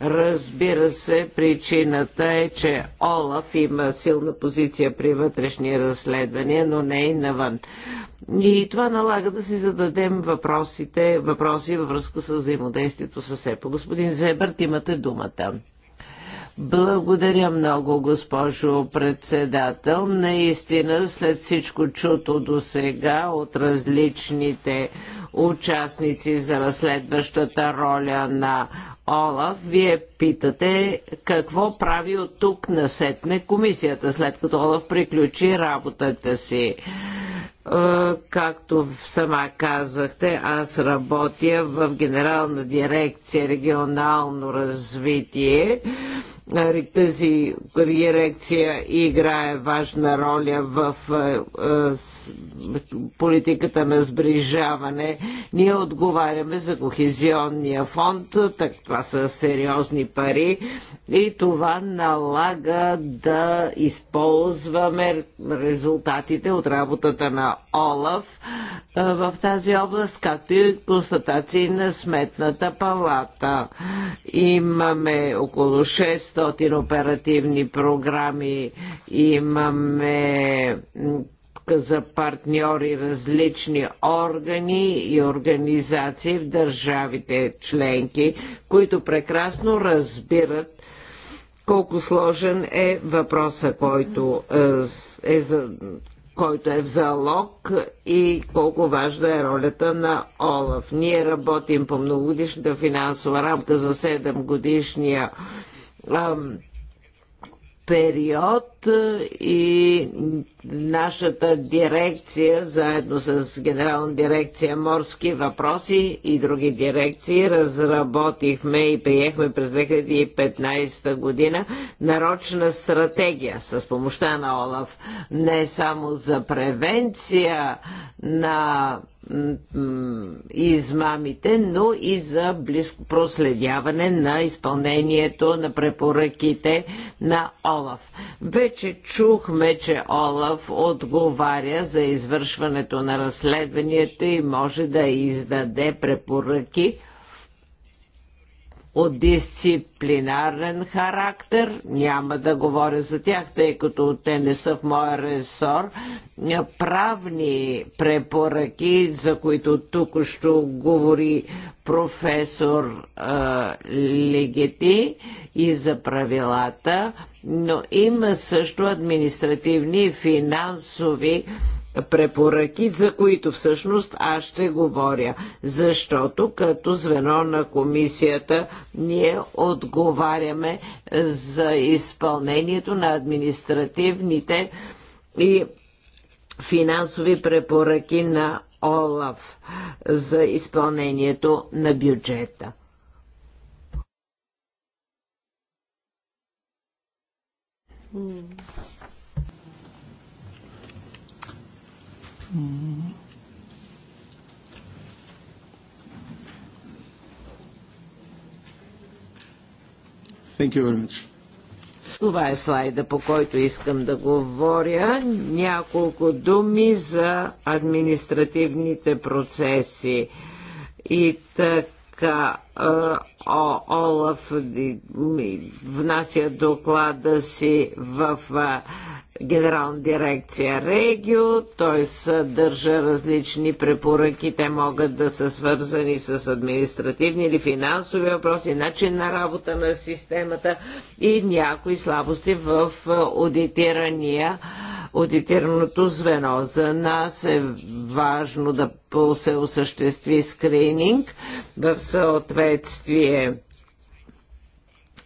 Разбира се, причината е, че Олаф има силна позиция при вътрешни разследвания, но не и навън. И това налага да си зададем въпросите, въпроси във връзка с взаимодействието с ЕПО. Господин Зебърт, имате думата. Благодаря много, госпожо председател. Наистина, след всичко чуто до сега от различните участници за разследващата роля на Олаф, вие питате какво прави от тук насетне комисията, след като Олаф приключи работата си. Както сама казахте, аз работя в Генерална дирекция регионално развитие. Тази дирекция играе важна роля в политиката на сближаване. Ние отговаряме за кохезионния фонд, так това са сериозни пари и това налага да използваме резултатите от работата на Олаф в тази област, както и констатации на Сметната палата. Имаме около 600 оперативни програми, имаме за партньори различни органи и организации в държавите членки, които прекрасно разбират колко сложен е въпроса, който е, е за който е в залог и колко важна е ролята на ОЛАФ. Ние работим по многогодишната финансова рамка за 7 годишния ам, период е, и нашата дирекция, заедно с Генерална дирекция морски въпроси и други дирекции, разработихме и приехме през 2015 година нарочна стратегия с помощта на ОЛАФ не само за превенция на и измамите, но и за близко проследяване на изпълнението на препоръките на Олаф. Вече чухме, че Олаф отговаря за извършването на разследването и може да издаде препоръки от дисциплинарен характер. Няма да говоря за тях, тъй като те не са в моя ресор. Правни препоръки, за които тук ще говори професор е, Легети и за правилата, но има също административни и финансови препоръки, за които всъщност аз ще говоря, защото като звено на комисията ние отговаряме за изпълнението на административните и финансови препоръки на ОЛАФ за изпълнението на бюджета. Mm. Thank you very much. Това е слайда, по който искам да говоря. Няколко думи за административните процеси. И така, Олаф внася доклада си в Генерална дирекция Регио. Той съдържа различни препоръки. Те могат да са свързани с административни или финансови въпроси, начин на работа на системата и някои слабости в аудитирания аудитираното звено. За нас е важно да се осъществи скрининг в съответствие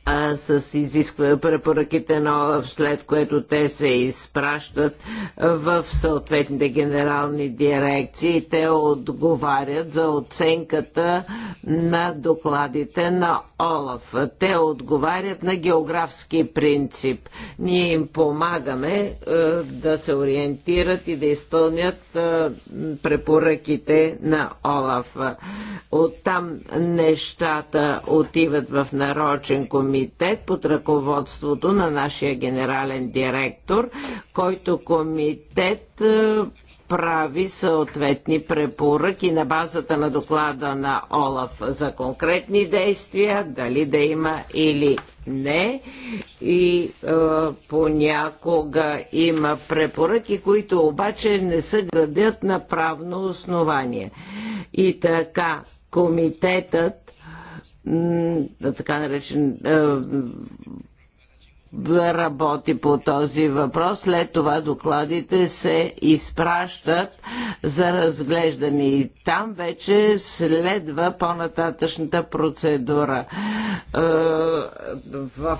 а, с изисква препоръките на ОЛАФ, след което те се изпращат в съответните генерални дирекции те отговарят за оценката на докладите на ОЛАФ. Те отговарят на географски принцип. Ние им помагаме е, да се ориентират и да изпълнят е, препоръките на ОЛАФ. Оттам нещата отиват в нарочен комитет комитет под ръководството на нашия генерален директор, който комитет е, прави съответни препоръки на базата на доклада на ОЛАФ за конкретни действия, дали да има или не. И е, понякога има препоръки, които обаче не се градят на правно основание. И така, комитетът така наречен е, работи по този въпрос. След това докладите се изпращат за разглеждане и там вече следва по-нататъчната процедура. Е, в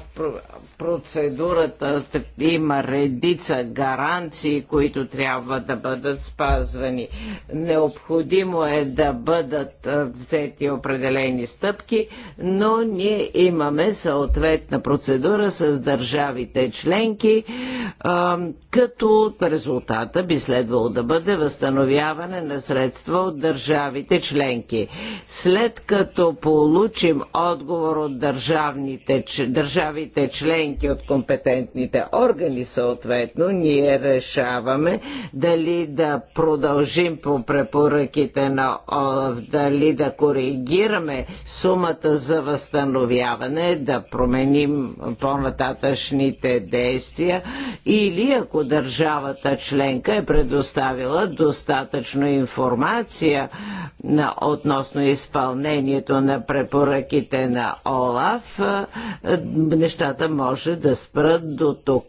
процедурата има редица гаранции, които трябва да бъдат спазвани. Необходимо е да бъдат е, взети определени стъпки, но ние имаме съответна процедура с държавата държавите членки, като резултата би следвало да бъде възстановяване на средства от държавите членки. След като получим отговор от държавните, държавите членки, от компетентните органи съответно, ние решаваме дали да продължим по препоръките на ОЛАВ, дали да коригираме сумата за възстановяване, да променим по-нататък вътрешните действия или ако държавата членка е предоставила достатъчно информация на, относно изпълнението на препоръките на ОЛАФ, нещата може да спрат до тук.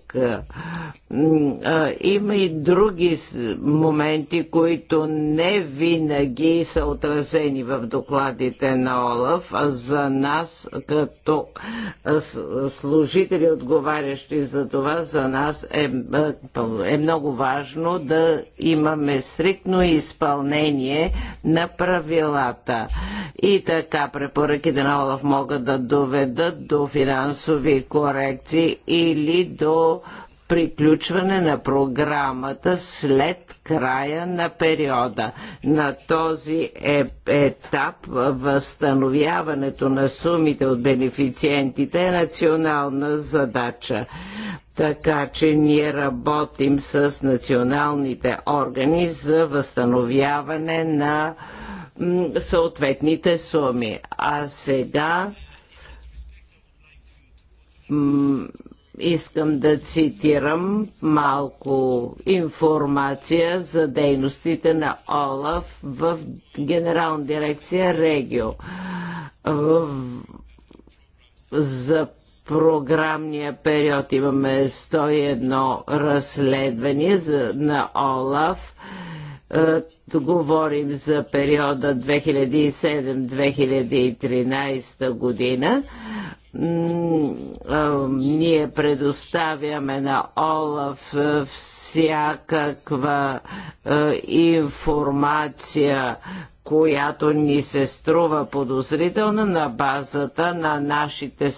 Има и други моменти, които не винаги са отразени в докладите на ОЛАФ, а за нас като служители от отговарящи за това, за нас е, е, е много важно да имаме стриктно изпълнение на правилата. И така препоръките на Олаф могат да доведат до финансови корекции или до приключване на програмата след края на периода. На този е, етап възстановяването на сумите от бенефициентите е национална задача. Така че ние работим с националните органи за възстановяване на съответните суми. А сега Искам да цитирам малко информация за дейностите на ОЛАФ в Генерална дирекция Регио. За програмния период имаме 101 разследвания на ОЛАФ е, говорим за периода 2007-2013 година ние предоставяме на Олаф е, всякаква е, информация, която ни се струва подозрителна на базата на нашите,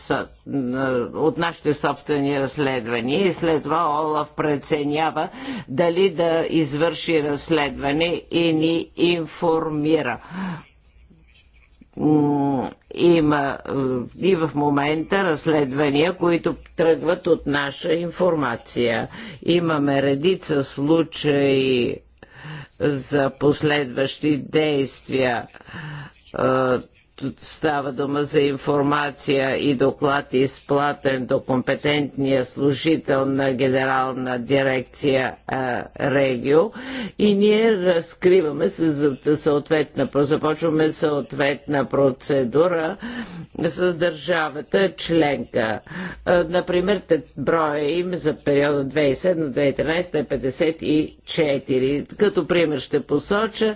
от нашите собствени разследвания и след това Олаф преценява дали да извърши разследване и ни информира има и в момента разследвания, които тръгват от наша информация. Имаме редица случаи за последващи действия Става дума за информация и доклад изплатен до компетентния служител на Генерална дирекция а, Регио и ние разкриваме съответна, започваме съответна процедура с държавата членка. А, например, броя им за периода 2007-2013 е 54. Като пример ще посоча,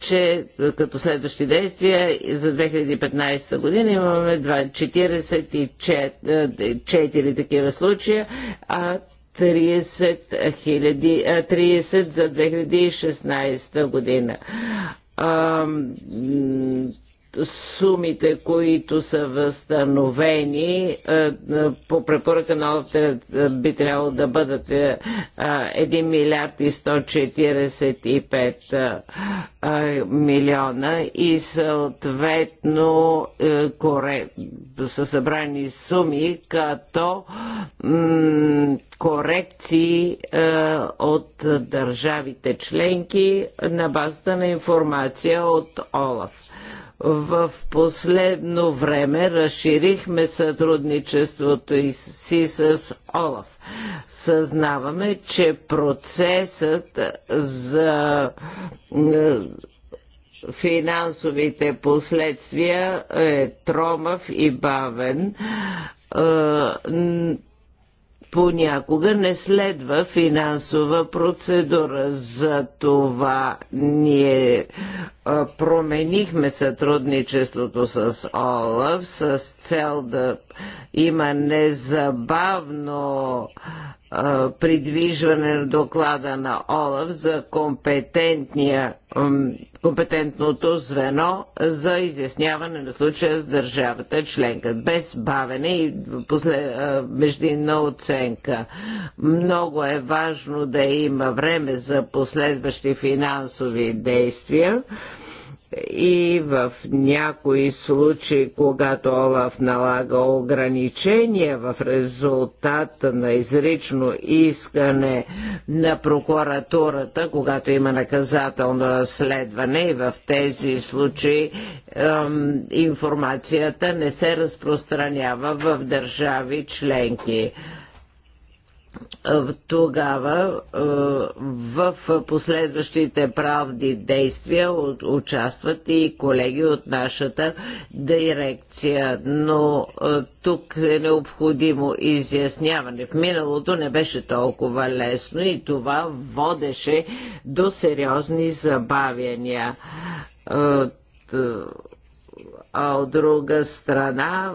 че като следващи действия за 2000 2015 година имаме 44 такива случая, а 30, 000, 30 за 2016 година сумите, които са възстановени е, е, по препоръка на ОТР е, би трябвало да бъдат 1 милиард и 145 милиона и съответно са събрани суми като корекции от държавите членки на базата на информация от ОЛАФ. В последно време разширихме сътрудничеството и си с ОЛАФ. Съзнаваме, че процесът за финансовите последствия е тромав и бавен е, понякога не следва финансова процедура. За това ние променихме сътрудничеството с ОЛАВ с цел да има незабавно придвижване на доклада на ОЛАВ за компетентното звено за изясняване на случая с държавата членка, без бавене и после, междинна оценка. Много е важно да има време за последващи финансови действия и в някои случаи, когато Олаф налага ограничения в резултат на изрично искане на прокуратурата, когато има наказателно разследване и в тези случаи ем, информацията не се разпространява в държави членки. Е, тогава е, в последващите правди действия участват и колеги от нашата дирекция. Но е, тук е необходимо изясняване. В миналото не беше толкова лесно и това водеше до сериозни забавяния а от друга страна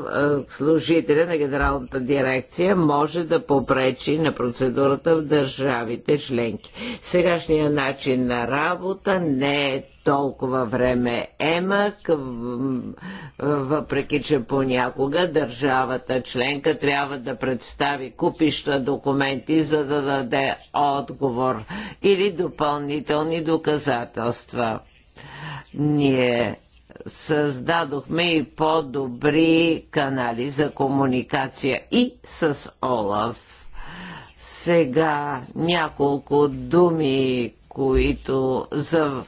служителя на генералната дирекция може да попречи на процедурата в държавите членки. Сегашният начин на работа не е толкова време емък, въпреки че понякога държавата членка трябва да представи купища документи, за да даде отговор или допълнителни доказателства. Ние Създадохме и по-добри канали за комуникация и с Олаф. Сега няколко думи, които за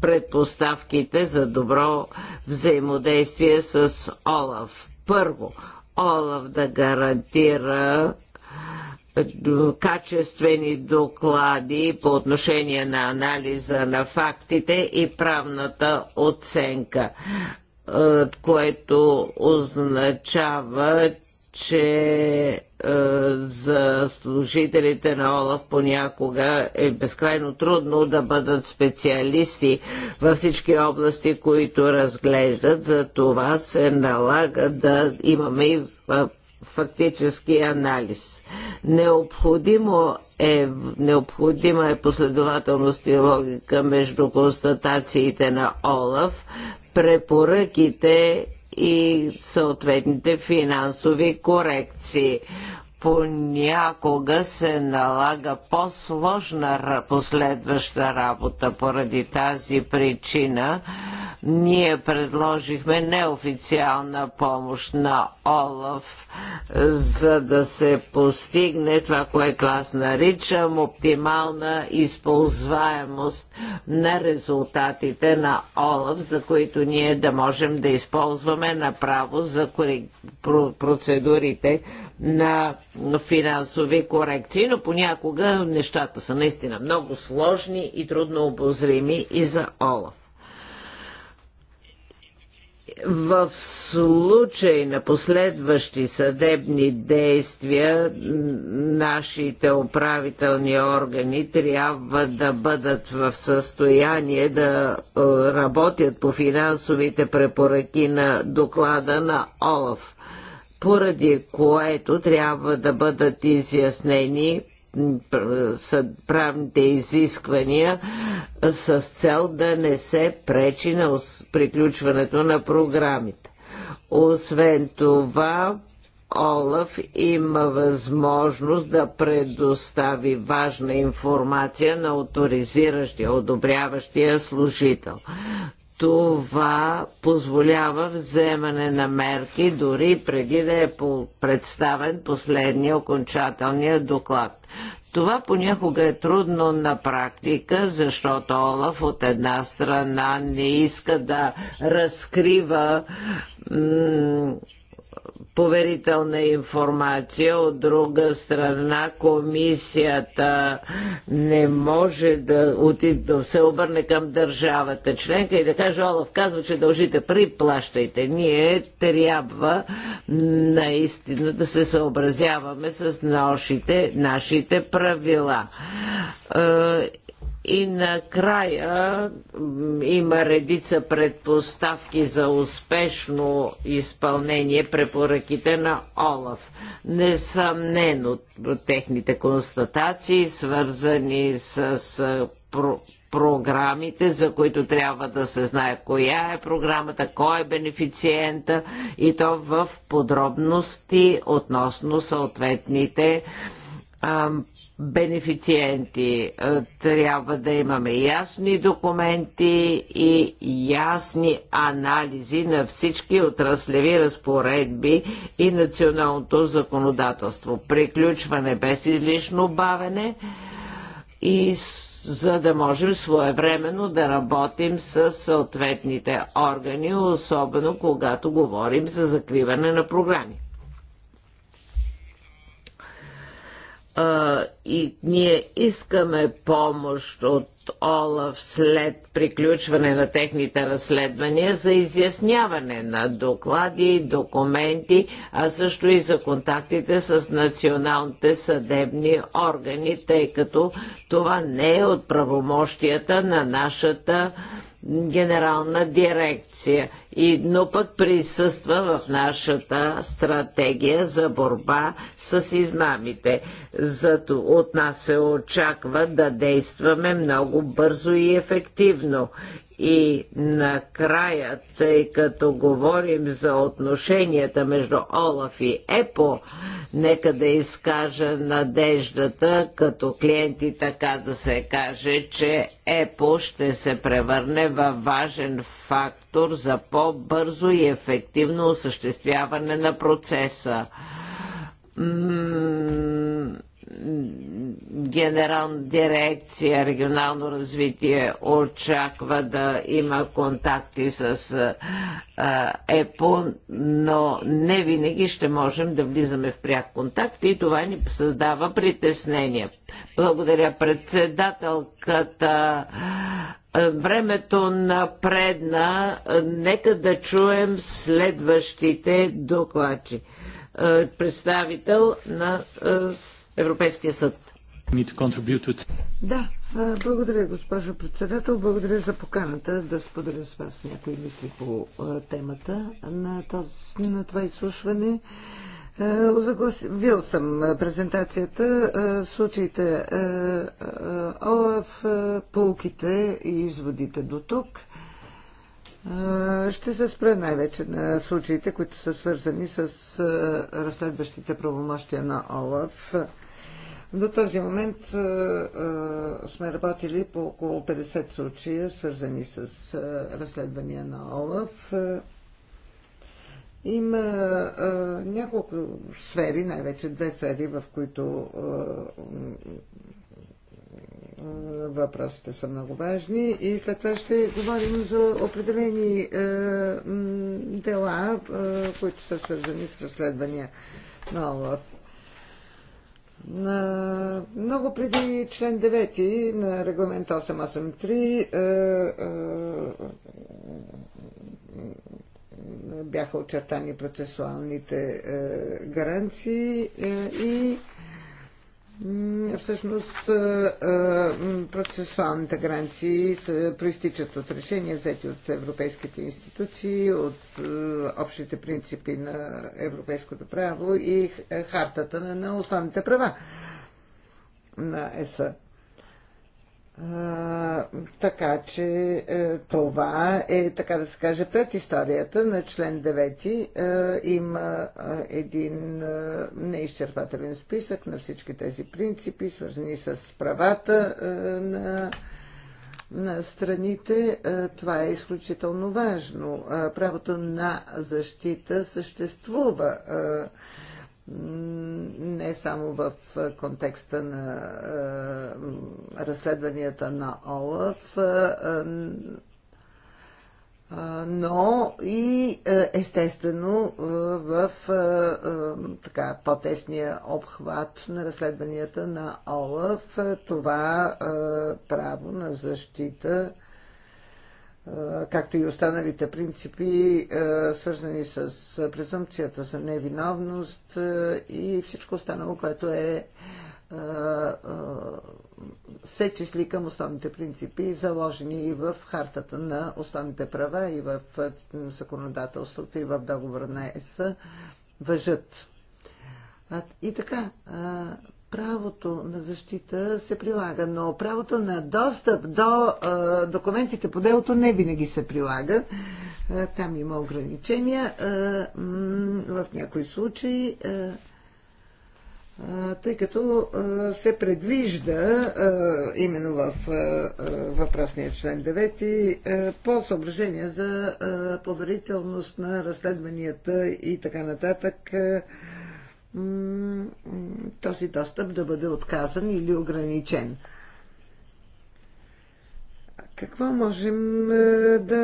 предпоставките за добро взаимодействие с Олаф. Първо, Олаф да гарантира качествени доклади по отношение на анализа на фактите и правната оценка, е, което означава, че е, за служителите на Олаф понякога е безкрайно трудно да бъдат специалисти във всички области, които разглеждат. За това се налага да имаме и фактически анализ Необходимо е, необходима е последователност и логика между констатациите на ОЛАФ, препоръките и съответните финансови корекции понякога се налага по-сложна последваща работа. Поради тази причина ние предложихме неофициална помощ на Олаф, за да се постигне това, което аз наричам оптимална използваемост на резултатите на Олаф, за които ние да можем да използваме направо за процедурите на финансови корекции, но понякога нещата са наистина много сложни и трудно обозрими и за Олаф в случай на последващи съдебни действия, нашите управителни органи трябва да бъдат в състояние да е, работят по финансовите препоръки на доклада на ОЛАФ поради което трябва да бъдат изяснени правните изисквания с цел да не се пречи на приключването на програмите. Освен това, Олаф има възможност да предостави важна информация на авторизиращия, одобряващия служител това позволява вземане на мерки дори преди да е представен последния окончателния доклад. Това понякога е трудно на практика, защото Олаф от една страна не иска да разкрива поверителна информация. От друга страна, комисията не може да, да се обърне към държавата членка и да каже, Олаф казва, че дължите пари, плащайте. Ние трябва наистина да се съобразяваме с нашите, нашите правила е, и накрая има редица предпоставки за успешно изпълнение препоръките на Олаф. Несъмнено техните констатации, свързани с про програмите, за които трябва да се знае коя е програмата, кой е бенефициента и то в подробности относно съответните бенефициенти. Е, трябва да имаме ясни документи и ясни анализи на всички отраслеви разпоредби и националното законодателство. Приключване без излишно бавене и за да можем своевременно да работим с съответните органи, особено когато говорим за закриване на програми. и ние искаме помощ от Олаф след приключване на техните разследвания за изясняване на доклади, документи, а също и за контактите с националните съдебни органи, тъй като това не е от правомощията на нашата генерална дирекция. И но пък присъства в нашата стратегия за борба с измамите. Зато от нас се очаква да действаме много бързо и ефективно. И накрая, тъй като говорим за отношенията между Олаф и ЕПО, нека да изкажа надеждата, като клиенти така да се каже, че ЕПО ще се превърне във важен фактор за по-бързо и ефективно осъществяване на процеса Генерална дирекция регионално развитие очаква да има контакти с ЕПО, но не винаги ще можем да влизаме в пряк контакт и това ни създава притеснение. Благодаря председателката. Времето напредна. Нека да чуем следващите доклади. Представител на Европейския съд. Да, благодаря, госпожо председател. Благодаря за поканата да споделя с вас някои мисли по темата на, този, на това изслушване. Вил съм презентацията, случаите ОЛАФ, полуките и изводите до тук. Ще се спра най-вече на случаите, които са свързани с разследващите правомощия на ОЛАФ. До този момент а, а, сме работили по около 50 случая, свързани с а, разследвания на ОЛАФ. Има а, няколко сфери, най-вече две сфери, в които а, въпросите са много важни. И след това ще говорим за определени а, дела, а, които са свързани с разследвания на ОЛАФ. На Много преди член 9 на регламент 883 е, е, е, бяха очертани процесуалните гаранции и Всъщност процесуалните гаранции проистичат от решения, взети от европейските институции, от общите принципи на европейското право и е, хартата на основните права на ЕСА. А, така че а, е, това е, така да се каже, пред историята на член 9. А, е, има а, един а, неизчерпателен списък на всички тези принципи, свързани с правата а, е, на, на страните. А, това е изключително важно. А, правото на защита съществува. А, не само в контекста на разследванията на ОЛАФ, но и естествено в така, по-тесния обхват на разследванията на ОЛАФ това право на защита е, както и останалите принципи, е, свързани с презумпцията за невиновност е, и всичко останало, което е се числи към основните принципи, заложени и в хартата на основните права, и в законодателството, и в договора на ЕС, въжат. И така, правото на защита се прилага, но правото на достъп до а, документите по делото не винаги се прилага. А, там има ограничения. А, в някои случаи. А, тъй като се предвижда именно в въпросния член 9 по съображения за поверителност на разследванията и така нататък този достъп да бъде отказан или ограничен. Какво можем е, да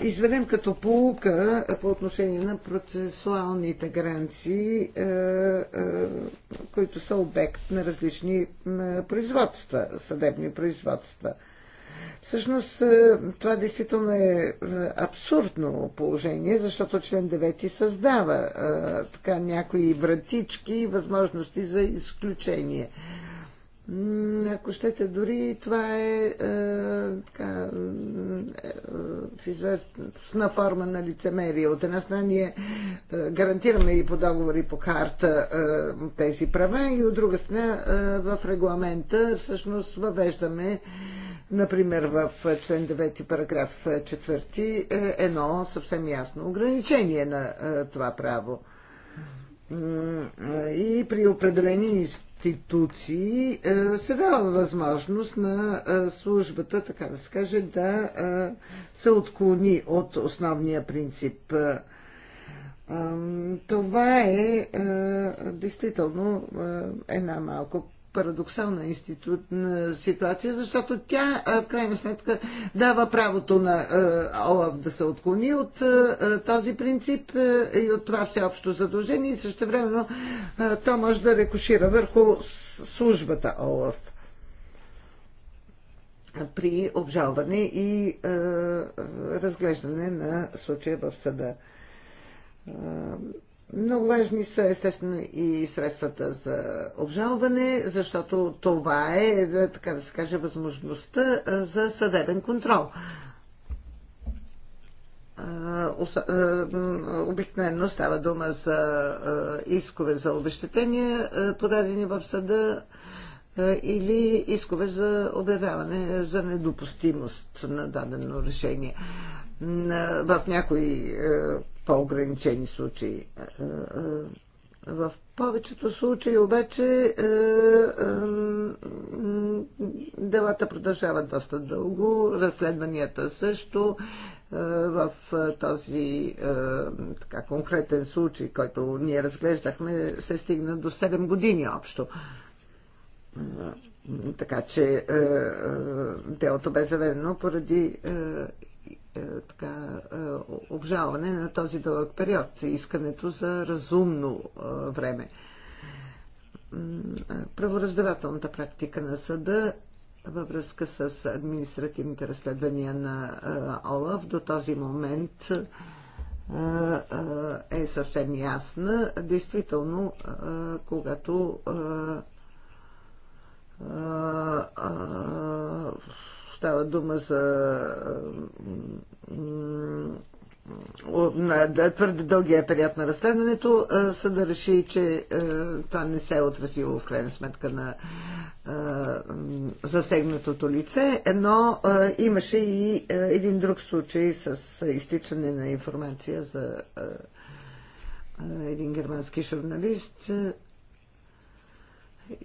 е, изведем като полука по отношение на процесуалните гаранции, е, които са обект на различни производства, съдебни производства – Всъщност е, това действително е, е абсурдно положение, защото член 9 създава а, е, така някои вратички и възможности за изключение. Ако щете, дори това е, е така, е, в известна форма на лицемерие. От една страна ние е, гарантираме и по договори по карта е, тези права и от друга страна е, в регламента всъщност въвеждаме е, Например, в член 9, параграф 4 е едно съвсем ясно ограничение на е, това право. И при определени институции е, се дава възможност на е, службата, така да се каже, да се отклони от основния принцип. Това е действително една малко парадоксална институт, ситуация, защото тя в крайна сметка дава правото на ОЛАВ да се отклони от този принцип и от това всеобщо задължение и също времено то може да рекушира върху службата ОЛАВ при обжалване и разглеждане на случая в съда много важни са естествено и средствата за обжалване, защото това е, е така да се каже, възможността е, за съдебен контрол. Е, обикновено става дума за искове за обещетения, подадени в съда или искове за обявяване за недопустимост на дадено решение. В някои по-ограничени случаи. Е, е, е, в повечето случаи обаче делата продължават доста дълго, разследванията също. В този така, конкретен случай, който ние разглеждахме, се стигна до 7 години общо. Така че делото бе заведено поради е, така, е, обжалване на този дълъг период, искането за разумно е, време. Правораздавателната практика на съда във връзка с административните разследвания на ОЛАВ до този момент е съвсем ясна. Действително, когато Става дума за на твърде дългия период на разследването, са да реши, че това не се е отразило в крайна сметка на засегнатото лице, но имаше и един друг случай с изтичане на информация за един германски журналист,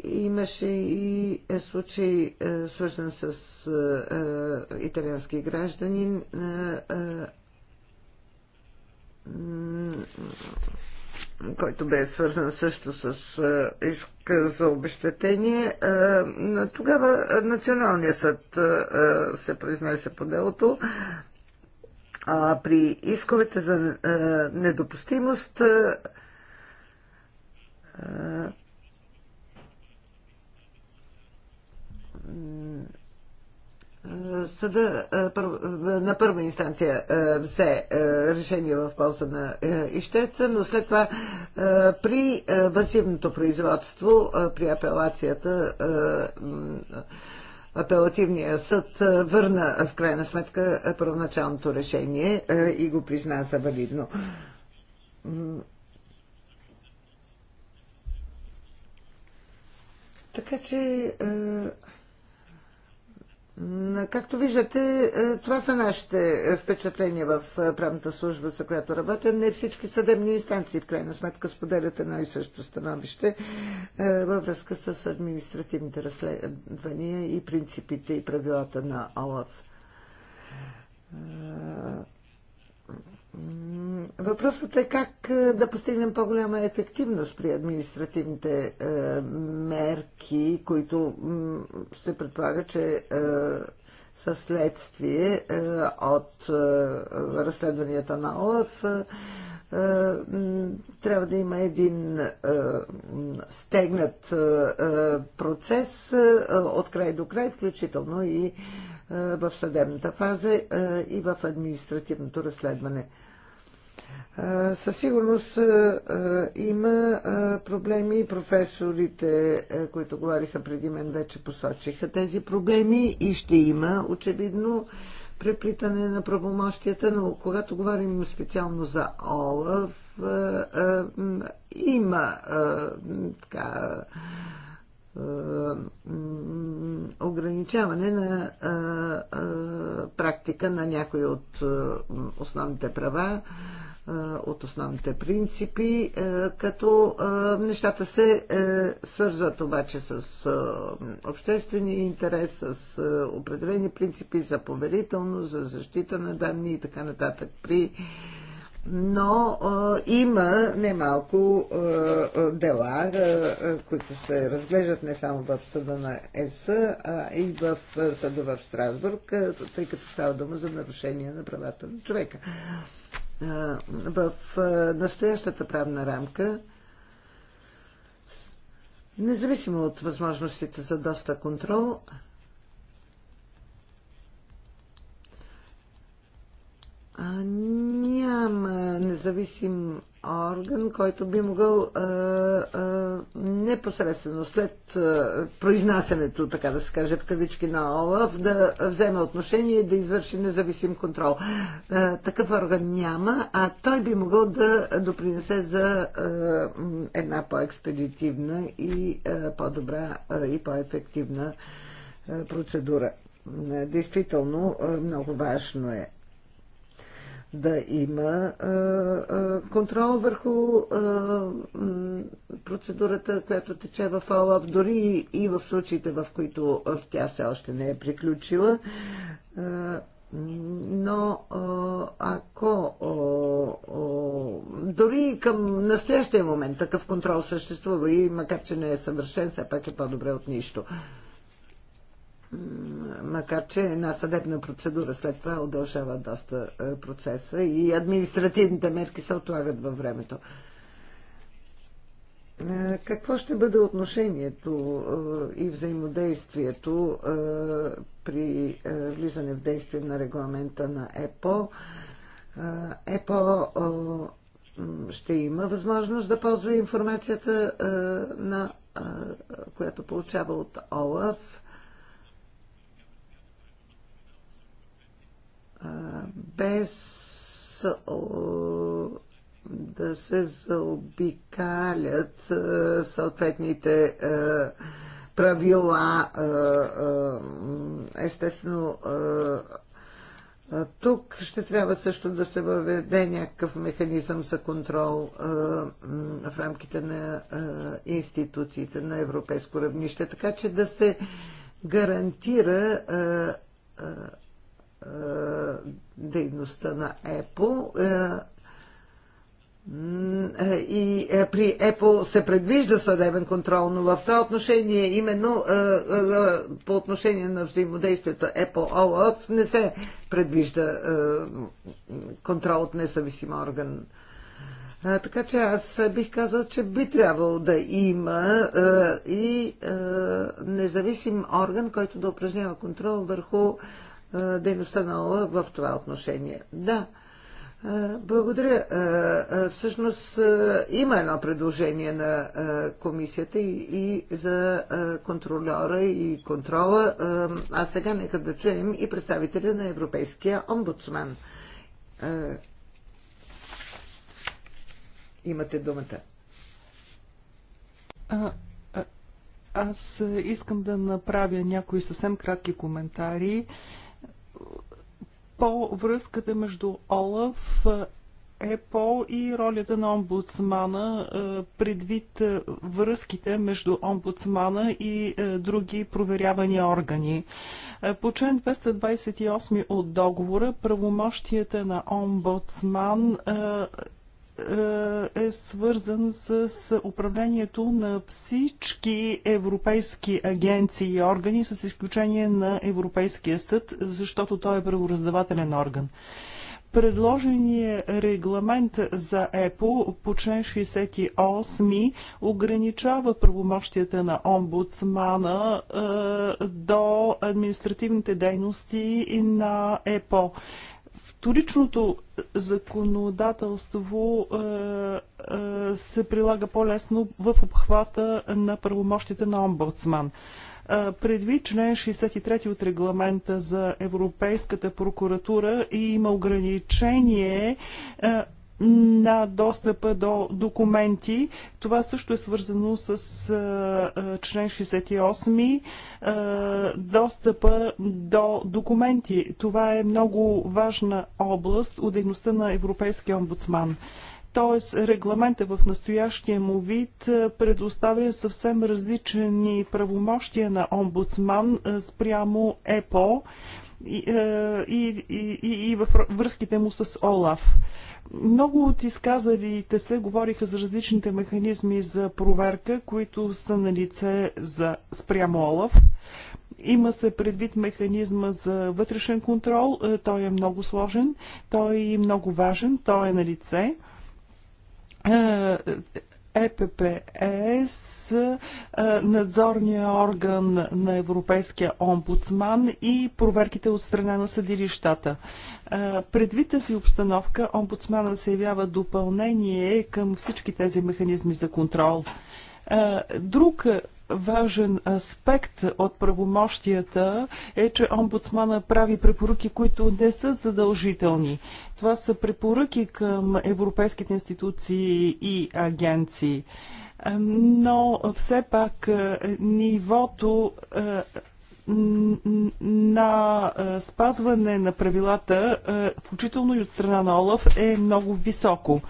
Имаше и е, случай, е, свързан с е, италиански гражданин. който бе свързан също с иск за обещетение. Тогава Националният съд се произнесе по делото. А при исковете за недопустимост съда на първа инстанция все решение в полза на ищеца, но след това при масивното производство, при апелацията, апелативния съд върна в крайна сметка първоначалното решение и го призна за валидно. Така че Както виждате, е, това са нашите е, впечатления в е, правната служба, за която работя. Не всички съдебни инстанции, в крайна сметка, споделят едно и също становище във връзка с административните разследвания и принципите и правилата на ОЛАФ. Въпросът е как е, да постигнем по-голяма ефективност при административните е, мерки, които се предполага, че е, са следствие от разследванията на ОЛАФ. Трябва да има един стегнат процес от край до край, включително и е, в съдебната фаза е, и в административното разследване. Е, със сигурност има проблеми. Професорите, които говориха преди мен, вече посочиха тези проблеми и ще има, очевидно, преплитане на правомощията, но когато говорим специално за ОЛАВ, има така е, ограничаване на е, е, практика на някои от основните права, от основните принципи, като нещата се свързват обаче с обществения интерес, с определени принципи за поверителност, за защита на данни и така нататък. При но а, има немалко а, дела, а, които се разглеждат не само в съда на ЕС, а и в съда в Страсбург, тъй като става дума за нарушение на правата на човека. А, в а, настоящата правна рамка Независимо от възможностите за доста контрол, няма независим орган, който би могъл а, а, непосредствено след а, произнасянето, така да се каже, в кавички на ОЛАФ, да вземе отношение и да извърши независим контрол. А, такъв орган няма, а той би могъл да допринесе за а, една по-експедитивна и по-добра и по-ефективна процедура. Действително много важно е да има контрол върху процедурата, която тече в ОЛАФ, дори и в случаите, в които тя все още не е приключила. Но ако дори към настоящия момент такъв контрол съществува и макар, че не е съвършен, все пак е по-добре от нищо макар че една съдебна процедура след това удължава доста е, процеса и административните мерки се отлагат във времето. Е, какво ще бъде отношението е, и взаимодействието при влизане в действие на регламента на ЕПО? ЕПО ще има възможност да ползва информацията, на, която получава от ОЛАФ без да се заобикалят съответните правила. Естествено, тук ще трябва също да се въведе някакъв механизъм за контрол в рамките на институциите на европейско равнище, така че да се гарантира е, дейността на ЕПО. Е, и е, при ЕПО се предвижда съдебен контрол, но в това отношение, именно по отношение на взаимодействието ЕПО-ОЛАФ, не се предвижда контрол от независим орган. така че аз бих казал, че би трябвало да има и независим орган, който да упражнява контрол върху дейността на ОЛА в това отношение. Да, благодаря. Всъщност има едно предложение на комисията и за контролера и контрола. А сега нека да чуем и представителя на Европейския омбудсман. Имате думата. А, а, аз искам да направя някои съвсем кратки коментари. А, по връзката между ОЛАФ, е, ЕПО и ролята на омбудсмана е, предвид е, връзките между омбудсмана и други проверявани органи. По член 228 от договора правомощията на омбудсман е, е свързан с управлението на всички европейски агенции и органи, с изключение на Европейския съд, защото той е правораздавателен орган. предложения регламент за ЕПО по член 68 ограничава правомощията на омбудсмана е, до административните дейности на ЕПО вторичното законодателство е, е, се прилага по-лесно в обхвата на правомощите на омбудсман. Е, предвид член 63 от регламента за Европейската прокуратура и има ограничение на достъпа до документи. Това също е свързано с член 68 достъпа до документи. Това е много важна област от дейността на Европейския омбудсман. Тоест, регламента в настоящия му вид предоставя съвсем различни правомощия на омбудсман спрямо ЕПО и, и, и, и във връзките му с ОЛАФ. Много от изказалите се говориха за различните механизми за проверка, които са на лице за спрямо Олаф. Има се предвид механизма за вътрешен контрол. Е, той е много сложен, той е много важен, той е на лице е, ЕППС, надзорния орган на Европейския омбудсман и проверките от страна на съдилищата. Предвид тази обстановка, омбудсмана се явява допълнение към всички тези механизми за контрол. Друг важен аспект от правомощията е, че омбудсмана прави препоръки, които не са задължителни. Това са препоръки към европейските институции и агенции. Но все пак е, нивото е, на е, спазване на правилата, включително и от страна на Олаф, е много високо.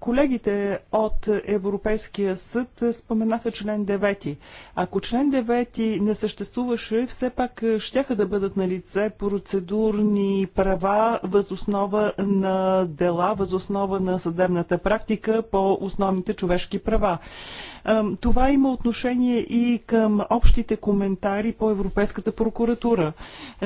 Колегите от Европейския съд споменаха член 9. Ако член 9 не съществуваше, все пак щяха да бъдат на лице процедурни права възоснова на дела, възоснова на съдебната практика по основните човешки права. Това има отношение и към общите коментари по Европейската прокуратура.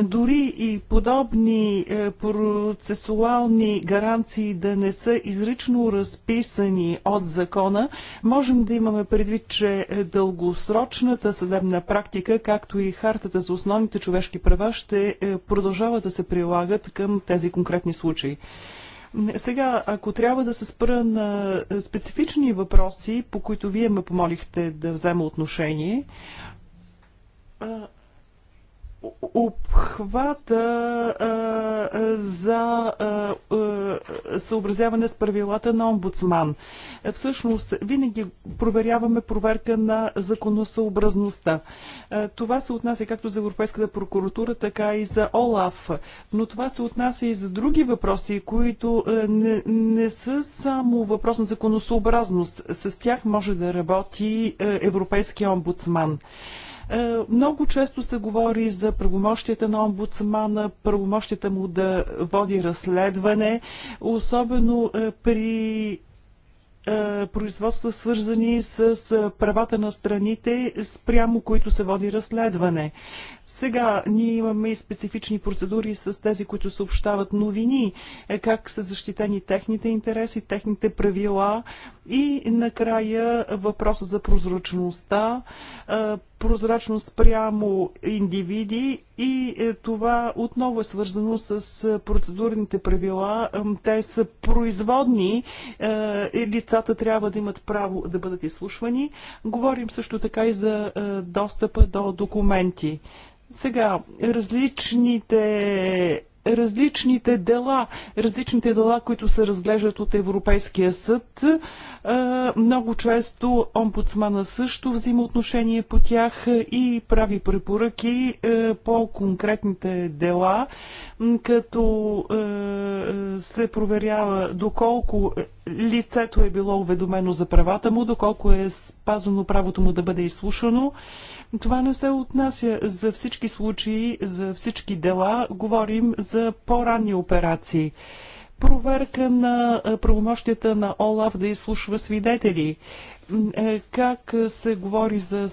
Дори и подобни е, процесуални гаранции да не са изричани изрично разписани от закона, можем да имаме предвид, че дългосрочната съдебна практика, както и хартата за основните човешки права, ще е, продължават да се прилагат към тези конкретни случаи. Сега, ако трябва да се спра на специфични въпроси, по които вие ме помолихте да взема отношение, обхвата а, а, за а, а, съобразяване с правилата на омбудсман. Всъщност, винаги проверяваме проверка на законосъобразността. А, това се отнася както за Европейската прокуратура, така и за ОЛАФ. Но това се отнася и за други въпроси, които а, не, не са само въпрос на законосъобразност. С тях може да работи а, Европейския омбудсман. А, е, много често се говори за правомощията на омбудсмана, правомощията му да води разследване, особено е, при е, производства, свързани с правата на страните, спрямо които се води разследване. Сега ние имаме и специфични процедури с тези, които съобщават новини, как са защитени техните интереси, техните правила и накрая въпроса за прозрачността, прозрачност спрямо индивиди и е, това отново е свързано с е, процедурните правила. Те са производни е, и лицата трябва да имат право да бъдат изслушвани. Говорим също така и за достъпа до документи. Сега, различните различните дела, различните дела, които се разглеждат от Европейския съд. Много често омбудсмана също взима отношение по тях и прави препоръки по конкретните дела, като се проверява доколко лицето е било уведомено за правата му, доколко е спазано правото му да бъде изслушано. Това не се отнася за всички случаи, за всички дела. Говорим за по-ранни операции проверка на правомощията на ОЛАФ да изслушва свидетели. Е, как се говори за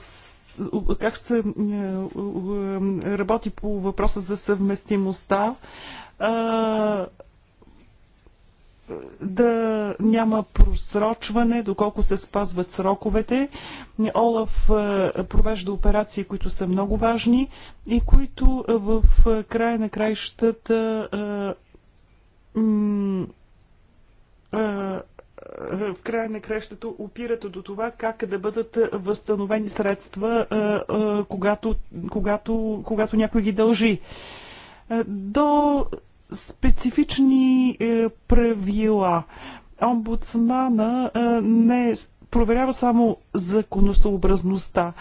как се е, работи по въпроса за съвместимостта да няма просрочване, доколко се спазват сроковете. Олаф е, провежда операции, които са много важни и които в е, края на краищата е, в края на крещата опират до това как да бъдат възстановени средства, когато, когато, когато някой ги дължи. До специфични е, правила. Омбудсмана е, не проверява само законосъобразността.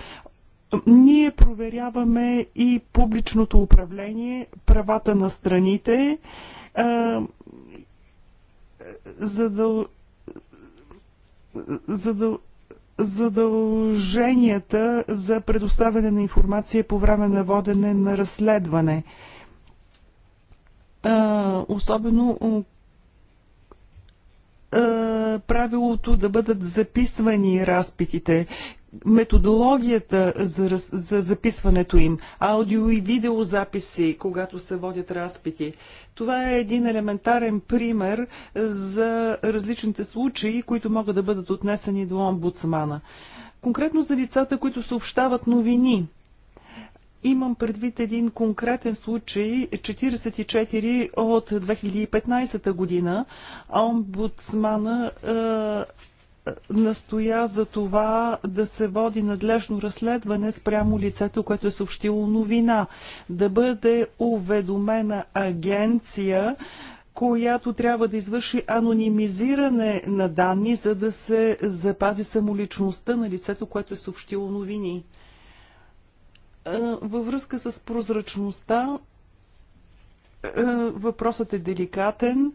Ние проверяваме и публичното управление, правата на страните, е, за да задълженията за предоставяне на информация по време на водене на разследване особено правилото да бъдат записвани разпитите, методологията за, за записването им, аудио и видеозаписи, когато се водят разпити. Това е един елементарен пример за различните случаи, които могат да бъдат отнесени до омбудсмана. Конкретно за лицата, които съобщават новини. Имам предвид един конкретен случай, 44 от 2015 година. Омбудсмана е, е, настоя за това да се води надлежно разследване спрямо лицето, което е съобщило новина, да бъде уведомена агенция, която трябва да извърши анонимизиране на данни, за да се запази самоличността на лицето, което е съобщило новини. Във връзка с прозрачността, въпросът е деликатен,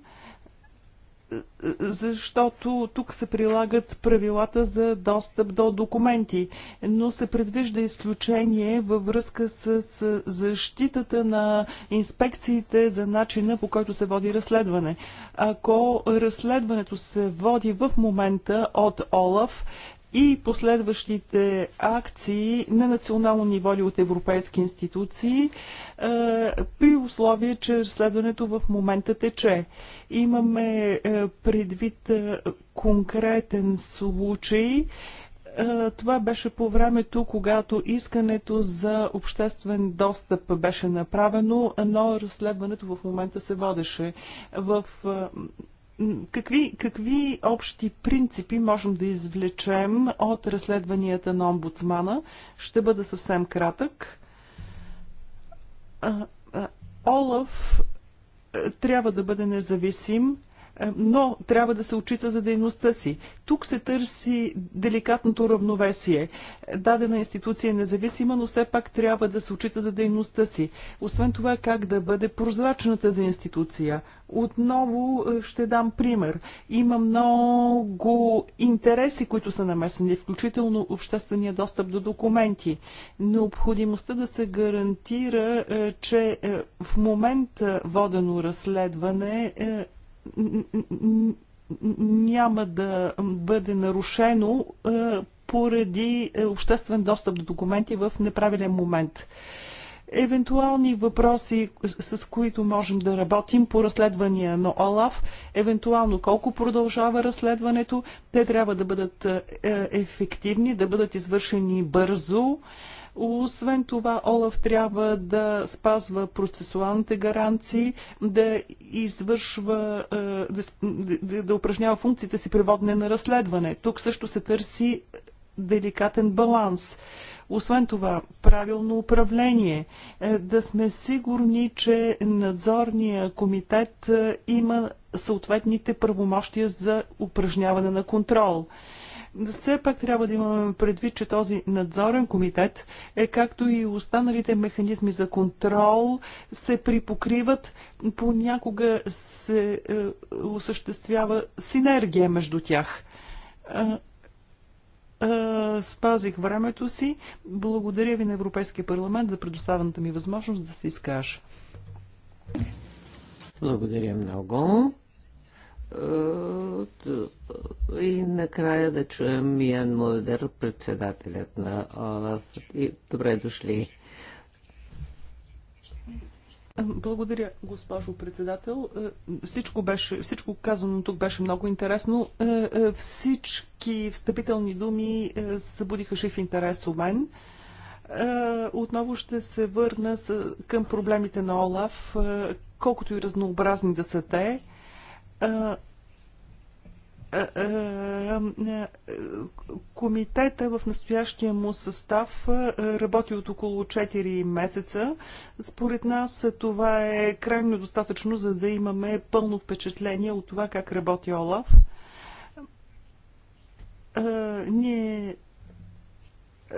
защото тук се прилагат правилата за достъп до документи, но се предвижда изключение във връзка с защитата на инспекциите за начина по който се води разследване. Ако разследването се води в момента от ОЛАФ, и последващите акции на национално ниво или от европейски институции, е, при условие, че разследването в момента тече. Имаме е, предвид е, конкретен случай, това беше по времето, когато искането за обществен достъп беше направено, но разследването в момента се водеше. В Какви, какви общи принципи можем да извлечем от разследванията на омбудсмана? Ще бъда съвсем кратък. Олаф е, трябва да бъде независим е, но трябва да се отчита за дейността си. Тук се търси деликатното равновесие. Дадена институция е независима, но все пак трябва да се отчита за дейността си. Освен това, как да бъде прозрачната за институция. Отново е, ще дам пример. Има много интереси, които са намесени, включително обществения достъп до документи. Необходимостта да се гарантира, е, че в момента водено разследване няма да бъде нарушено е, поради е, обществен достъп до документи в неправилен момент. Евентуални въпроси, с които можем да работим по разследвания на ОЛАФ, евентуално колко продължава разследването, те трябва да бъдат е, ефективни, да бъдат извършени бързо. Освен това, Олаф трябва да спазва процесуалните гаранции, да извършва, е, да, да, да упражнява функциите си при водне на разследване. Тук също се търси деликатен баланс. Освен това, правилно управление, е, да сме сигурни, че надзорния комитет е, има съответните правомощия за упражняване на контрол. Все пак трябва да имаме предвид, че този надзорен комитет, е както и останалите механизми за контрол, се припокриват, понякога се е, осъществява синергия между тях. Е, е, спазих времето си. Благодаря ви на Европейския парламент за предоставената ми възможност да се изкажа. Благодаря много. Е, и накрая да чуем Миян Мулдер, председателят на ОЛАФ. И добре дошли. Благодаря, госпожо председател. Е, всичко, беше, всичко казано тук беше много интересно. Е, всички встъпителни думи събудиха жив интерес у мен. Отново ще се върна към проблемите на ОЛАФ, колкото и разнообразни да са те Комитета в настоящия му състав работи от около 4 месеца. Според нас това е крайно достатъчно, за да имаме пълно впечатление от това как работи Олаф. Ние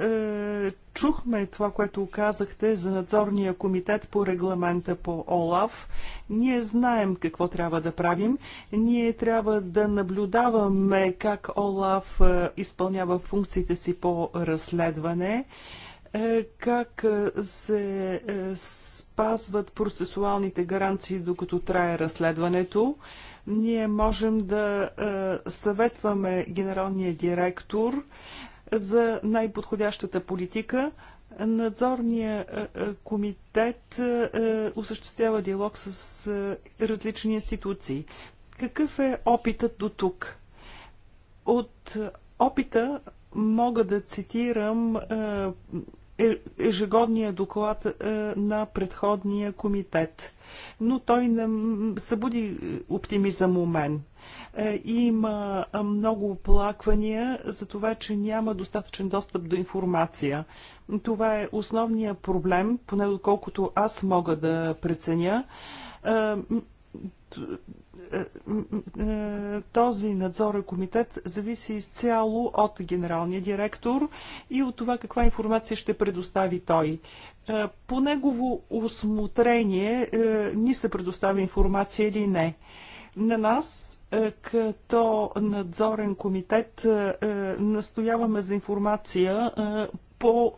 е, чухме това, което казахте за надзорния комитет по регламента по ОЛАВ. Ние знаем какво трябва да правим. Ние трябва да наблюдаваме как ОЛАВ е, изпълнява функциите си по разследване, е, как се спазват процесуалните гаранции, докато трае разследването. Ние можем да съветваме генералния директор за най-подходящата политика. Надзорния е, е, комитет е, осъществява диалог с различни институции. Какъв е опитът до тук? От опита мога да цитирам е, ежегодния доклад е, на предходния комитет. Но той не събуди е, оптимизъм у мен. Има много оплаквания за това, че няма достатъчен достъп до информация. Това е основният проблем, поне доколкото аз мога да преценя този надзорен комитет зависи изцяло от генералния директор и от това каква информация ще предостави той. Е, по негово осмотрение е, ни се предоставя информация или не. На нас, е, като надзорен комитет, настояваме за информация по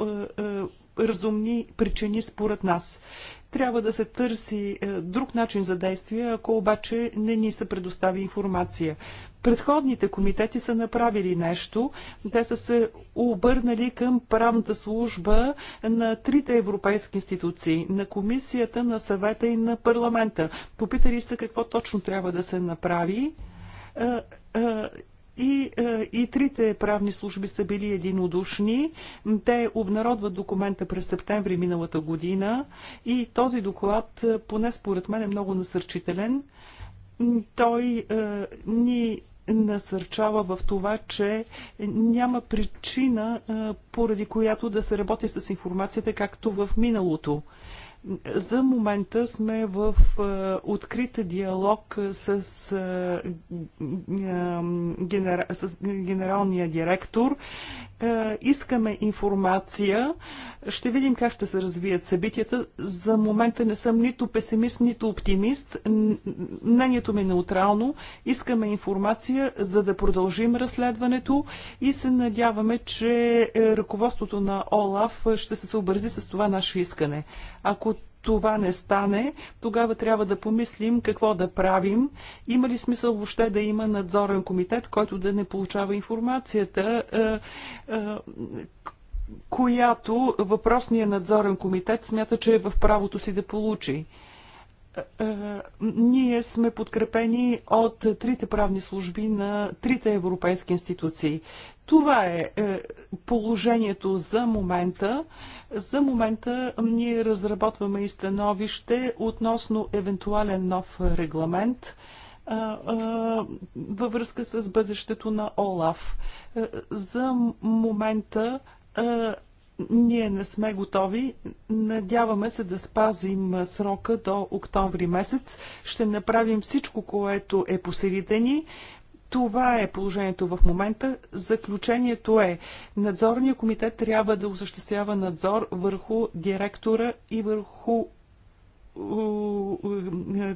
разумни причини според нас. Трябва да се търси е, друг начин за действие, ако обаче не ни се предостави информация. Предходните комитети са направили нещо. Те са се обърнали към правната служба на трите европейски институции, на комисията, на съвета и на парламента. Попитали са какво точно трябва да се направи е, е, и, е, и трите правни служби са били единодушни. Те обнародват документа през септември миналата година и този доклад, е, поне според мен, е много насърчителен. Той е, ни насърчава в това, че няма причина, е, поради която да се работи с информацията, както в миналото. За момента сме в е, открита диалог е, е, с, генералния директор е, искаме информация. Ще видим как ще се развият събитията. За момента не съм нито песимист, нито оптимист. Мнението ми е неутрално. Искаме информация, за да продължим разследването и се надяваме, че е, ръководството на ОЛАФ ще се съобрази с това наше искане. Ако това не стане, тогава трябва да помислим какво да правим. Има ли смисъл въобще да има надзорен комитет, който да не получава информацията, е, е, която въпросният надзорен комитет смята, че е в правото си да получи? Е, ние сме подкрепени от трите правни служби на трите европейски институции. Това е, е положението за момента. За момента ние разработваме и становище относно евентуален нов регламент е, е, във връзка с бъдещето на ОЛАФ. За момента ние не сме готови. Надяваме се да спазим срока до октомври месец. Ще направим всичко, което е посередени. ни. Това е положението в момента. Заключението е, надзорният комитет трябва да осъществява надзор върху директора и върху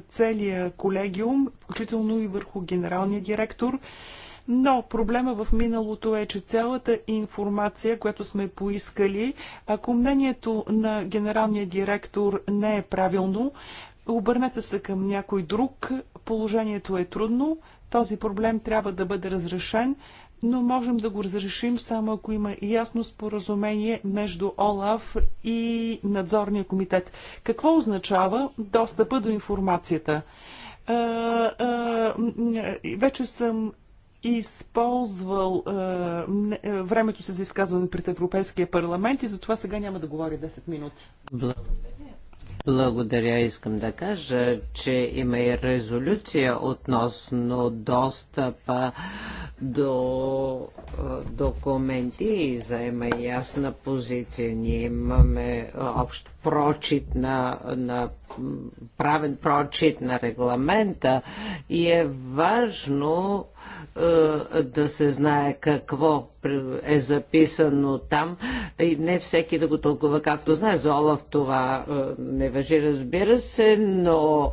целия колегиум, включително и върху генералния директор. Но проблема в миналото е, че цялата информация, която сме поискали, ако мнението на генералния директор не е правилно, обърнете се към някой друг, положението е трудно този проблем трябва да бъде разрешен, но можем да го разрешим само ако има ясно споразумение между ОЛАФ и надзорния комитет. Какво означава достъпа до информацията? А, а, вече съм използвал а, времето се за изказване пред Европейския парламент и затова сега няма да говоря 10 минути. Благодаря. Благодаря. Искам да кажа, че има и резолюция относно достъпа до документи и заема ясна позиция. Ние имаме общ прочит на, на правен прочит на регламента и е важно е, да се знае какво е записано там и не всеки да го тълкува както знае. За Олаф това е, не въжи, разбира се, но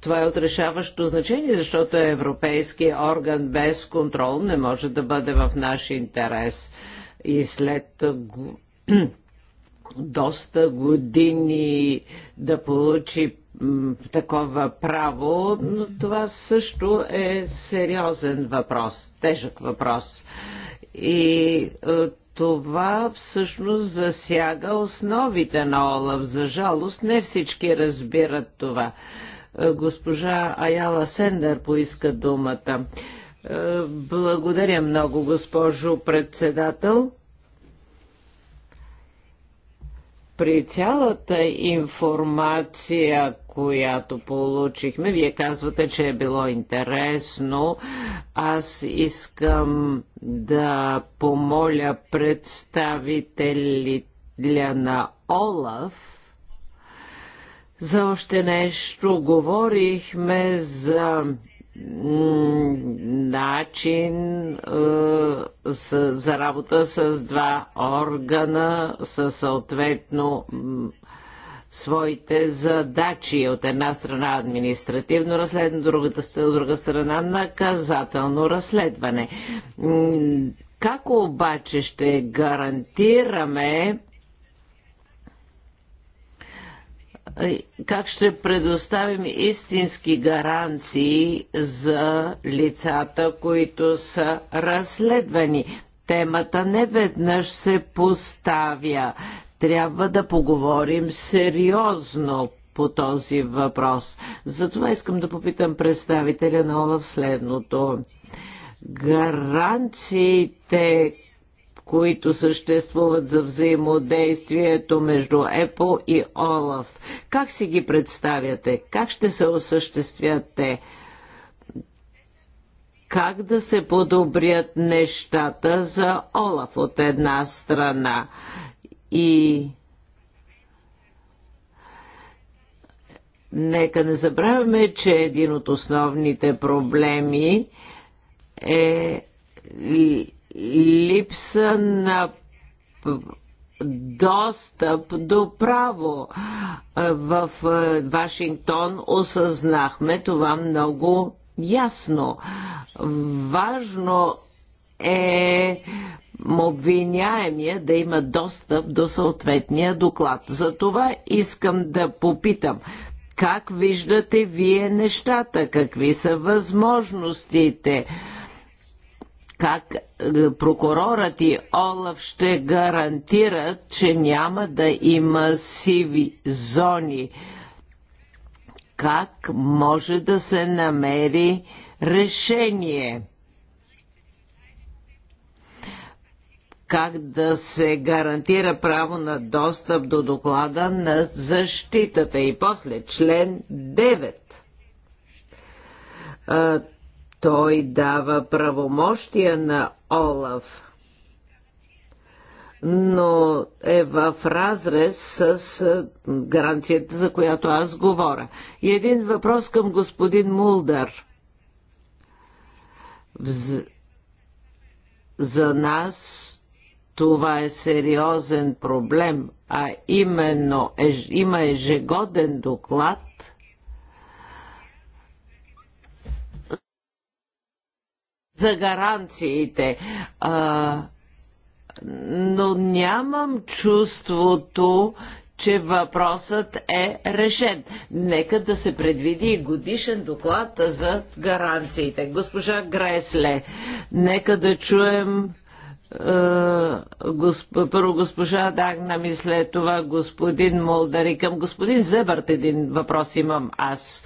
това е отрешаващо значение, защото европейски орган без контрол не може да бъде в наш интерес. И след доста години да получи такова право, но това също е сериозен въпрос, тежък въпрос. И е, това всъщност засяга основите на Олаф. За жалост не всички разбират това. Е, госпожа Аяла Сендер поиска думата. Е, благодаря много, госпожо председател. при цялата информация, която получихме, вие казвате, че е било интересно. Аз искам да помоля представителя на Олаф за още нещо говорихме за начин е, за работа с два органа, със съответно своите задачи. От една страна административно разследване, другата, друга страна наказателно разследване. Как обаче ще гарантираме как ще предоставим истински гаранции за лицата, които са разследвани. Темата не веднъж се поставя. Трябва да поговорим сериозно по този въпрос. Затова искам да попитам представителя на Олаф следното. Гаранциите, които съществуват за взаимодействието между ЕПО и ОЛАФ. Как си ги представяте? Как ще се осъществят те? Как да се подобрят нещата за ОЛАФ от една страна? И нека не забравяме, че един от основните проблеми е липса на достъп до право. В е, Вашингтон осъзнахме това много ясно. Важно е обвиняемия да има достъп до съответния доклад. За това искам да попитам как виждате вие нещата, какви са възможностите как е, прокурорът и Олаф ще гарантират, че няма да има сиви зони. Как може да се намери решение? как да се гарантира право на достъп до доклада на защитата. И после член 9 той дава правомощия на Олаф, но е в разрез с гаранцията, за която аз говоря. И един въпрос към господин Мулдър. За нас това е сериозен проблем, а именно е, има ежегоден доклад за гаранциите. А, но нямам чувството, че въпросът е решен. Нека да се предвиди и годишен доклад за гаранциите. Госпожа Гресле, нека да чуем е, госп... първо госпожа Дагна ми след това господин Молдари. Към господин Зебърт един въпрос имам аз.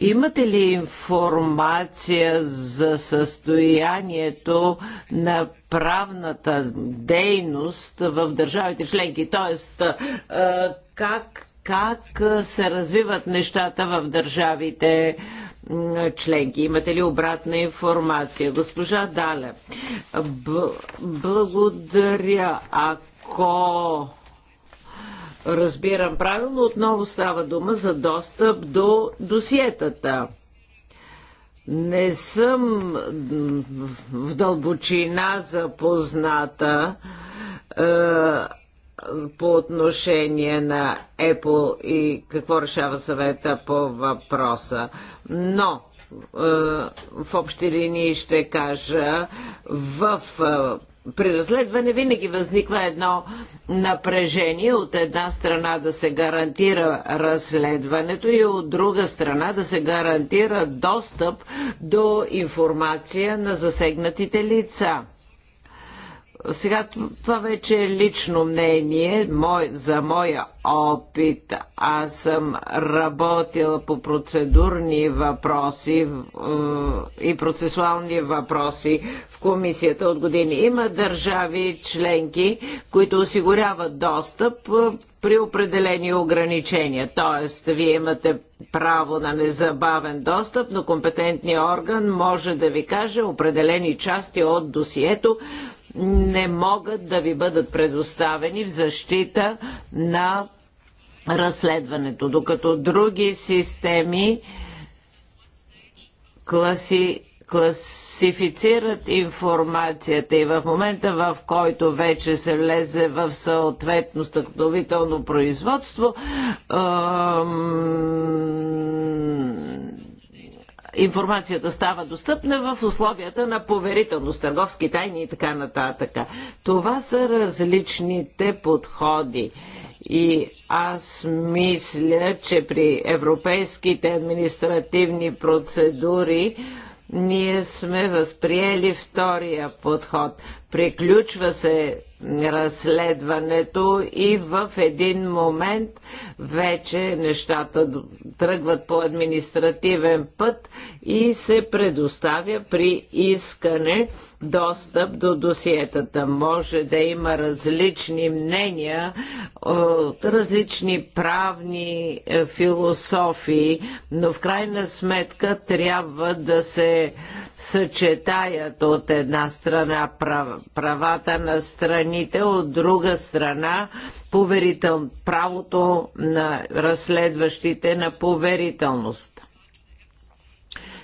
Имате ли информация за състоянието на правната дейност в държавите членки? Тоест, е, как как се развиват нещата в държавите членки. Имате ли обратна информация? Госпожа Дале, благодаря. Ако разбирам правилно, отново става дума за достъп до досиетата. Не съм в дълбочина запозната е, по отношение на ЕПО и какво решава съвета по въпроса. Но е, в общи линии ще кажа, в е, при разследване винаги възниква едно напрежение от една страна да се гарантира разследването и от друга страна да се гарантира достъп до информация на засегнатите лица. Сега това вече е лично мнение мой, за моя опит. Аз съм работила по процедурни въпроси е, и процесуални въпроси в комисията от години. Има държави членки, които осигуряват достъп е, при определени ограничения. Тоест, вие имате право на незабавен достъп, но компетентният орган може да ви каже определени части от досието не могат да ви бъдат предоставени в защита на разследването, докато други системи класи, класифицират информацията и в момента, в който вече се влезе в съответно стъкновително производство, информацията става достъпна в условията на поверителност, търговски тайни и така нататък. Това са различните подходи. И аз мисля, че при европейските административни процедури ние сме възприели втория подход. Приключва се разследването и в един момент вече нещата тръгват по административен път и се предоставя при искане достъп до досиетата. Може да има различни мнения, различни правни е, философии, но в крайна сметка трябва да се съчетаят от една страна правата на страните, от друга страна поверител, правото на разследващите на поверителност.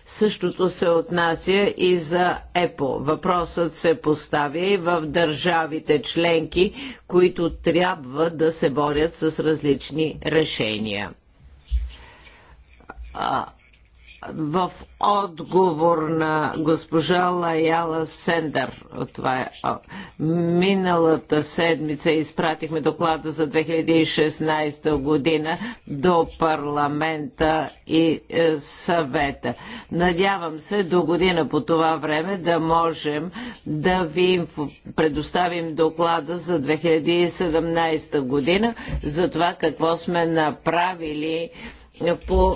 Същото се отнася и за ЕПО. Въпросът се поставя и в държавите членки, които трябва да се борят с различни решения в отговор на госпожа Лаяла Сендър. Това е миналата седмица изпратихме доклада за 2016 година до парламента и е, съвета. Надявам се до година по това време да можем да ви предоставим доклада за 2017 година за това какво сме направили по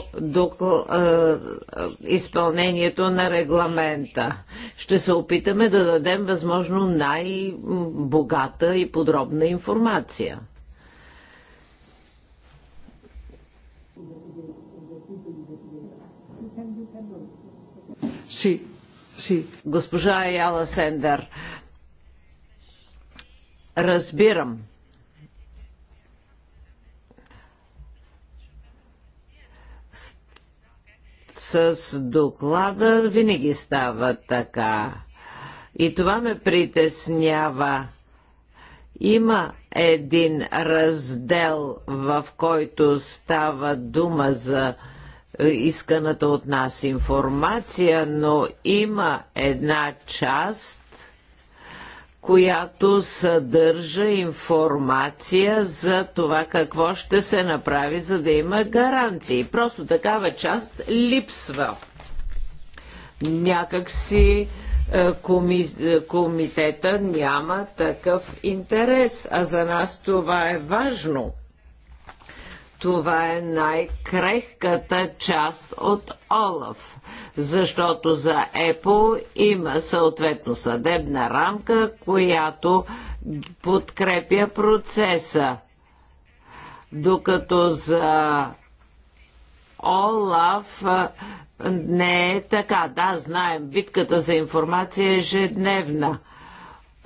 изпълнението на регламента. Ще се опитаме да дадем възможно най-богата и подробна информация. Си, си. Госпожа Яла Сендер, разбирам, с доклада винаги става така. И това ме притеснява. Има един раздел, в който става дума за исканата от нас информация, но има една част, която съдържа информация за това какво ще се направи, за да има гаранции. Просто такава част липсва. Някак си е, е, комитета няма такъв интерес, а за нас това е важно – това е най-крехката част от ОЛАФ, защото за ЕПО има съответно съдебна рамка, която подкрепя процеса. Докато за ОЛАФ не е така. Да, знаем, битката за информация е ежедневна,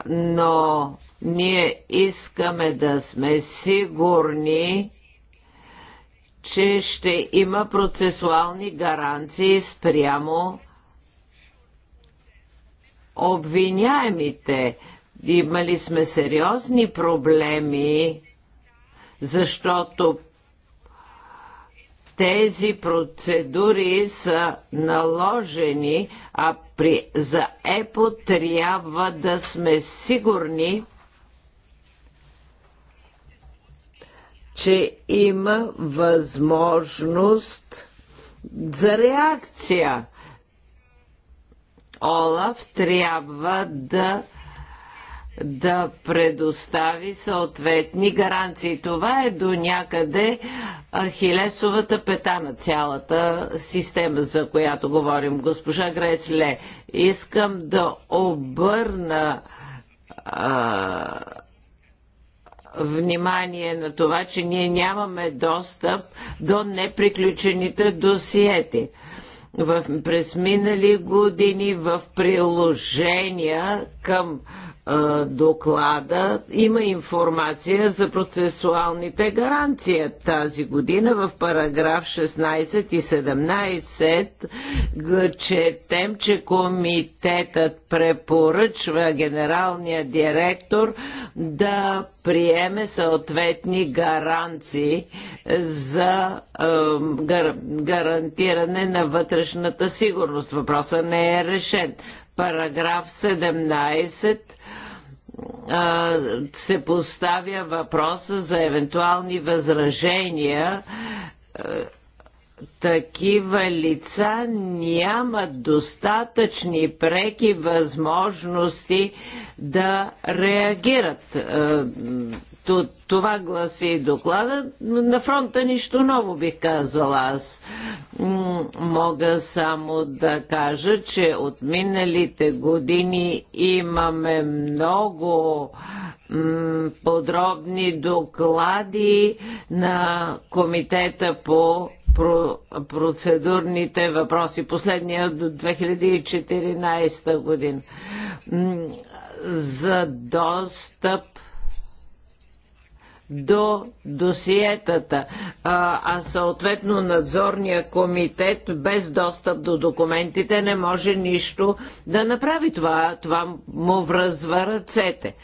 но ние искаме да сме сигурни, че ще има процесуални гаранции спрямо обвиняемите. Имали сме сериозни проблеми, защото тези процедури са наложени, а при, за ЕПО трябва да сме сигурни, че има възможност за реакция. Олаф трябва да да предостави съответни гаранции. Това е до някъде хилесовата пета на цялата система, за която говорим. Госпожа Гресле, искам да обърна а, внимание на това, че ние нямаме достъп до неприключените досиети в, през минали години в приложения към доклада има информация за процесуалните гаранции тази година в параграф 16 и 17 четем, че комитетът препоръчва генералния директор да приеме съответни гаранции за гарантиране на вътрешната сигурност. Въпросът не е решен. Параграф 17 се поставя въпроса за евентуални възражения такива лица нямат достатъчни преки възможности да реагират. Е, това гласи доклада. На фронта нищо ново бих казала аз. Мога само да кажа, че от миналите години имаме много подробни доклади на Комитета по про, процедурните въпроси. Последния до 2014 година. За достъп до досиетата, а, а съответно надзорния комитет без достъп до документите не може нищо да направи това. Това му връзва ръцете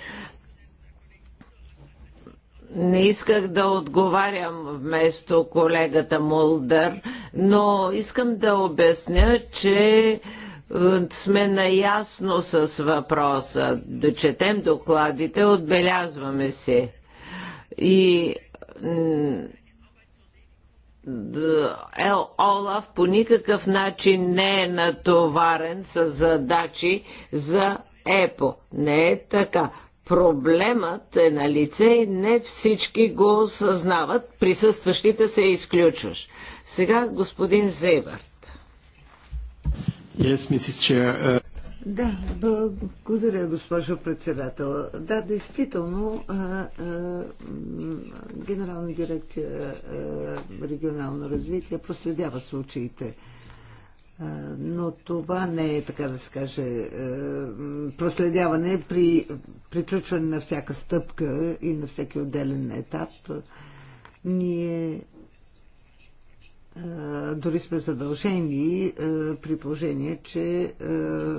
не исках да отговарям вместо колегата Мулдър, но искам да обясня, че е, сме наясно с въпроса. Да четем докладите, отбелязваме се. И е, Олаф по никакъв начин не е натоварен с задачи за ЕПО. Не е така проблемът е на лице и не всички го осъзнават. Присъстващите се изключваш. Сега господин Зейбърт. Yes, Mrs. Chair. Uh, да, благодаря, госпожо председател. Да, действително, а, а, Генерална дирекция а, регионално развитие проследява случаите. А, но това не е, така да се каже, е, проследяване при приключване на всяка стъпка и на всеки отделен етап. Ние е, дори сме задължени е, при положение, че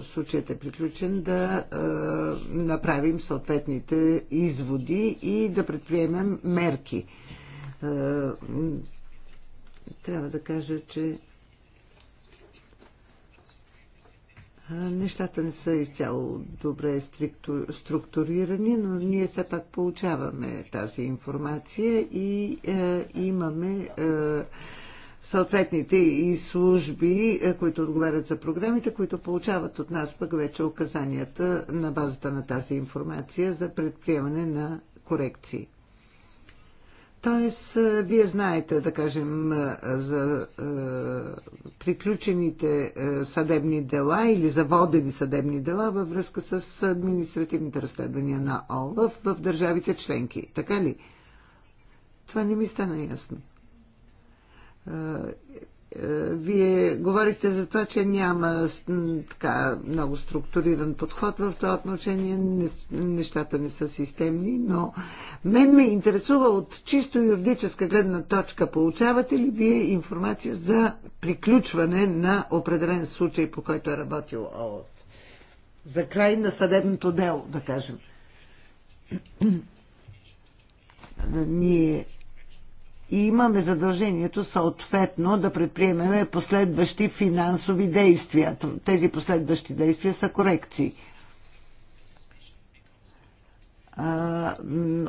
случаят е приключен да направим съответните изводи и да предприемем мерки. Трябва да кажа, че Нещата не са изцяло добре структурирани, но ние все пак получаваме тази информация и е, имаме е, съответните и служби, е, които отговарят за програмите, които получават от нас пък вече указанията на базата на тази информация за предприемане на корекции. Тоест, е, вие знаете, да кажем, е, за е, приключените е, съдебни дела или за водени съдебни дела във връзка с административните разследвания на ОЛАФ в държавите членки. Така ли? Това не ми стана ясно. Е, е, вие говорихте за това, че няма така много структуриран подход в това отношение, нещата не са системни, но мен ме интересува от чисто юридическа гледна точка. Получавате ли вие информация за приключване на определен случай, по който е работил ОЛАФ? За край на съдебното дело, да кажем. Ние и имаме задължението съответно да предприемеме последващи финансови действия. Тези последващи действия са корекции.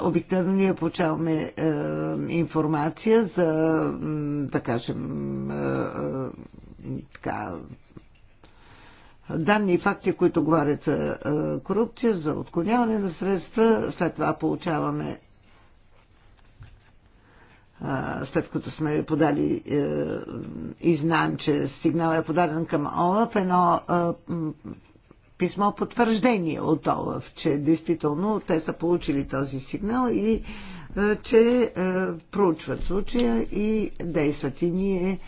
Обикновено ние получаваме е, информация за, да кажем, е, е, така, данни и факти, които говорят за корупция, за отклоняване на средства. След това получаваме след като сме подали е, и знаем, че сигнал е подаден към ОЛАФ, едно е, писмо потвърждение от ОЛАФ, че действително те са получили този сигнал и е, че проучват случая и действат. И ние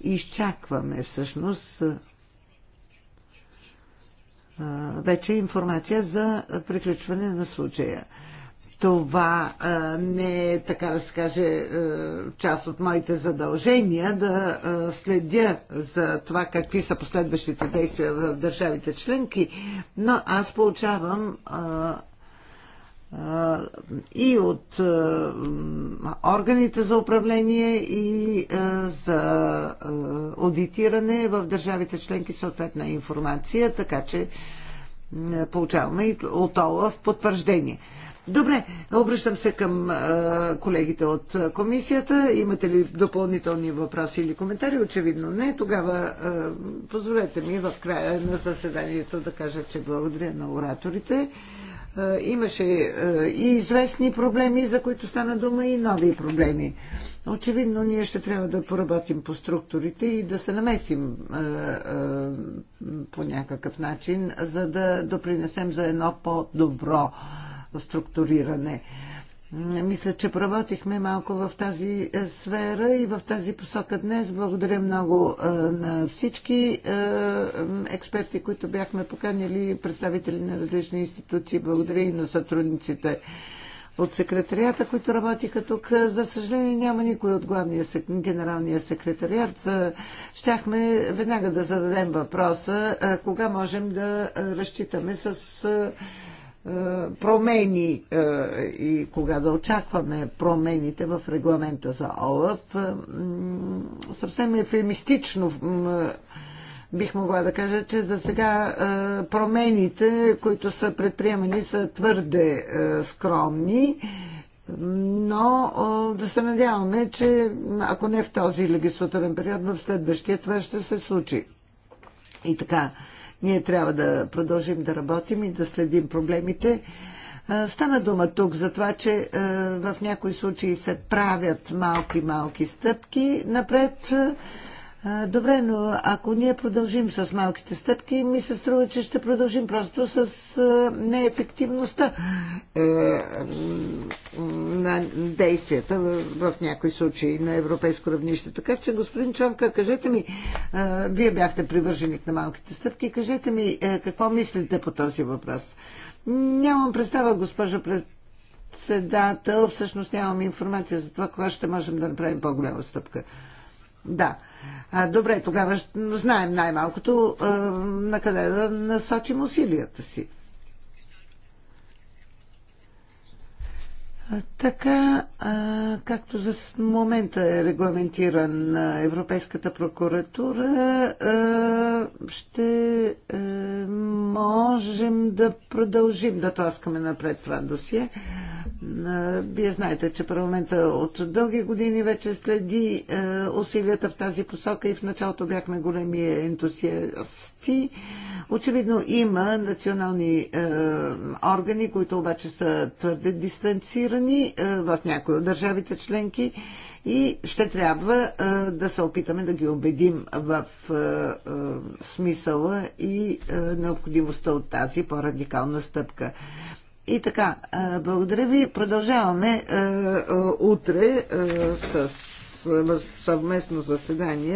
изчакваме всъщност вече информация за приключване на случая това а, не е, така да се каже, част от моите задължения да а, следя за това какви са последващите действия в държавите членки, но аз получавам а, а, и от а, органите за управление и а, за аудитиране в държавите членки съответна информация, така че получаваме и от ОЛАФ потвърждение. Добре, обръщам се към колегите от комисията. Имате ли допълнителни въпроси или коментари? Очевидно не. Тогава позволете ми в края на заседанието да кажа, че благодаря на ораторите. Имаше и известни проблеми, за които стана дума, и нови проблеми. Очевидно, ние ще трябва да поработим по структурите и да се намесим по някакъв начин, за да допринесем за едно по-добро структуриране. Мисля, че проработихме малко в тази е, сфера и в тази посока днес. Благодаря много е, на всички е, експерти, които бяхме поканили, представители на различни институции. Благодаря и на сътрудниците от секретарията, които работиха тук. За съжаление няма никой от главния генералния секретарият. Щяхме веднага да зададем въпроса кога можем да разчитаме с е, промени е, и кога да очакваме промените в регламента за ОЛАФ, е, съвсем ефемистично бих могла да кажа, че за сега промените, които са предприемани, са твърде скромни но да се надяваме, че ако не в този легислатурен период, в следващия това ще се случи. И така, ние трябва да продължим да работим и да следим проблемите. Стана дума тук за това, че в някои случаи се правят малки-малки стъпки напред. Добре, но ако ние продължим с малките стъпки, ми се струва, че ще продължим просто с неефективността на действията в някои случаи на европейско равнище. Така че, господин Чонка, кажете ми, вие бяхте привърженик на малките стъпки, кажете ми какво мислите по този въпрос. Нямам представа, госпожа пред председател, всъщност нямам информация за това, кога ще можем да направим по-голяма стъпка. Да. А, добре, тогава знаем най-малкото а, на къде да насочим усилията си. Така, а, както за момента е регламентиран Европейската прокуратура, а, ще а, можем да продължим да тласкаме напред това досие. Вие знаете, че парламента от дълги години вече следи усилията в тази посока и в началото бяхме големи ентусиасти. Очевидно има национални органи, които обаче са твърде дистанцирани в някои от държавите членки и ще трябва да се опитаме да ги убедим в смисъла и необходимостта от тази по-радикална стъпка. И така, благодаря ви. Продължаваме утре с съвместно заседание.